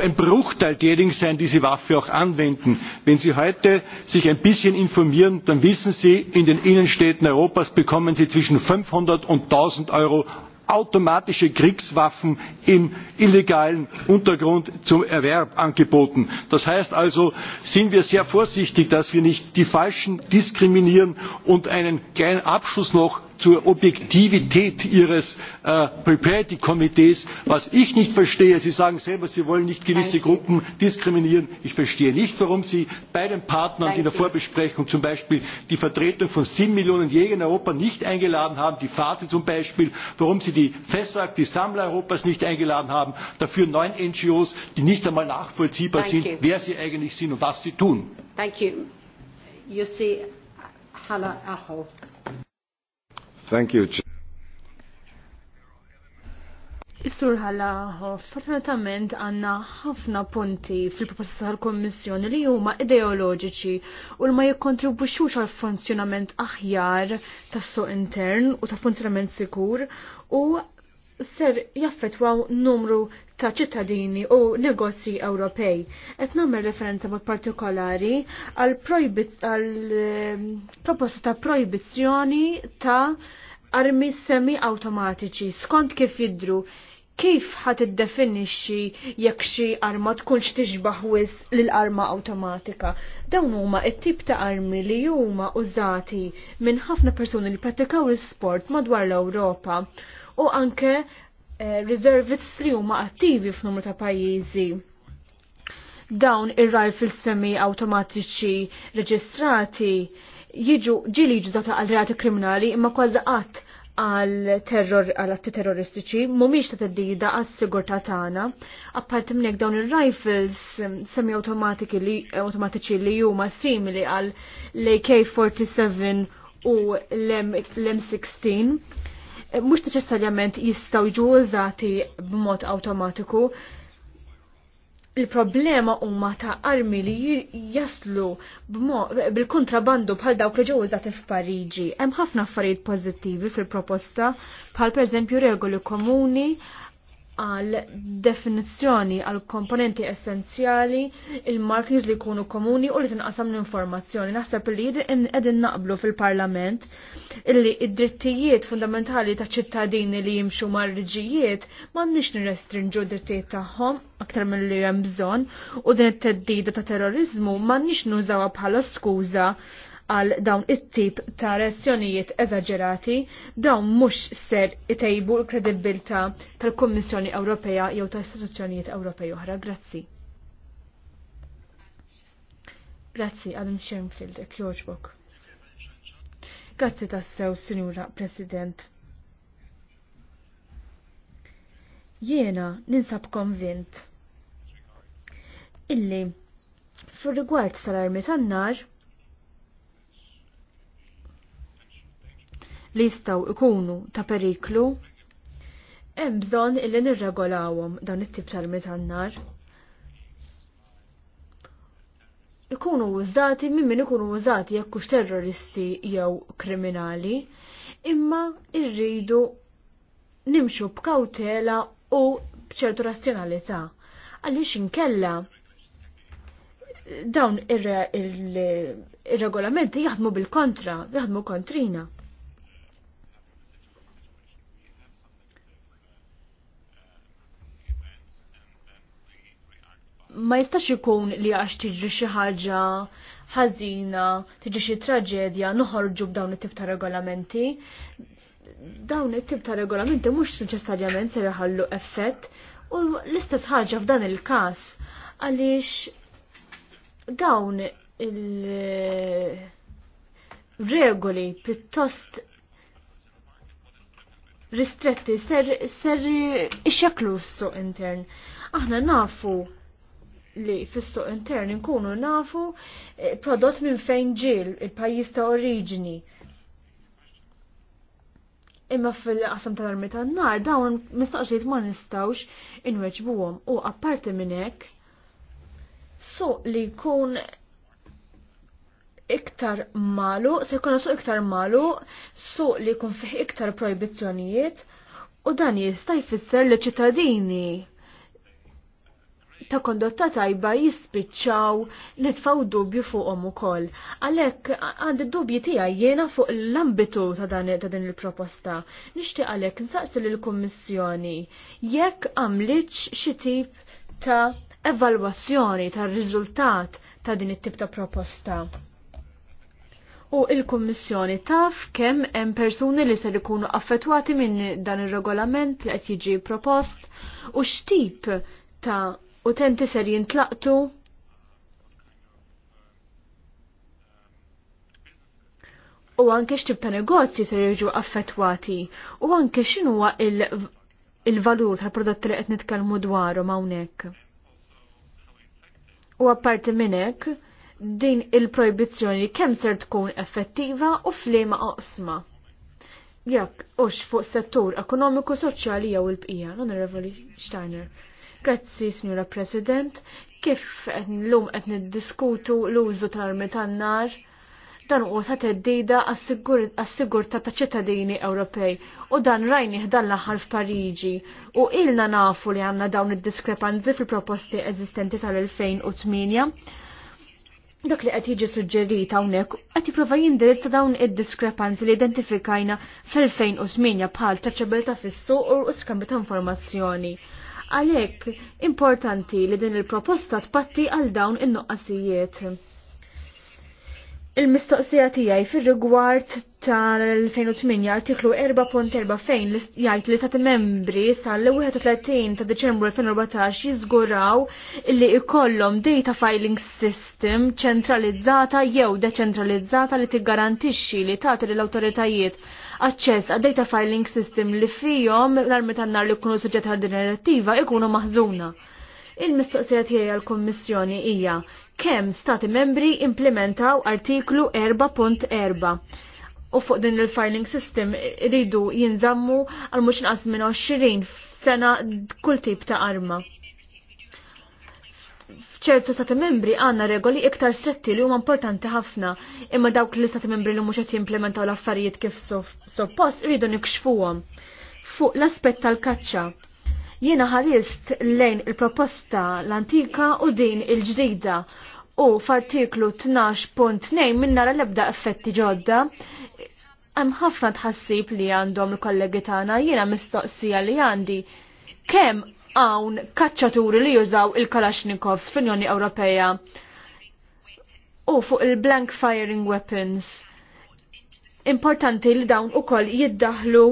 ein Bruchteil derjenigen sein, die diese Waffe auch anwenden. Wenn Sie heute sich ein bisschen informieren, dann wissen Sie, in den Innenstädten Europas bekommen Sie zwischen 500 und 1000 Euro automatische Kriegswaffen im illegalen Untergrund zum Erwerb angeboten. Das heißt also, sind wir sehr vorsichtig, dass wir nicht die Falschen diskriminieren und einen kleinen Abschluss noch zur Objektivität Ihres äh, Preparity Committees. Was ich nicht verstehe, Sie sagen selber, Sie wollen nicht gewisse Danke. Gruppen diskriminieren. Ich verstehe nicht, warum Sie bei den Partnern, Danke. die in der Vorbesprechung zum Beispiel die Vertretung von sieben Millionen Jägern in Europa nicht eingeladen haben, die FASE zum Beispiel, warum Sie die FESAG, die Sammler Europas nicht eingeladen haben, dafür neun NGOs, die nicht einmal nachvollziehbar Danke. sind, wer sie eigentlich sind und was sie tun. Thank you. You see, Hala Aho. Thank you. Is-sur ħalla sfortunatament għanna ħafna punti fil-proposta tal-Kommissjoni li huma ideoloġiċi u li ma jikkontribwixux għal funzjonament aħjar tas-suq intern u ta' funzjonament sikur u ser jaffetwaw numru ta' ċittadini u negozji Ewropej. Qed nagħmel referenza mod partikolari għal ehm, proposta ta' proibizzjoni ta' armi semi automatiċi skont kif jidru kif ħat iddefinixxi jekk xi arma tkunx tixbaħ wis lill-arma awtomatika. Dawn huma t-tip ta' armi li huma użati minn ħafna persuni li pratikaw l-sport madwar l-Ewropa u anke Eh, reservists li huma attivi f'numru ta' pajjiżi. Dawn ir-rifles semi awtomatiċi reġistrati jiġu ġili ġużata għal reati kriminali imma kważi qatt għal terror għal atti terroristiċi mhumiex ta' teddida għas sigurtà tagħna. Apparti minn dawn ir-rifles semi awtomatiċi li awtomatiċi li huma simili għal l-AK-47 u l-M16 Eh, mhux neċessarjament jistgħu iġu użati b'mod awtomatiku. Il-problema huma ta' armi li jaslu bil-kontrabandu bħal dawk li ġew użati f'Pariġi. Hemm ħafna affarijiet pożittivi fil-proposta bħal pereżempju regoli komuni għal definizzjoni għal komponenti essenzjali, il-markings li jkunu komuni u li tinqasam l-informazzjoni. Naħseb li qegħdin naqblu fil-Parlament illi id-drittijiet fundamentali ta' ċittadini li jimxu mal riġijiet m'għandniex nirrestrinġu d-drittijiet tagħhom aktar mill-li hemm bżonn u din it-teddida ta' terrorizmu m'għandniex nużawa bħala skuża għal dawn it-tip ta' reazzjonijiet eżagġerati, dawn mhux ser itejbu l-kredibilta tal-Kummissjoni Ewropea jew ta' istituzzjonijiet Ewropej oħra. Grazzi. Grazzi, Adam Schoenfield, ek Grazzi Grazzi tassew, Sinjura President. Jiena ninsab konvint illi fur rigward sal-armi tan-nar li jistgħu ikunu ta' periklu, hemm bżonn illi nirregolawhom dawn it-tip tal-armi tan-nar. Ikunu użati minn min ikunu użati jekk hux terroristi jew kriminali, imma rridu nimxu b'kawtela u bċertu razzjonalità. Għaliex inkella dawn ir-regolamenti jaħdmu bil-kontra, jaħdmu kontrina. ma jistax ikun li għax tiġri xi ħaġa ħażina, tiġri xi traġedja, noħorġu b'dawn it-tip ta' regolamenti. Dawn it-tip ta' regolamenti mhux neċessarjament se jħallu effett u l-istess ħaġa f'dan il-każ għaliex dawn il-regoli pjuttost ristretti ser, ser ixxeklu s-suq intern. Aħna nafu li fissu intern nkunu nafu eh, prodott minn fejn ġil il-pajjiż ta' oriġini. Imma fil-qasam tal-armi tan-nar dawn mistaqsijiet ma nistawx inweġbuhom u apparti minn hekk suq li jkun iktar malu, se jkun suq iktar malu, so li jkun fih iktar proibizzjonijiet u dan jista' jfisser li ċittadini ta' kondotta tajba jispiċċaw nitfaw dubju fuqhom ukoll. Għalhekk għandi dubji tiegħi jiena fuq l-ambitu ta' dan ta' din il-proposta. Nixtieq għalhekk nsaqsi lill-Kummissjoni jekk għamliċ xi tip ta' evalwazzjoni tar-riżultat ta' din it-tip ta' proposta. U il-Kummissjoni taf kemm hemm persuni li ser ikunu affettwati minn dan ir-regolament li qed jiġi propost u x'tip ta' U tenti ser jintlaqtu u anke x'tib ta' negozji ser jiġu affettwati u anke x'inhuwa il-valur il valur tal prodotti li qed nitkellmu dwarhom hawnhekk. U apparti minn hekk, din il-projbizzjoni kemm ser tkun effettiva u f'liema oqsma. Jekk ux fuq settur ekonomiku, soċjali jew il-bqija, l-Onorevoli Steiner. Grazzi, Signora President. Kif l-lum qed niddiskutu l-użu tal-armi tan-nar? Dan huwa ta' teddida għas-sigurtà ta' ċittadini Ewropej u dan rajni dan l-aħħar f'Pariġi u ilna nafu li għandna dawn id-diskrepanzi fil-proposti eżistenti tal-2008. Dak li qed jiġi suġġerit hawnhekk qed jipprova jindirizza dawn id-diskrepanzi li identifikajna fl-2008 bħal taċċabilta fis-suq u skambju ta' informazzjoni Għalhekk importanti li din il-proposta tpatti għal dawn in-nuqqasijiet. Il-mistoqsija tiegħi fir-rigward tal-2008 artiklu 4.4 fejn jgħid li stati membri sal-31 ta' Deċembru 2014 jiżguraw li ikollhom data filing system ċentralizzata jew deċentralizzata li tiggarantixxi li tagħti lill awtoritajiet aċċess għad data filing system li fihom l-armi tannar nar li jkunu suġġet għal din direttiva ikunu maħżuna. Il-mistoqsija tiegħi għal kummissjoni hija kemm stati membri implementaw artiklu 4.4 u fuq din il-filing system ridu jinżammu għal mux naqas minn 20 sena kull tip ta' arma ċertu stati membri għandna regoli iktar stretti li huma importanti ħafna, imma dawk li stati membri li mhux qed jimplementaw l-affarijiet kif suppost iridu nikxfuhom. Fuq l-aspett tal-kaċċa. Jiena ħarist lejn il-proposta l-antika u din il-ġdida u f'artiklu 12.2 minn nara l-ebda effetti ġodda hemm ħafna tħassib li għandhom il-kollegi tagħna jiena mistoqsija li għandi kemm hawn kaċċaturi li jużaw il-Kalashnikovs fil-Unjoni Ewropea u fuq il-blank firing weapons. Importanti li dawn ukoll jiddaħlu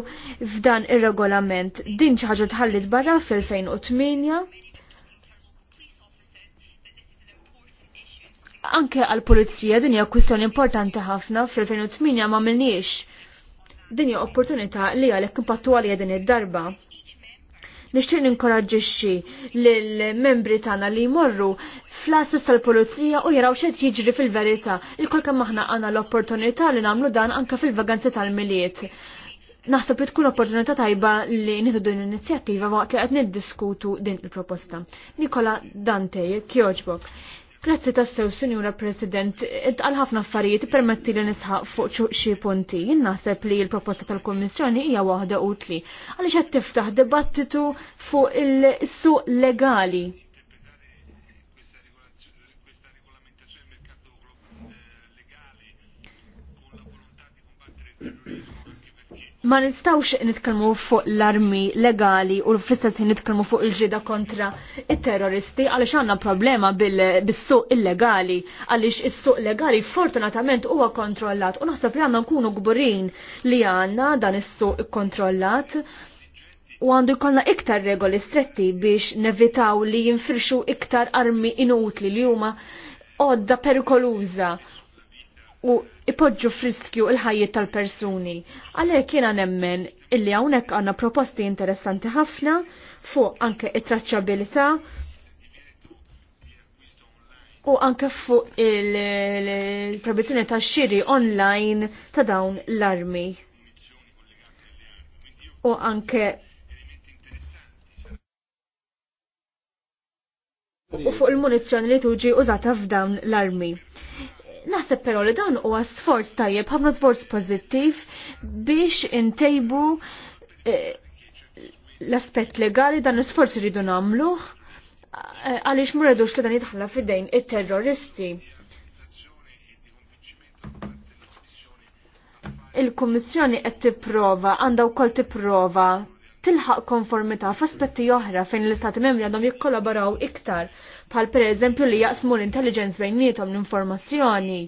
f'dan ir-regolament. Din xi ħaġa tħallit barra fil-2008 Anke għal pulizija din hija kwistjoni importanti ħafna fil-2008 ma milniex. Din hija opportunità li għalhekk impattu għalija din id-darba. Nixtieq ninkoraġġixxi lill-membri tagħna li jmorru fl-assist tal-pulizija u jaraw xed jiġri fil-verità. Il-kol kemm aħna għandna l-opportunità li nagħmlu dan anke fil-vaganzi tal-miliet. Naħseb li tkun opportunità tajba li nieħdu din l-inizjattiva waqt li qed niddiskutu din il-proposta. Nikola Dante, jekk jogħġbok. Grazzi tassew, Sinjura President. Għal ħafna affarijiet permetti li nisħaq fuq xi punti. Naħseb li l-proposta tal-Kommissjoni hija waħda utli. Għaliex qed tiftaħ dibattitu fuq il-suq legali. Thank you ma nistawx nitkellmu fuq l-armi legali u l istess nitkellmu fuq il-ġida kontra il terroristi għaliex għandna problema bis-suq illegali għaliex is-suq legali fortunatament huwa kontrollat u naħseb li għandna nkunu gburin li għandna dan is-suq kontrollat u għandu jkollna iktar regoli stretti biex nevitaw li jinfirxu iktar armi inutli li huma għodda perikoluża u ipoġġu friskju il ħajiet tal-persuni. Għalhekk jiena nemmen illi hawnhekk għandna proposti interessanti ħafna fuq anke it-traċċabilità u anke fuq il probizzjoni ta' xiri online ta' dawn l-armi. U anke u fuq il-munizzjoni li tuġi użata f'dawn l-armi. Naħseb però li dan huwa sforz tajjeb, ħafna sforz pożittiv biex intejbu eh, l-aspett legali dan l-sforz iridu nagħmluh eh, għaliex muredux li dan jitħalla fidejn it-terroristi. Il-Kummissjoni qed tipprova għandha wkoll tipprova tilħaq konformità f'aspetti oħra fejn l-Istati Membri għandhom jikkolaboraw iktar pal per eżempju li jaqsmu l-intelligence bejnietom l-informazzjoni.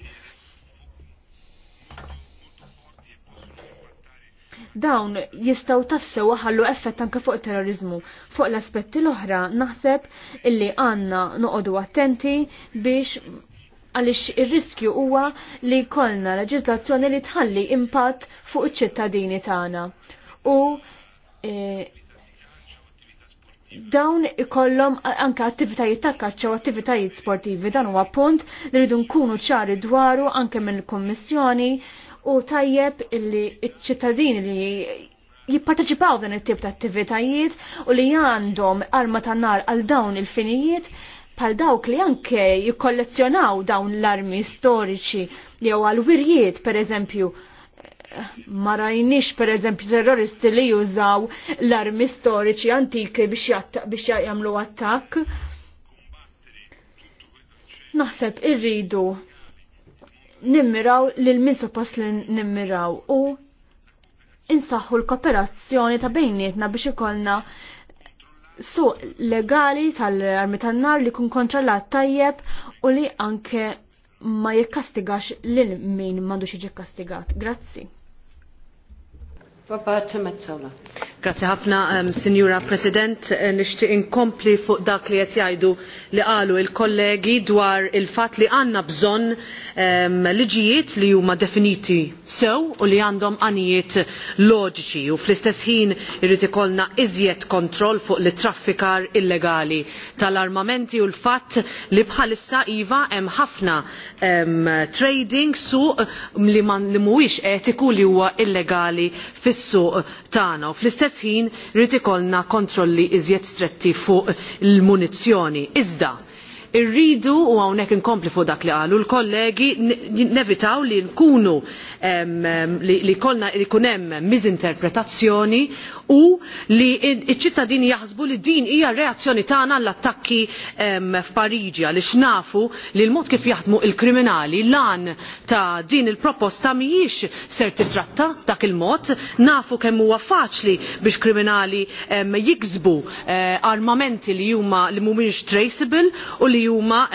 Dawn jistaw tassew ħallu effett anke fuq terrorizmu. Fuq l-aspetti l-oħra naħseb illi għanna noqodu attenti biex għalix il-riskju huwa li kolna leġislazzjoni li tħalli impatt fuq iċ-ċittadini tagħna. U e, dawn ikollhom anke attivitajiet ta' kaċċa u attivitajiet sportivi. Dan huwa punt li rridu nkunu ċari dwaru anke mill kummissjoni u tajjeb illi ċ-ċittadini li jipparteċipaw dan it-tip ta' attivitajiet u li għandhom arma ta' nar għal dawn il-finijiet bħal dawk li anke jikkollezzjonaw dawn l-armi storiċi jew għal wirjiet per eżempju ma rajnix per eżempju terroristi li jużaw l-armi storiċi antiki biex jagħmlu attakk. Naħseb irridu nimmiraw lil min suppost li nimmiraw u insaħħu l-kooperazzjoni ta' bejnietna biex ikollna su legali tal-armi tan-nar li kun kontrollat tajjeb u li anke ma jikkastigax lil min m'għandux jiġi kkastigat. Grazzi. Grazie ħafna, um, Signora President. Eh, nixtieq inkompli fuq dak li qed jgħidu li qalu il-kollegi dwar il-fatt li għandna bżonn um, liġijiet li huma definiti sew u li għandhom għanijiet loġiċi u fl-istess ħin irrid ikollna iżjed kontroll fuq li traffikar illegali tal-armamenti u l-fatt li bħalissa iva hemm ħafna um, trading su li, li mhuwiex etiku li huwa illegali fis fis-suq tagħna u fl-istess ħin rrid ikollna kontrolli iżjed stretti fuq il-munizzjoni. Iżda Irridu u hawnhekk inkompli fuq dak li qalu l-kollegi nevitaw li nkunu li konna li jkun hemm miżinterpretazzjoni u li iċ-ċittadini jaħsbu li din hija reazzjoni tagħna għall-attakki f'Pariġi għaliex nafu li l-mod kif jaħdmu il-kriminali lan ta' din il-proposta mhijiex ser titratta dak il-mod nafu kemm huwa faċli biex kriminali jiksbu eh, armamenti li huma li mhumiex traceable u li li huma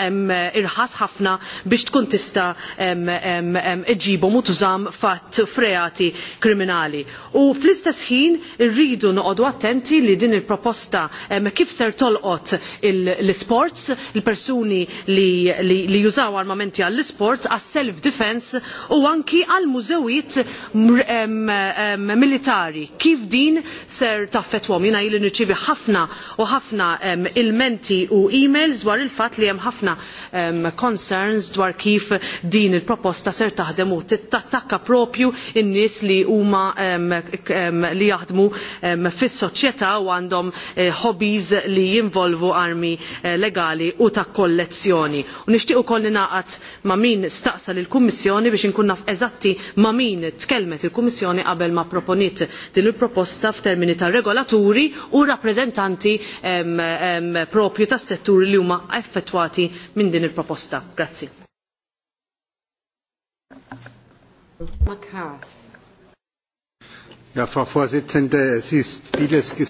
irħas ħafna biex tkun tista iġibhom u tużam fatt freati kriminali. U fl-istess ħin irridu noqogħdu attenti li din il-proposta kif ser tolqot l isports il-persuni li jużaw armamenti għall isports għas għas-self-defense u anki għal-mużewiet militari. Kif din ser taffetwom? Jina nirċievi ħafna u ħafna ilmenti u emails dwar il-fat li hemm ħafna concerns dwar kif din il-proposta ser taħdem u tattakka propju in-nies li huma li jaħdmu fis-soċjetà u għandhom eh, hobbies li jinvolvu armi eh, legali u ta' kollezzjoni. U nixtieq ukoll li naqgħad ma' min staqsa lill-Kummissjoni biex inkun naf eżatti ma' min tkellmet il-Kummissjoni qabel ma proponiet din il-proposta f'termini ta' regolaturi u rappreżentanti propju tas-setturi li huma effettwament affettwati minn din il-proposta. Grazzi.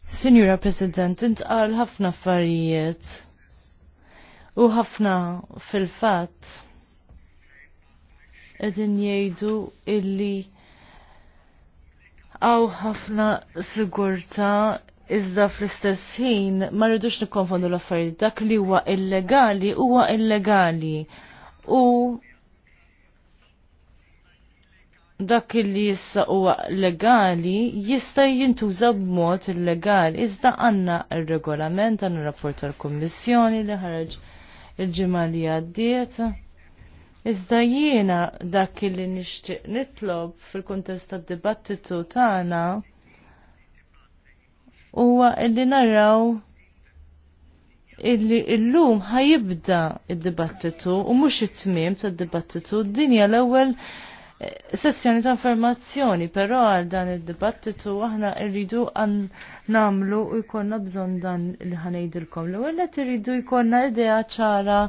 Senior Representant, int għal ħafna affarijiet u ħafna fil fat edin jgħidu illi għaw ħafna sigurta Iżda fl-istess ħin ma rridux nikkonfondu l-affarijiet dak li huwa illegali huwa illegali. U dak li jissa huwa legali jista' jintuża b'mod illegali. Iżda għandna r-regolament għandna rapport tal-Kummissjoni li ħareġ il-ġimgħa li għaddiet. Iżda jiena dak li nixtieq nitlob fil-kuntest tad-dibattitu tagħna huwa illi narraw illi illum ħajibda id-dibattitu u mhux it-tmiem tad-dibattitu d-dinja l-ewwel eh, sessjoni ta' informazzjoni, però għal dan id-dibattitu aħna rridu għan namlu u jkollna bżon dan li ħanejdilkom. L-ewwel qed irridu jkollna idea ċara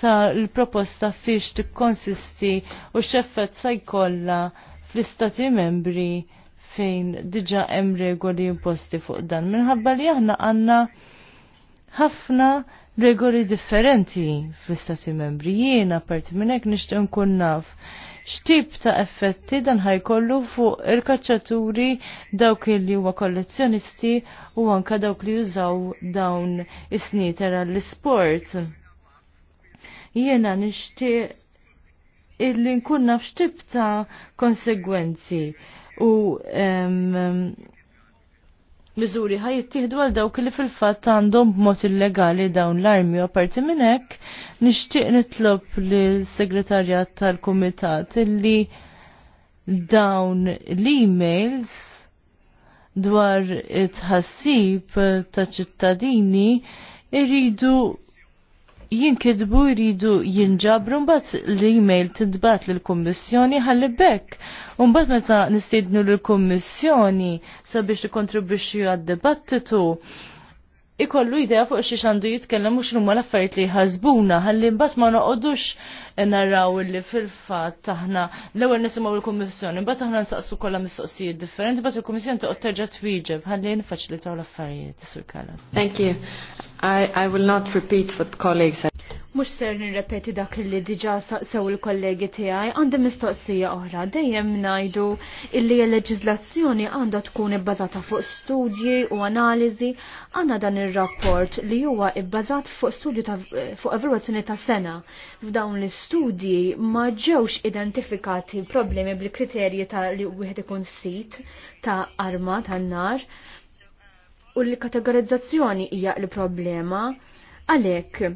ta' l-proposta fiex tikkonsisti u x'effett se jkollha fl-istati membri fejn diġa hemm regoli imposti fuq dan minħabba li aħna għandna ħafna regoli differenti fl-istati membri. Jiena parti minn hekk nixtieq nkun naf x'tip ta' effetti dan ħajkollu fuq il-kaċċaturi dawk li huwa kollezzjonisti u anka dawk li jużaw dawn is-snitera l-isport. Jiena nixtieq illi nkun naf x'tip ta' konsegwenzi u miżuri ħaj jittieħdu għal dawk li fil-fatt għandhom b'mod illegali dawn l-armi u apparti minn hekk nixtieq nitlob lill-segretarjat tal-kumitat illi dawn l-emails dwar it-ħassib ta' ċittadini iridu jinkidbu jridu jinġabru mbagħad l-email tidbat lill-Kummissjoni ħalli bekk. Mbagħad meta nistiednu lill-Kummissjoni sabiex ikontribwixxi għad-dibattitu ikollu idea fuq xiex għandu jitkellem u l l-affarijiet li jħazbuna, għalli mbagħad ma noqogħdux naraw li fil-fatt taħna l-ewwel nisimgħu l-kummissjoni, mbagħad aħna nsaqsu kollha mistoqsijiet differenti, mbagħad il-kummissjoni toqgħod terġa' twieġeb ħalli nfaċilitaw l-affarijiet, Sur Kala. Thank you. I, I will not repeat what colleagues Mux ser nirrepeti dak li diġa sew il-kollegi tiegħi għandi mistoqsija oħra dejjem ngħidu illi l leġizlazzjoni għandha tkun ibbażata fuq studji u analiżi għanna dan ir-rapport li huwa ibbazat fuq studju ta' fuq evalwazzjoni ta' sena. F'dawn l-istudji ma ġewx identifikati problemi bil-kriterji ta' li wieħed ikun sit ta' arma ta' nar u l-kategorizzazzjoni hija l-problema għalhekk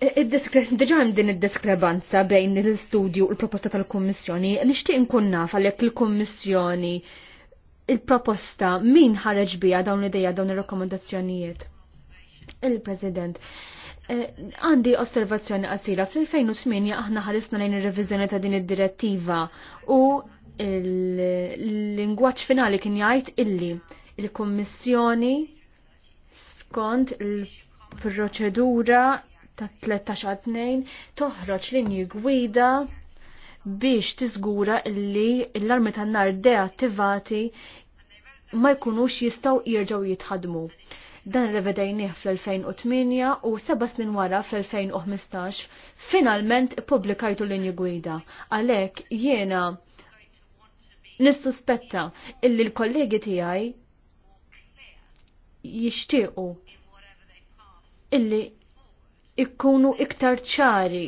Diġa hemm din id diskrebanza bejn l-istudju u l-proposta tal-Kummissjoni, nixtieq inkun naf għalhekk il-Kummissjoni il-proposta min ħareġ bija dawn l ideja dawn ir-rakkomandazzjonijiet. Il-President, eh, għandi osservazzjoni għasira fl-2008 aħna ħarisna lejn ir-reviżjoni ta' din id-direttiva u l-lingwaġġ finali kien jgħid illi il-Kummissjoni skont il-proċedura ta' 13 2 toħroġ linji gwida biex tiżgura illi l-armi tan-nar deattivati ma jkunux jistaw jirġaw jitħadmu. Dan revedajnih fl-2008 u seba snin wara fl-2015 finalment publikajtu linji gwida. Għalek jiena nissuspetta illi l-kollegi tijaj jishtiqu illi ikkunu iktar ċari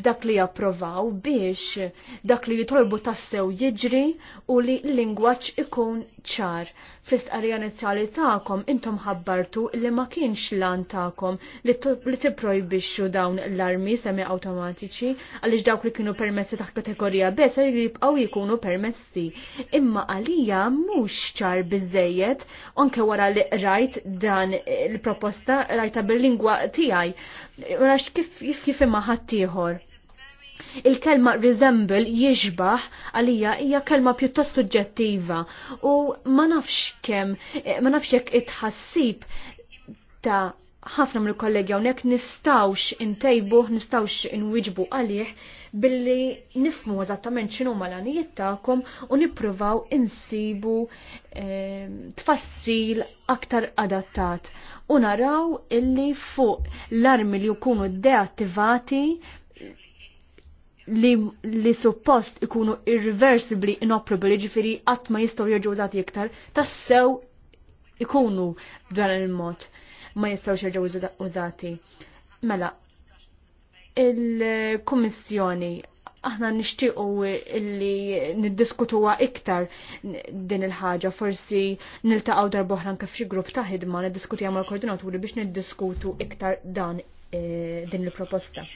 f'dak li japprovaw biex dak li jitolbu tassew jiġri u li l-lingwaċ ikun ċar. Fl-istqarrija inizjali tagħkom intom ħabbartu li ma kienx lan tagħkom li tipprojbixxu dawn l-armi semi awtomatiċi għaliex dawk li kienu permessi ta' kategorija B ser jibqgħu jkunu permessi. Imma għalija mhux ċar biżejjed anke wara li rajt dan il-proposta rajta bil-lingwa tiegħi. Rax kif kif ħaddieħor il-kelma resemble jiġbaħ għalija hija kelma pjuttost suġġettiva u ma nafx kemm eh, ma nafx jekk itħassib ta' ħafna mill kollegi hawnhekk nistawx intejbuh, nistawx inwiġbu għalih billi nifmu eżattament x'inhu mal-għanijiet tagħkom u nippruvaw insibu eh, tfassil aktar adattat u naraw illi fuq l-armi li jkunu deattivati li, li suppost ikunu irreversibly inoperable, ġifiri qatt ma jistgħu jerġgħu użati iktar, tassew ikunu b'dan il-mod ma jistaw jirġu użati. Mela, il-Kummissjoni aħna nixtiequ illi niddiskutuha iktar din il-ħaġa, forsi niltaqgħu darba oħra anke f'xi grupp ta' ħidma niddiskutija mal-koordinaturi biex niddiskutu iktar dan eh, din il-proposta.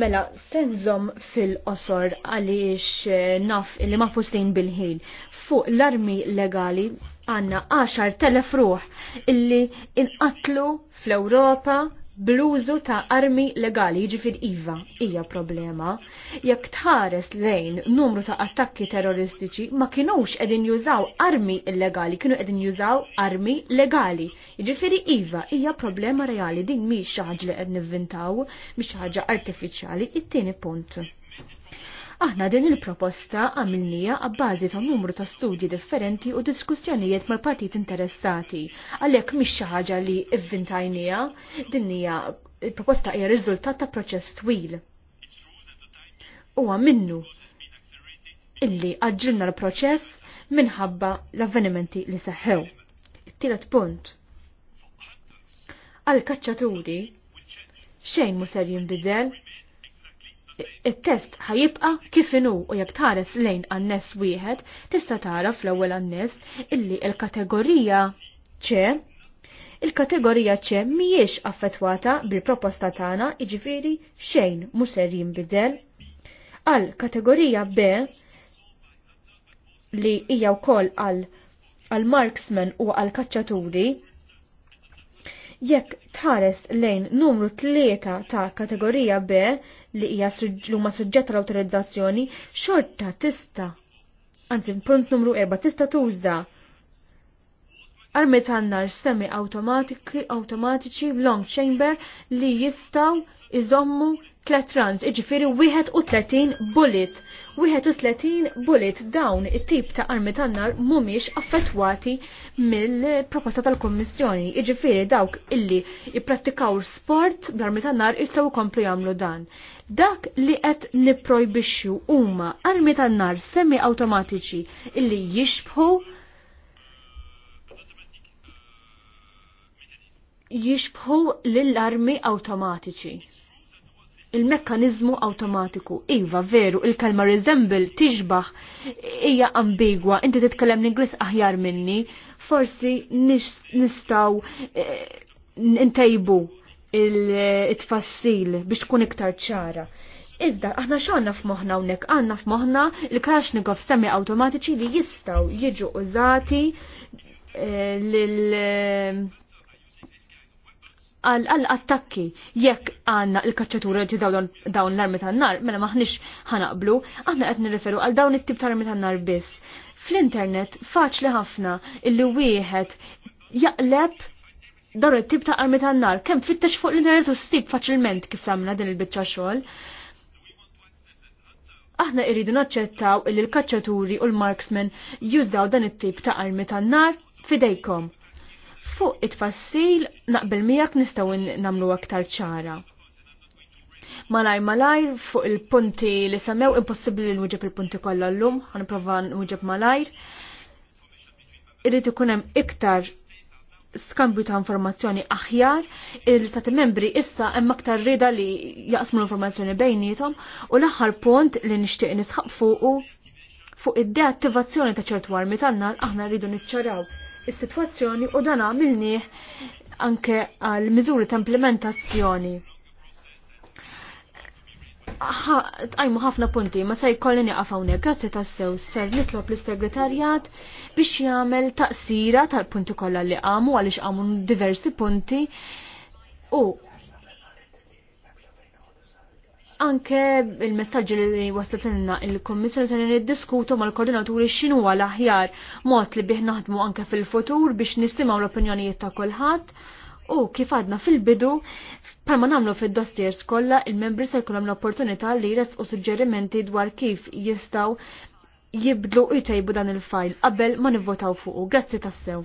Mela, senżom fil-qosor għaliex eh, naf li ma fustin bil-ħin fuq l-armi legali għanna 10.000 ruħ illi inqatlu fl-Europa bluzu ta' armi legali, ġifir IVA, hija problema. Jekk tħares lejn numru ta' attakki terroristiċi ma kienux edin jużaw armi illegali, kienu edin jużaw armi legali. Ġifiri IVA, hija problema reali, din mi ħaġa li qed nivvintaw, mi ħaġa artifiċjali, it-tieni punt. Aħna din il-proposta għamilnija għabbażi ta' numru ta' studji differenti u diskussjonijiet mal partit interessati. Għalhekk mhix xi ħaġa li ivvintajnija, din hija il-proposta hija riżultat ta' proċess twil. Huwa minnu illi għagġilna l-proċess minħabba l-avvenimenti li seħħew. Tielet punt. Għal kaċċaturi, xejn mu ser jinbidel il-test ħajibqa kif inhu u jekk tħares lejn għannes wieħed tista' tara fl-ewwel għannes illi l-kategorija ċe il-kategorija ċe mhijiex affettwata bil-proposta tagħna jiġifieri xejn muser ser jinbidel. Għal kategorija B li hija wkoll għal għal marksmen u għal kaċċaturi Jekk tħares lejn numru tlieta ta' kategorija B li hija huma suġġett l-awtorizzazzjoni, xorta tista' anzi punt numru erba' tista' tuża armet għannar semi automatiċi long chamber li jistaw iżommu 3 rounds, iġifiri 31 bullet. 31 bullet dawn it-tip ta' armi tan-nar mumiex affettwati mill-proposta tal-Kommissjoni. Iġifiri dawk illi jipprattikaw sport bl-armi tan-nar jistgħu komplu jagħmlu dan. Dak li qed nipprojbixxu huma armi tan-nar semi awtomatiċi illi jixbħu jixbħu lill-armi awtomatiċi il-mekkanizmu automatiku. Iva, veru, il kelma resemble tiġbaħ hija ambigwa, inti titkellem l-Inglis aħjar minni, forsi nistaw eh, ntejbu il-tfassil biex tkun iktar ċara. Iżda, aħna xanna f'moħna hawnhekk, għanna f'moħna il-Kalashnikov semi automatiċi li jistaw jiġu użati eh, lil għal attakki jekk għanna il-kacċaturi li dawn dawn l-armi tan-nar, mela maħniex ħanaqblu, aħna qed nirreferu għal dawn it-tip ta' armi tan-nar biss. Fl-internet faċli ħafna illi wieħed jaqleb dawn it-tip ta' armi tan-nar, kemm fittex fuq l-internet u ssib faċilment kif samna din il-biċċa xogħol. Aħna irridu naċċettaw illi l-kacċaturi u l-marksmen jużaw dan it-tip ta' armi tan-nar fidejkom Fuq it-fassil naqbel miegħek nistgħu nagħmlu aktar ċara. Malaj malajr fuq il-punti li semmew impossibbli li nwieġeb il-punti kollha llum, ħanipprova nwieġeb malajr. Irid ikun hemm iktar skambju ta' informazzjoni aħjar, il-stati membri issa hemm aktar rida li jaqsmu l-informazzjoni bejnietom u l-aħħar punt li nixtieq nisħaq fuqu fuq id-deattivazzjoni ta' ċertu armi tan-nar aħna rridu niċċaraw is-sitwazzjoni u dan għamilnieh anke għal miżuri ta' implementazzjoni. Għajmu ħafna punti, ma sej kollini niqaf hawnhekk, ta' sew ser nitlob l-segretarjat biex jagħmel taqsira tal-punti kollha li għamu għaliex għamu diversi punti u anke il-messagġi li waslet il-Kommissar se niddiskutu mal-koordinaturi x'inhu l-aħjar mod li bih naħdmu anke fil-futur biex nisimgħu l-opinjonijiet ta' kulħadd u kif għadna fil-bidu palma nagħmlu fid-dossiers kollha il-membri se jkollhom l-opportunità li jresqu suġġerimenti dwar kif jistgħu jibdlu jtejbu dan il-fajl qabel ma nivvotaw fuqu. Grazzi tassew.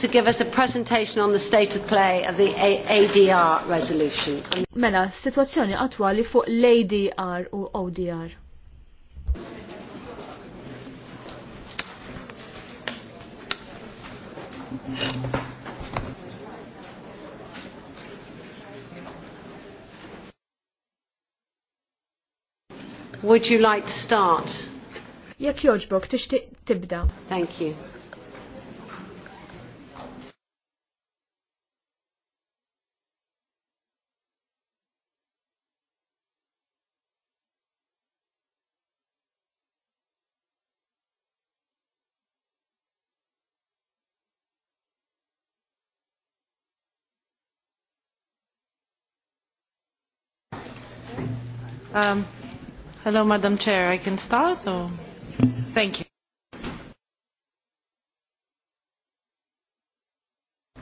to give us a presentation on the state of play of the a ADR resolution. Mela, situazzjoni attwali fuq l-ADR u ODR. Would you like to start? Jekk joġbok, tixtieq tibda. Thank you. Um, hello, Madam Chair. I can start? Or? Thank you.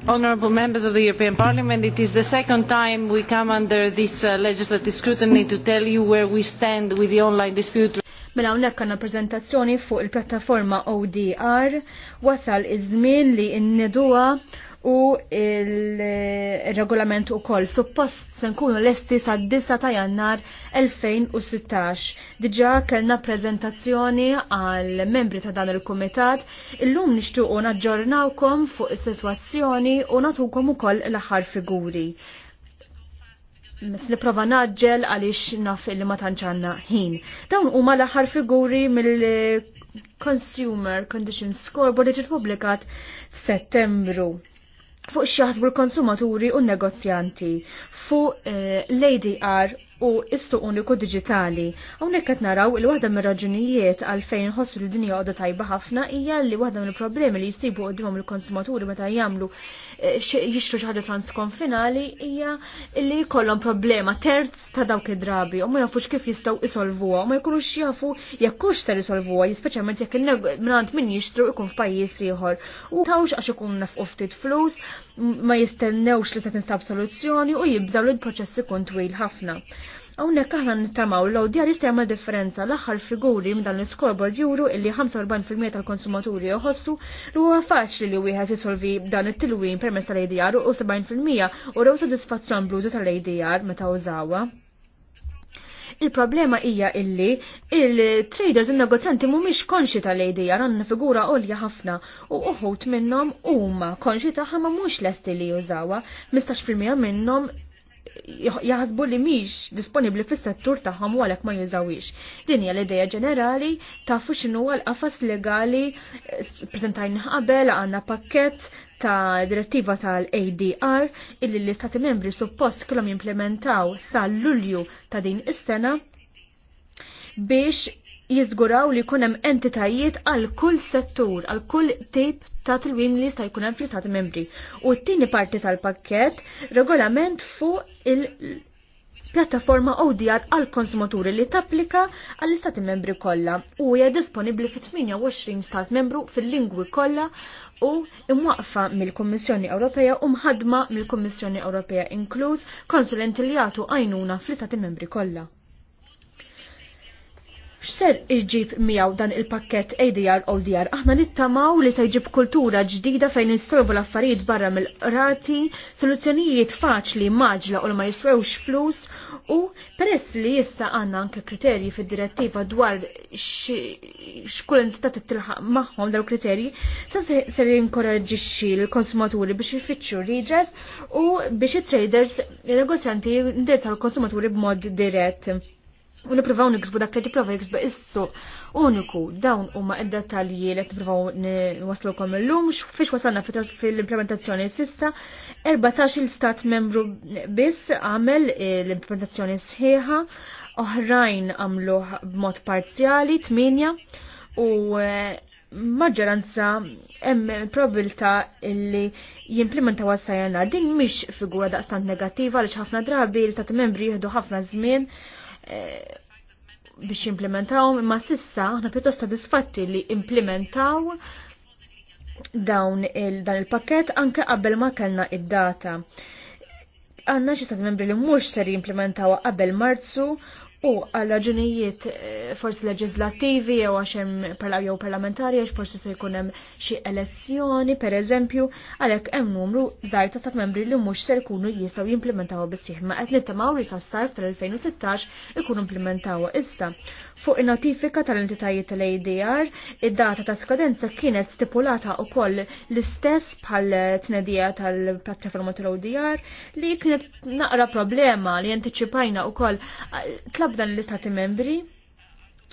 Honourable members of the European Parliament, it is the second time we come under this uh, legislative scrutiny to tell you where we stand with the online dispute. Mela hawnhekk na prezentazzjoni fuq il plattaforma ODR wasal iż-żmien li nneduha u eh, il-regolament u koll. Suppost se nkunu lesti sa' 9 ta' jannar 2016. Diġa kellna prezentazzjoni għal membri ta' dan il-komitat. Illum nixtuqu naġġornawkom fuq is-sitwazzjoni u natukom ukoll l-aħħar figuri. Mis niprofa naġġel għaliex naf li ma tanċanna ħin. Dawn huma l-aħħar figuri mill Consumer Condition Scoreboard li ġiet publikat f'Settembru fuq xaħsbu l-konsumaturi u n-negozjanti Fu eh, lady R u istu uniku digitali. Hawnhekk qed naraw il waħda mir-raġunijiet għalfejn ħossu l-dinja joqgħda tajba ħafna hija li waħda mill-problemi li jsibu qudiemhom il-konsumaturi meta jagħmlu eh, jixtru xi ħaġa transkonfinali hija li jkollhom problema terz ta' dawk id-drabi u ma jafux kif jistgħu isolvuha u ma jkunux jafu jekk hux ser isolvuha, speċjalment jekk il-minant min jixtru jkun f'pajjiż ieħor u tawx għax ikun nafqu ftit flus ma jistennewx li se tinsab soluzzjoni u jibżaw li l-proċess ikun twil ħafna. Hawnhekk aħna nittamaw l-awdjar jista' jagħmel differenza l-aħħar figuri minn dan l-scoreboard juru illi 45% tal-konsumaturi joħossu li huwa faċli li wieħed isolvi dan it-tilwim permezz tal-ADR u 70% u rew sodisfazzjon bluża tal-ADR meta użawha. Il-problema hija illi il-traders il-negozjanti mhumiex konxi tal-idea għandna figura għolja ħafna u uħut minnhom huma konxi tagħha ma mhux lesti li jużawha, mistax firmija minnhom jaħsbu li miex disponibli fis-settur tagħhom u għalhekk ma jużawix. Din hija l-idea ġenerali tafu x'inhu l-qafas legali eh, preżentajn qabel għandna pakkett ta' direttiva tal-ADR illi l-istati membri suppost kellhom jimplementaw sa' Lulju ta' din is-sena biex jizguraw li kunem entitajiet għal kull settur, għal kull tip ta' tilwim li jista' jkun hemm fl-Istati Membri. U t-tieni parti tal-pakkett regolament fuq il- pjattaforma ODR għal konsumaturi li tapplika għall istati membri kollha u hija disponibbli fi 28 stat membru fil-lingwi kollha u imwaqfa mill-Kummissjoni Ewropea u mħadma mill-Kummissjoni Ewropea inkluż konsulenti li jagħtu għajnuna fl-istati membri kollha x'ser iġib miegħu dan il-pakkett ADR ODR. Aħna nittamaw li se jġib kultura ġdida fejn insolvu l-affarijiet barra mill-qrati, soluzzjonijiet faċli maġla u ma jiswewx flus u peress li issa għandna anke kriterji fid-direttiva dwar x'kull entità tittilħaq magħhom dawn kriterji, sa ser jinkoraġġixxi l-konsumaturi biex ifittxu readers u biex it-traders, negozjanti ndezzaw l-konsumaturi b'mod dirett u niprofaw niksbu dak li tipprova jiksbu issu uniku dawn huma id-dettalji li kom l-lum, fiex wasalna fil-implementazzjoni sissa 14 il-stat membru biss għamel eh, l-implementazzjoni sħiħa oħrajn għamlu b'mod parzjali 8 u eh, maġġoranza hemm probabilità li jimplementa għas din mhix figura daqstant negattiva għaliex ħafna drabi l stat membri jieħdu ħafna żmien Eh, biex implementaw, imma sissa aħna pjuttost soddisfatti li implementaw dawn il, dan il-pakket anke qabel ma kellna id-data. Għanna xi stati membri li mhux ser jimplementaw qabel Marzu U għal raġunijiet eh, forsi leġislattivi jew għax hemm jew parlamentari għax forsi se jkun hemm xi elezzjoni pereżempju għalhekk hemm numru żgħar ta' membri li mhux se jkunu jistgħu jimplementaw bissieħ ma qed nittamaw li sas-sajf tal-2016 ikunu implementaw issa fuq il-notifika tal-entitajiet tal-ADR, id-data ta' skadenza kienet stipulata u koll l-istess bħal tnedija tal-plattaforma tal-ODR li kienet naqra problema li jantiċipajna u koll tlabdan l-istati membri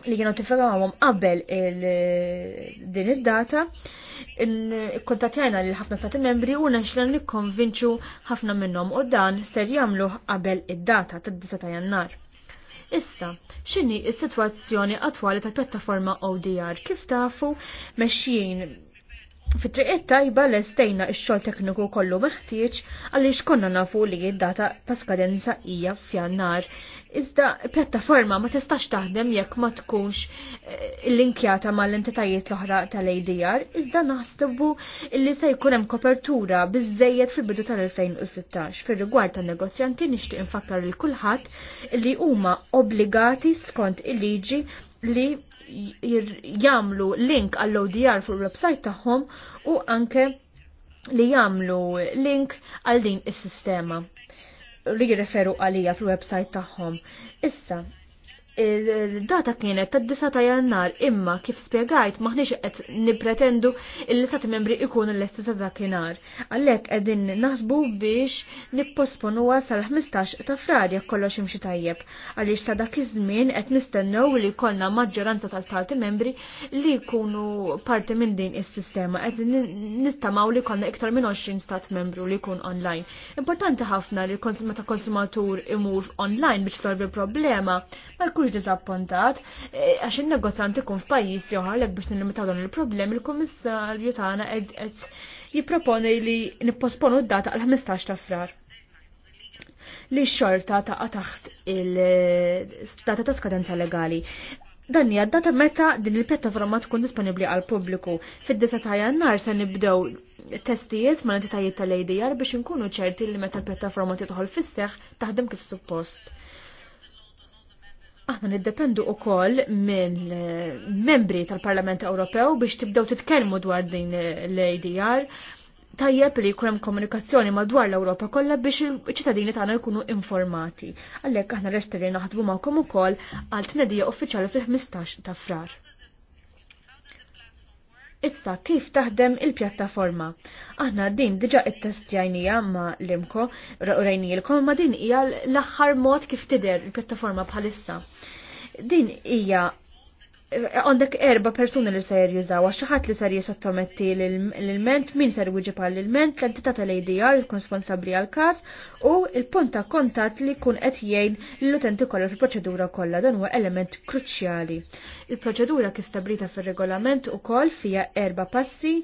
li kienu tifegħawhom qabel din id-data, kontatjajna li ħafna stati membri u nexlan li konvinċu ħafna minnhom u dan ser jagħmlu qabel id-data tad disa ta' jannar. Issa, x'inhi is sitwazzjoni attwali tal-pjattaforma ODR? Kif tafu mexjin Fit-triqiet tajba l-estejna x-xol tekniku kollu meħtieġ għaliex konna nafu li id-data ta' skadenza hija f'jannar. Iżda pjattaforma ma tistax taħdem jekk ma tkunx eh, l-inkjata mal-entitajiet l-oħra tal-ADR, iżda naħsibu li se jkun hemm kopertura biżejjed fil-bidu tal-2016. Fir-rigward tan-negozjanti nixtieq infakkar lil kulħadd li huma obbligati skont il-liġi li jamlu link għall-ODR fuq il-website tagħhom u anke li jamlu link għal din is-sistema li jirreferu għalija fil-website tagħhom. Issa, il-data kienet ta' 9 ta' jannar imma kif spiegajt maħniex qed nipretendu il-listat membri ikun l-esti ta' dakinhar. Għalhekk qegħdin naħsbu biex nipposponuha sal-15 ta' frar jekk kollox imxi tajjeb. Għaliex sa' dak iż-żmien qed nistennew li jkollna maġġoranza ta' stati membri li jkunu parti minn din is-sistema qed nittamaw li jkollna iktar minn 20 stat membru li jkun online. Importanti ħafna li konsumata konsumatur imur online biex torbi problema ma jkun Mhux diżappuntat e, għax in-negozjant ikun f'pajjiż joħarlek biex nilimitaw dan il-problem il-kummissarju tagħna qed jipproponi li nipposponu d-data għal 15 ta' frar li x xorta ta' taħt il-data ta' skadenza legali. Dan hija data meta din il-pjattaforma tkun disponibbli għal pubbliku. Fid-9 ta' jannar se nibdew testijiet mal entitajiet tal-ADR biex inkunu ċerti li meta l-pjattaforma titħol fis-seħħ taħdem kif suppost. Aħna niddependu koll minn eh, membri tal-Parlament Ewropew biex tibdew titkellmu dwar din l-ADR tajjeb li jkun hemm komunikazzjoni madwar l-Ewropa kollha biex iċ-ċittadini tagħna jkunu informati. Għalhekk aħna lesti li naħdmu magħkom ukoll għal tnedija uffiċjali fil-15 ta' frar. Issa kif taħdem il-pjattaforma? Aħna din diġa it-testjajnija ma l-imko, rajnijilkom, ma din hija l aħħar mod kif tider il-pjattaforma bħalissa. Din hija għandek erba persuni li ser jużaw, għaxħat li ser jisottometti l-ment, min ser wieġib għall-ment, l-entità tal-ADR jkun konsponsabri għal-kas u il-punt ta' kontat li kun qed jgħin l-utenti kollha fil-proċedura kollha dan huwa element kruċjali. Il-proċedura kif stabrita fir-regolament ukoll fija erba passi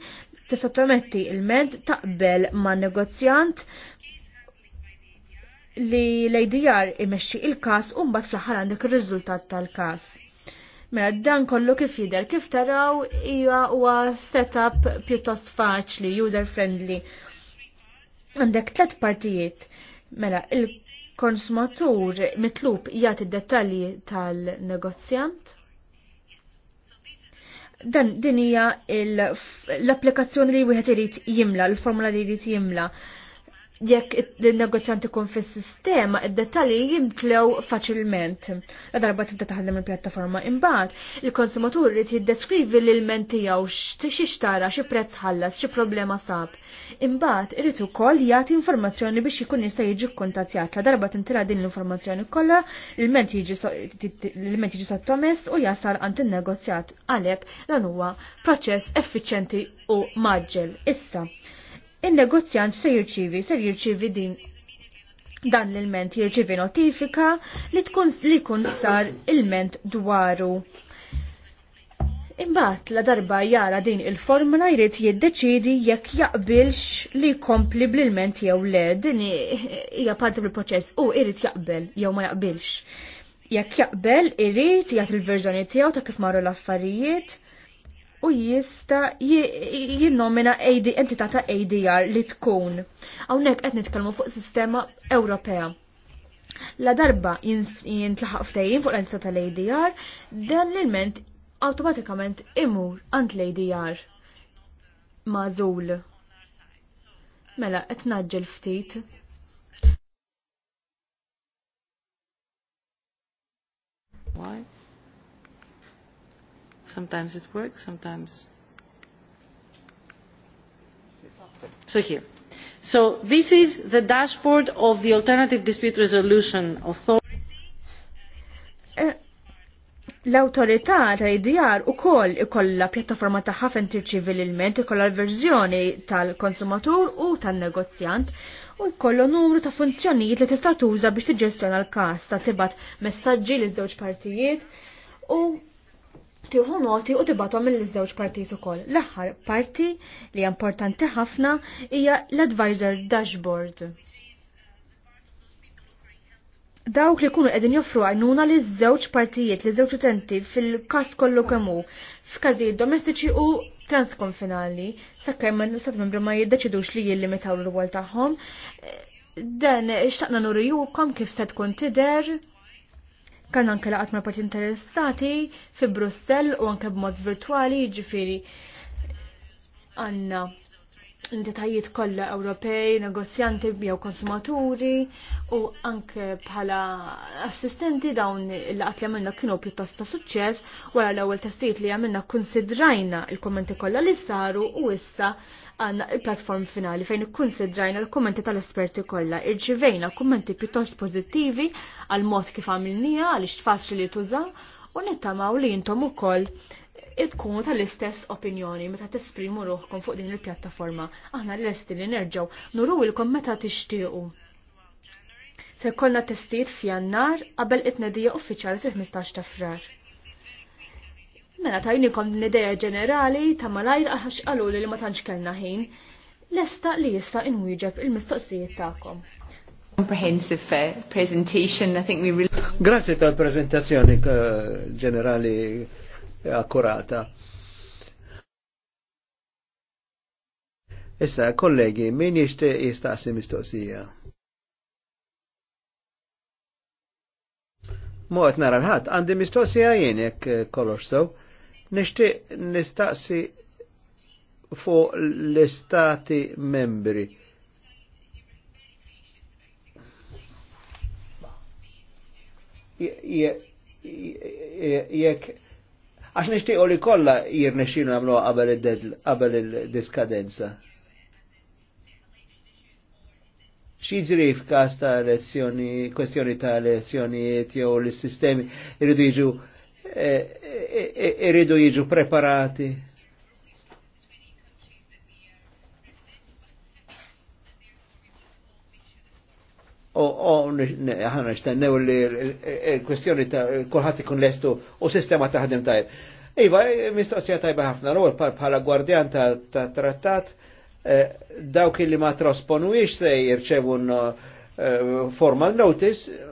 tisottometti il-ment taqbel ma' negozjant li l-ADR imexxi il-kas u mbagħad fl-aħħar għandek ir-riżultat tal-kas Mela dan kollu kif jidher kif taraw hija huwa setup pjuttost faċli, user friendly. Għandek tliet partijiet. Mela il-konsumatur mitlub jagħti id-dettalji tal-negozjant. Dan din hija l-applikazzjoni li wieħed irid jimla, l-formula li jrid jimla jekk il negozjanti kun fis-sistema, id-dettalji jimtlew faċilment. La darba tibda taħdem il-pjattaforma imbagħad, il-konsumatur irid jiddeskrivi l-ilment tiegħu x'ixtara, xi prezz ħallas, xi problema sab. Imbagħad irid ukoll jagħti informazzjoni biex ikun jista' jiġi kkuntattjat. La darba tintira din l-informazzjoni kollha, l-ilment jiġi sottomess u jasal għand il negozjat Għalhekk dan huwa proċess effiċjenti u maġġel. Issa, il-negozjant se jirċivi, se jirċivi din dan l-ilment jirċivi notifika li tkun li kun sar ilment dwaru. Imbagħad la darba jara din il-formula jrid jiddeċidi jekk jaqbilx li jkompli bl-ilment jew le, din hija parti bil proċess u jrid jaqbel jew ma jaqbilx. Jekk jaqbel irid jagħti il-verżjoni tiegħu ta' kif marru l-affarijiet u jista jinnomina entità ta' ADR li tkun. Hawnhekk qed nitkellmu fuq sistema Ewropea. La darba jintlaħaq ftejjin fuq l-entità tal-ADR, dan l-ilment awtomatikament imur għand l-ADR mażul. Mela qed naġġel ftit. Why? Sometimes it works, sometimes. So here. So this is the dashboard of the Alternative Dispute Resolution Authority. Eh, l-autorità ta' IDR u koll ikolla pjattaforma ta' ħafen ċivilment, ikolla l-verżjoni tal-konsumatur u tal-negozjant u jkollu numru ta' funzjonijiet li tista' tuża biex tiġġestjona l-każ ta' tibat messaġġi l żewġ partijiet u tieħu noti u tibatom mill-żewġ partit ukoll. L-aħħar parti li importanti ħafna hija l-advisor dashboard. Dawk li kunu qegħdin joffru għajnuna li żewġ partijiet li żewġ utenti fil-każ kollu kemmu f'każijiet domestiċi u transkonfinali sakemm l-istat membri ma jiddeċidux li jillimitaw l-rwol tagħhom. Dan xtaqna nurijukom kif se tkun tidher Kan anke laqat ma' parti interessati fi Brussell u anke b'mod virtuali ġifiri għanna l-detajiet kollha Ewropej, negozjanti jew konsumaturi u anke bħala assistenti dawn il-laqat li għamilna kienu pjuttost ta' suċċess wara l-ewwel testijiet li għamilna konsidrajna il-kommenti kollha li saru u issa għanna il-platform finali fejn ikkonsidrajna l-kommenti tal-esperti kollha. Irċivejna kommenti pjuttost pożittivi għal mod kif għamilnija għal faċli li tuża u nittamaw li jintom ukoll tkunu tal-istess opinjoni meta tesprimu ruħkom fuq din il-pjattaforma. Aħna l-esti li nerġgħu lkom meta tixtiequ. Se jkollna testijiet f'jannar qabel it-tnedija uffiċjali fil-15 ta' frar. Mela tajnikom l-ideja ġenerali ta' malajr għax qalu li ma tantx kellna ħin. Lesta li jista' inwieġeb il-mistoqsijiet tagħkom. Comprehensive uh, presentation, I think we really... Grazie tal-prezentazzjoni uh, ġenerali akkurata. Issa, kollegi, min jixtieq jistaqsi mistoqsija? Mort nara l-ħat, għandi mistoqsija jien kolor kollox sew. So. Nishtiq nistaqsi fuq l-istati membri. Jek, għax u li kolla jirnexinu għamlu għabel il-diskadenza. Xieġri f'kas ta' elezzjoni, kwestjoni ta' elezzjonijiet jew l-sistemi irridu jiġu E, e, e, iridu jiġu preparati. O, o, ħana xtennew li l-kwestjoni ta' kolħat ikun lestu u sistema taħdem tajb. Iva, mistoqsija tajba ħafna l-għol bħala gwardjan ta', ta trattat, dawk li ma trasponuix se jirċevun formal notice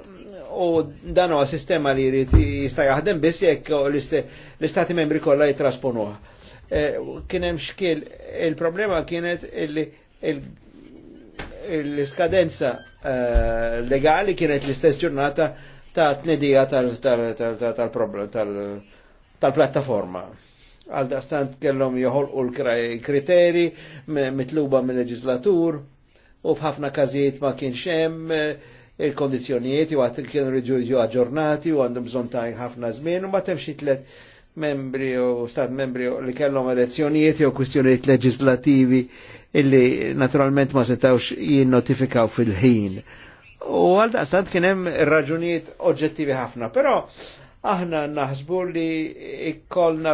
u dan huwa sistema li jrid jista' jaħdem biss jekk l-istati membri kollha jitrasponuha. Eh, kien hemm xkiel il-problema kienet l-iskadenza eh, legali kienet l-istess ġurnata ta' tnedija tal-plattaforma. Għal daqstant kellhom joħolqu l-kriteri mitluba mill-leġislatur u f'ħafna każijiet ma kienx hemm eh, il-kondizjonijiet u għat kienu riġuġu aġġornati u għandhom bżon ta' ħafna żmien u ma temxi tlet membri u stat membri li kellhom elezzjonijiet jew kwistjonijiet leġislativi illi naturalment ma setawx jinnotifikaw fil-ħin. U għal daqstant kien hemm raġunijiet oġġettivi ħafna, però aħna naħsbu li ikkolna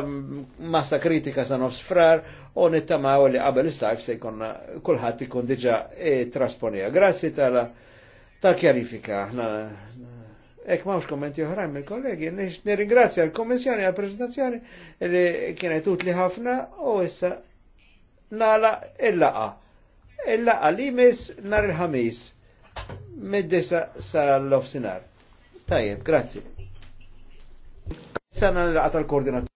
massa kritika sa frar u nittamaw li qabel is-sajf se jkollna kulħadd ikun diġà eh, trasponija. Grazzi tala ta' kjarifika. Ek ux kommenti oħrajn mill kollegi nirringrazzja l komissjoni għal prezentazzjoni li kienet utli ħafna u issa nala il-laqa. Il-laqa li mis nar il-ħamis mid-disa sal-lofsinar. Tajjeb, grazzi. Sanna l-laqa tal-koordinatur.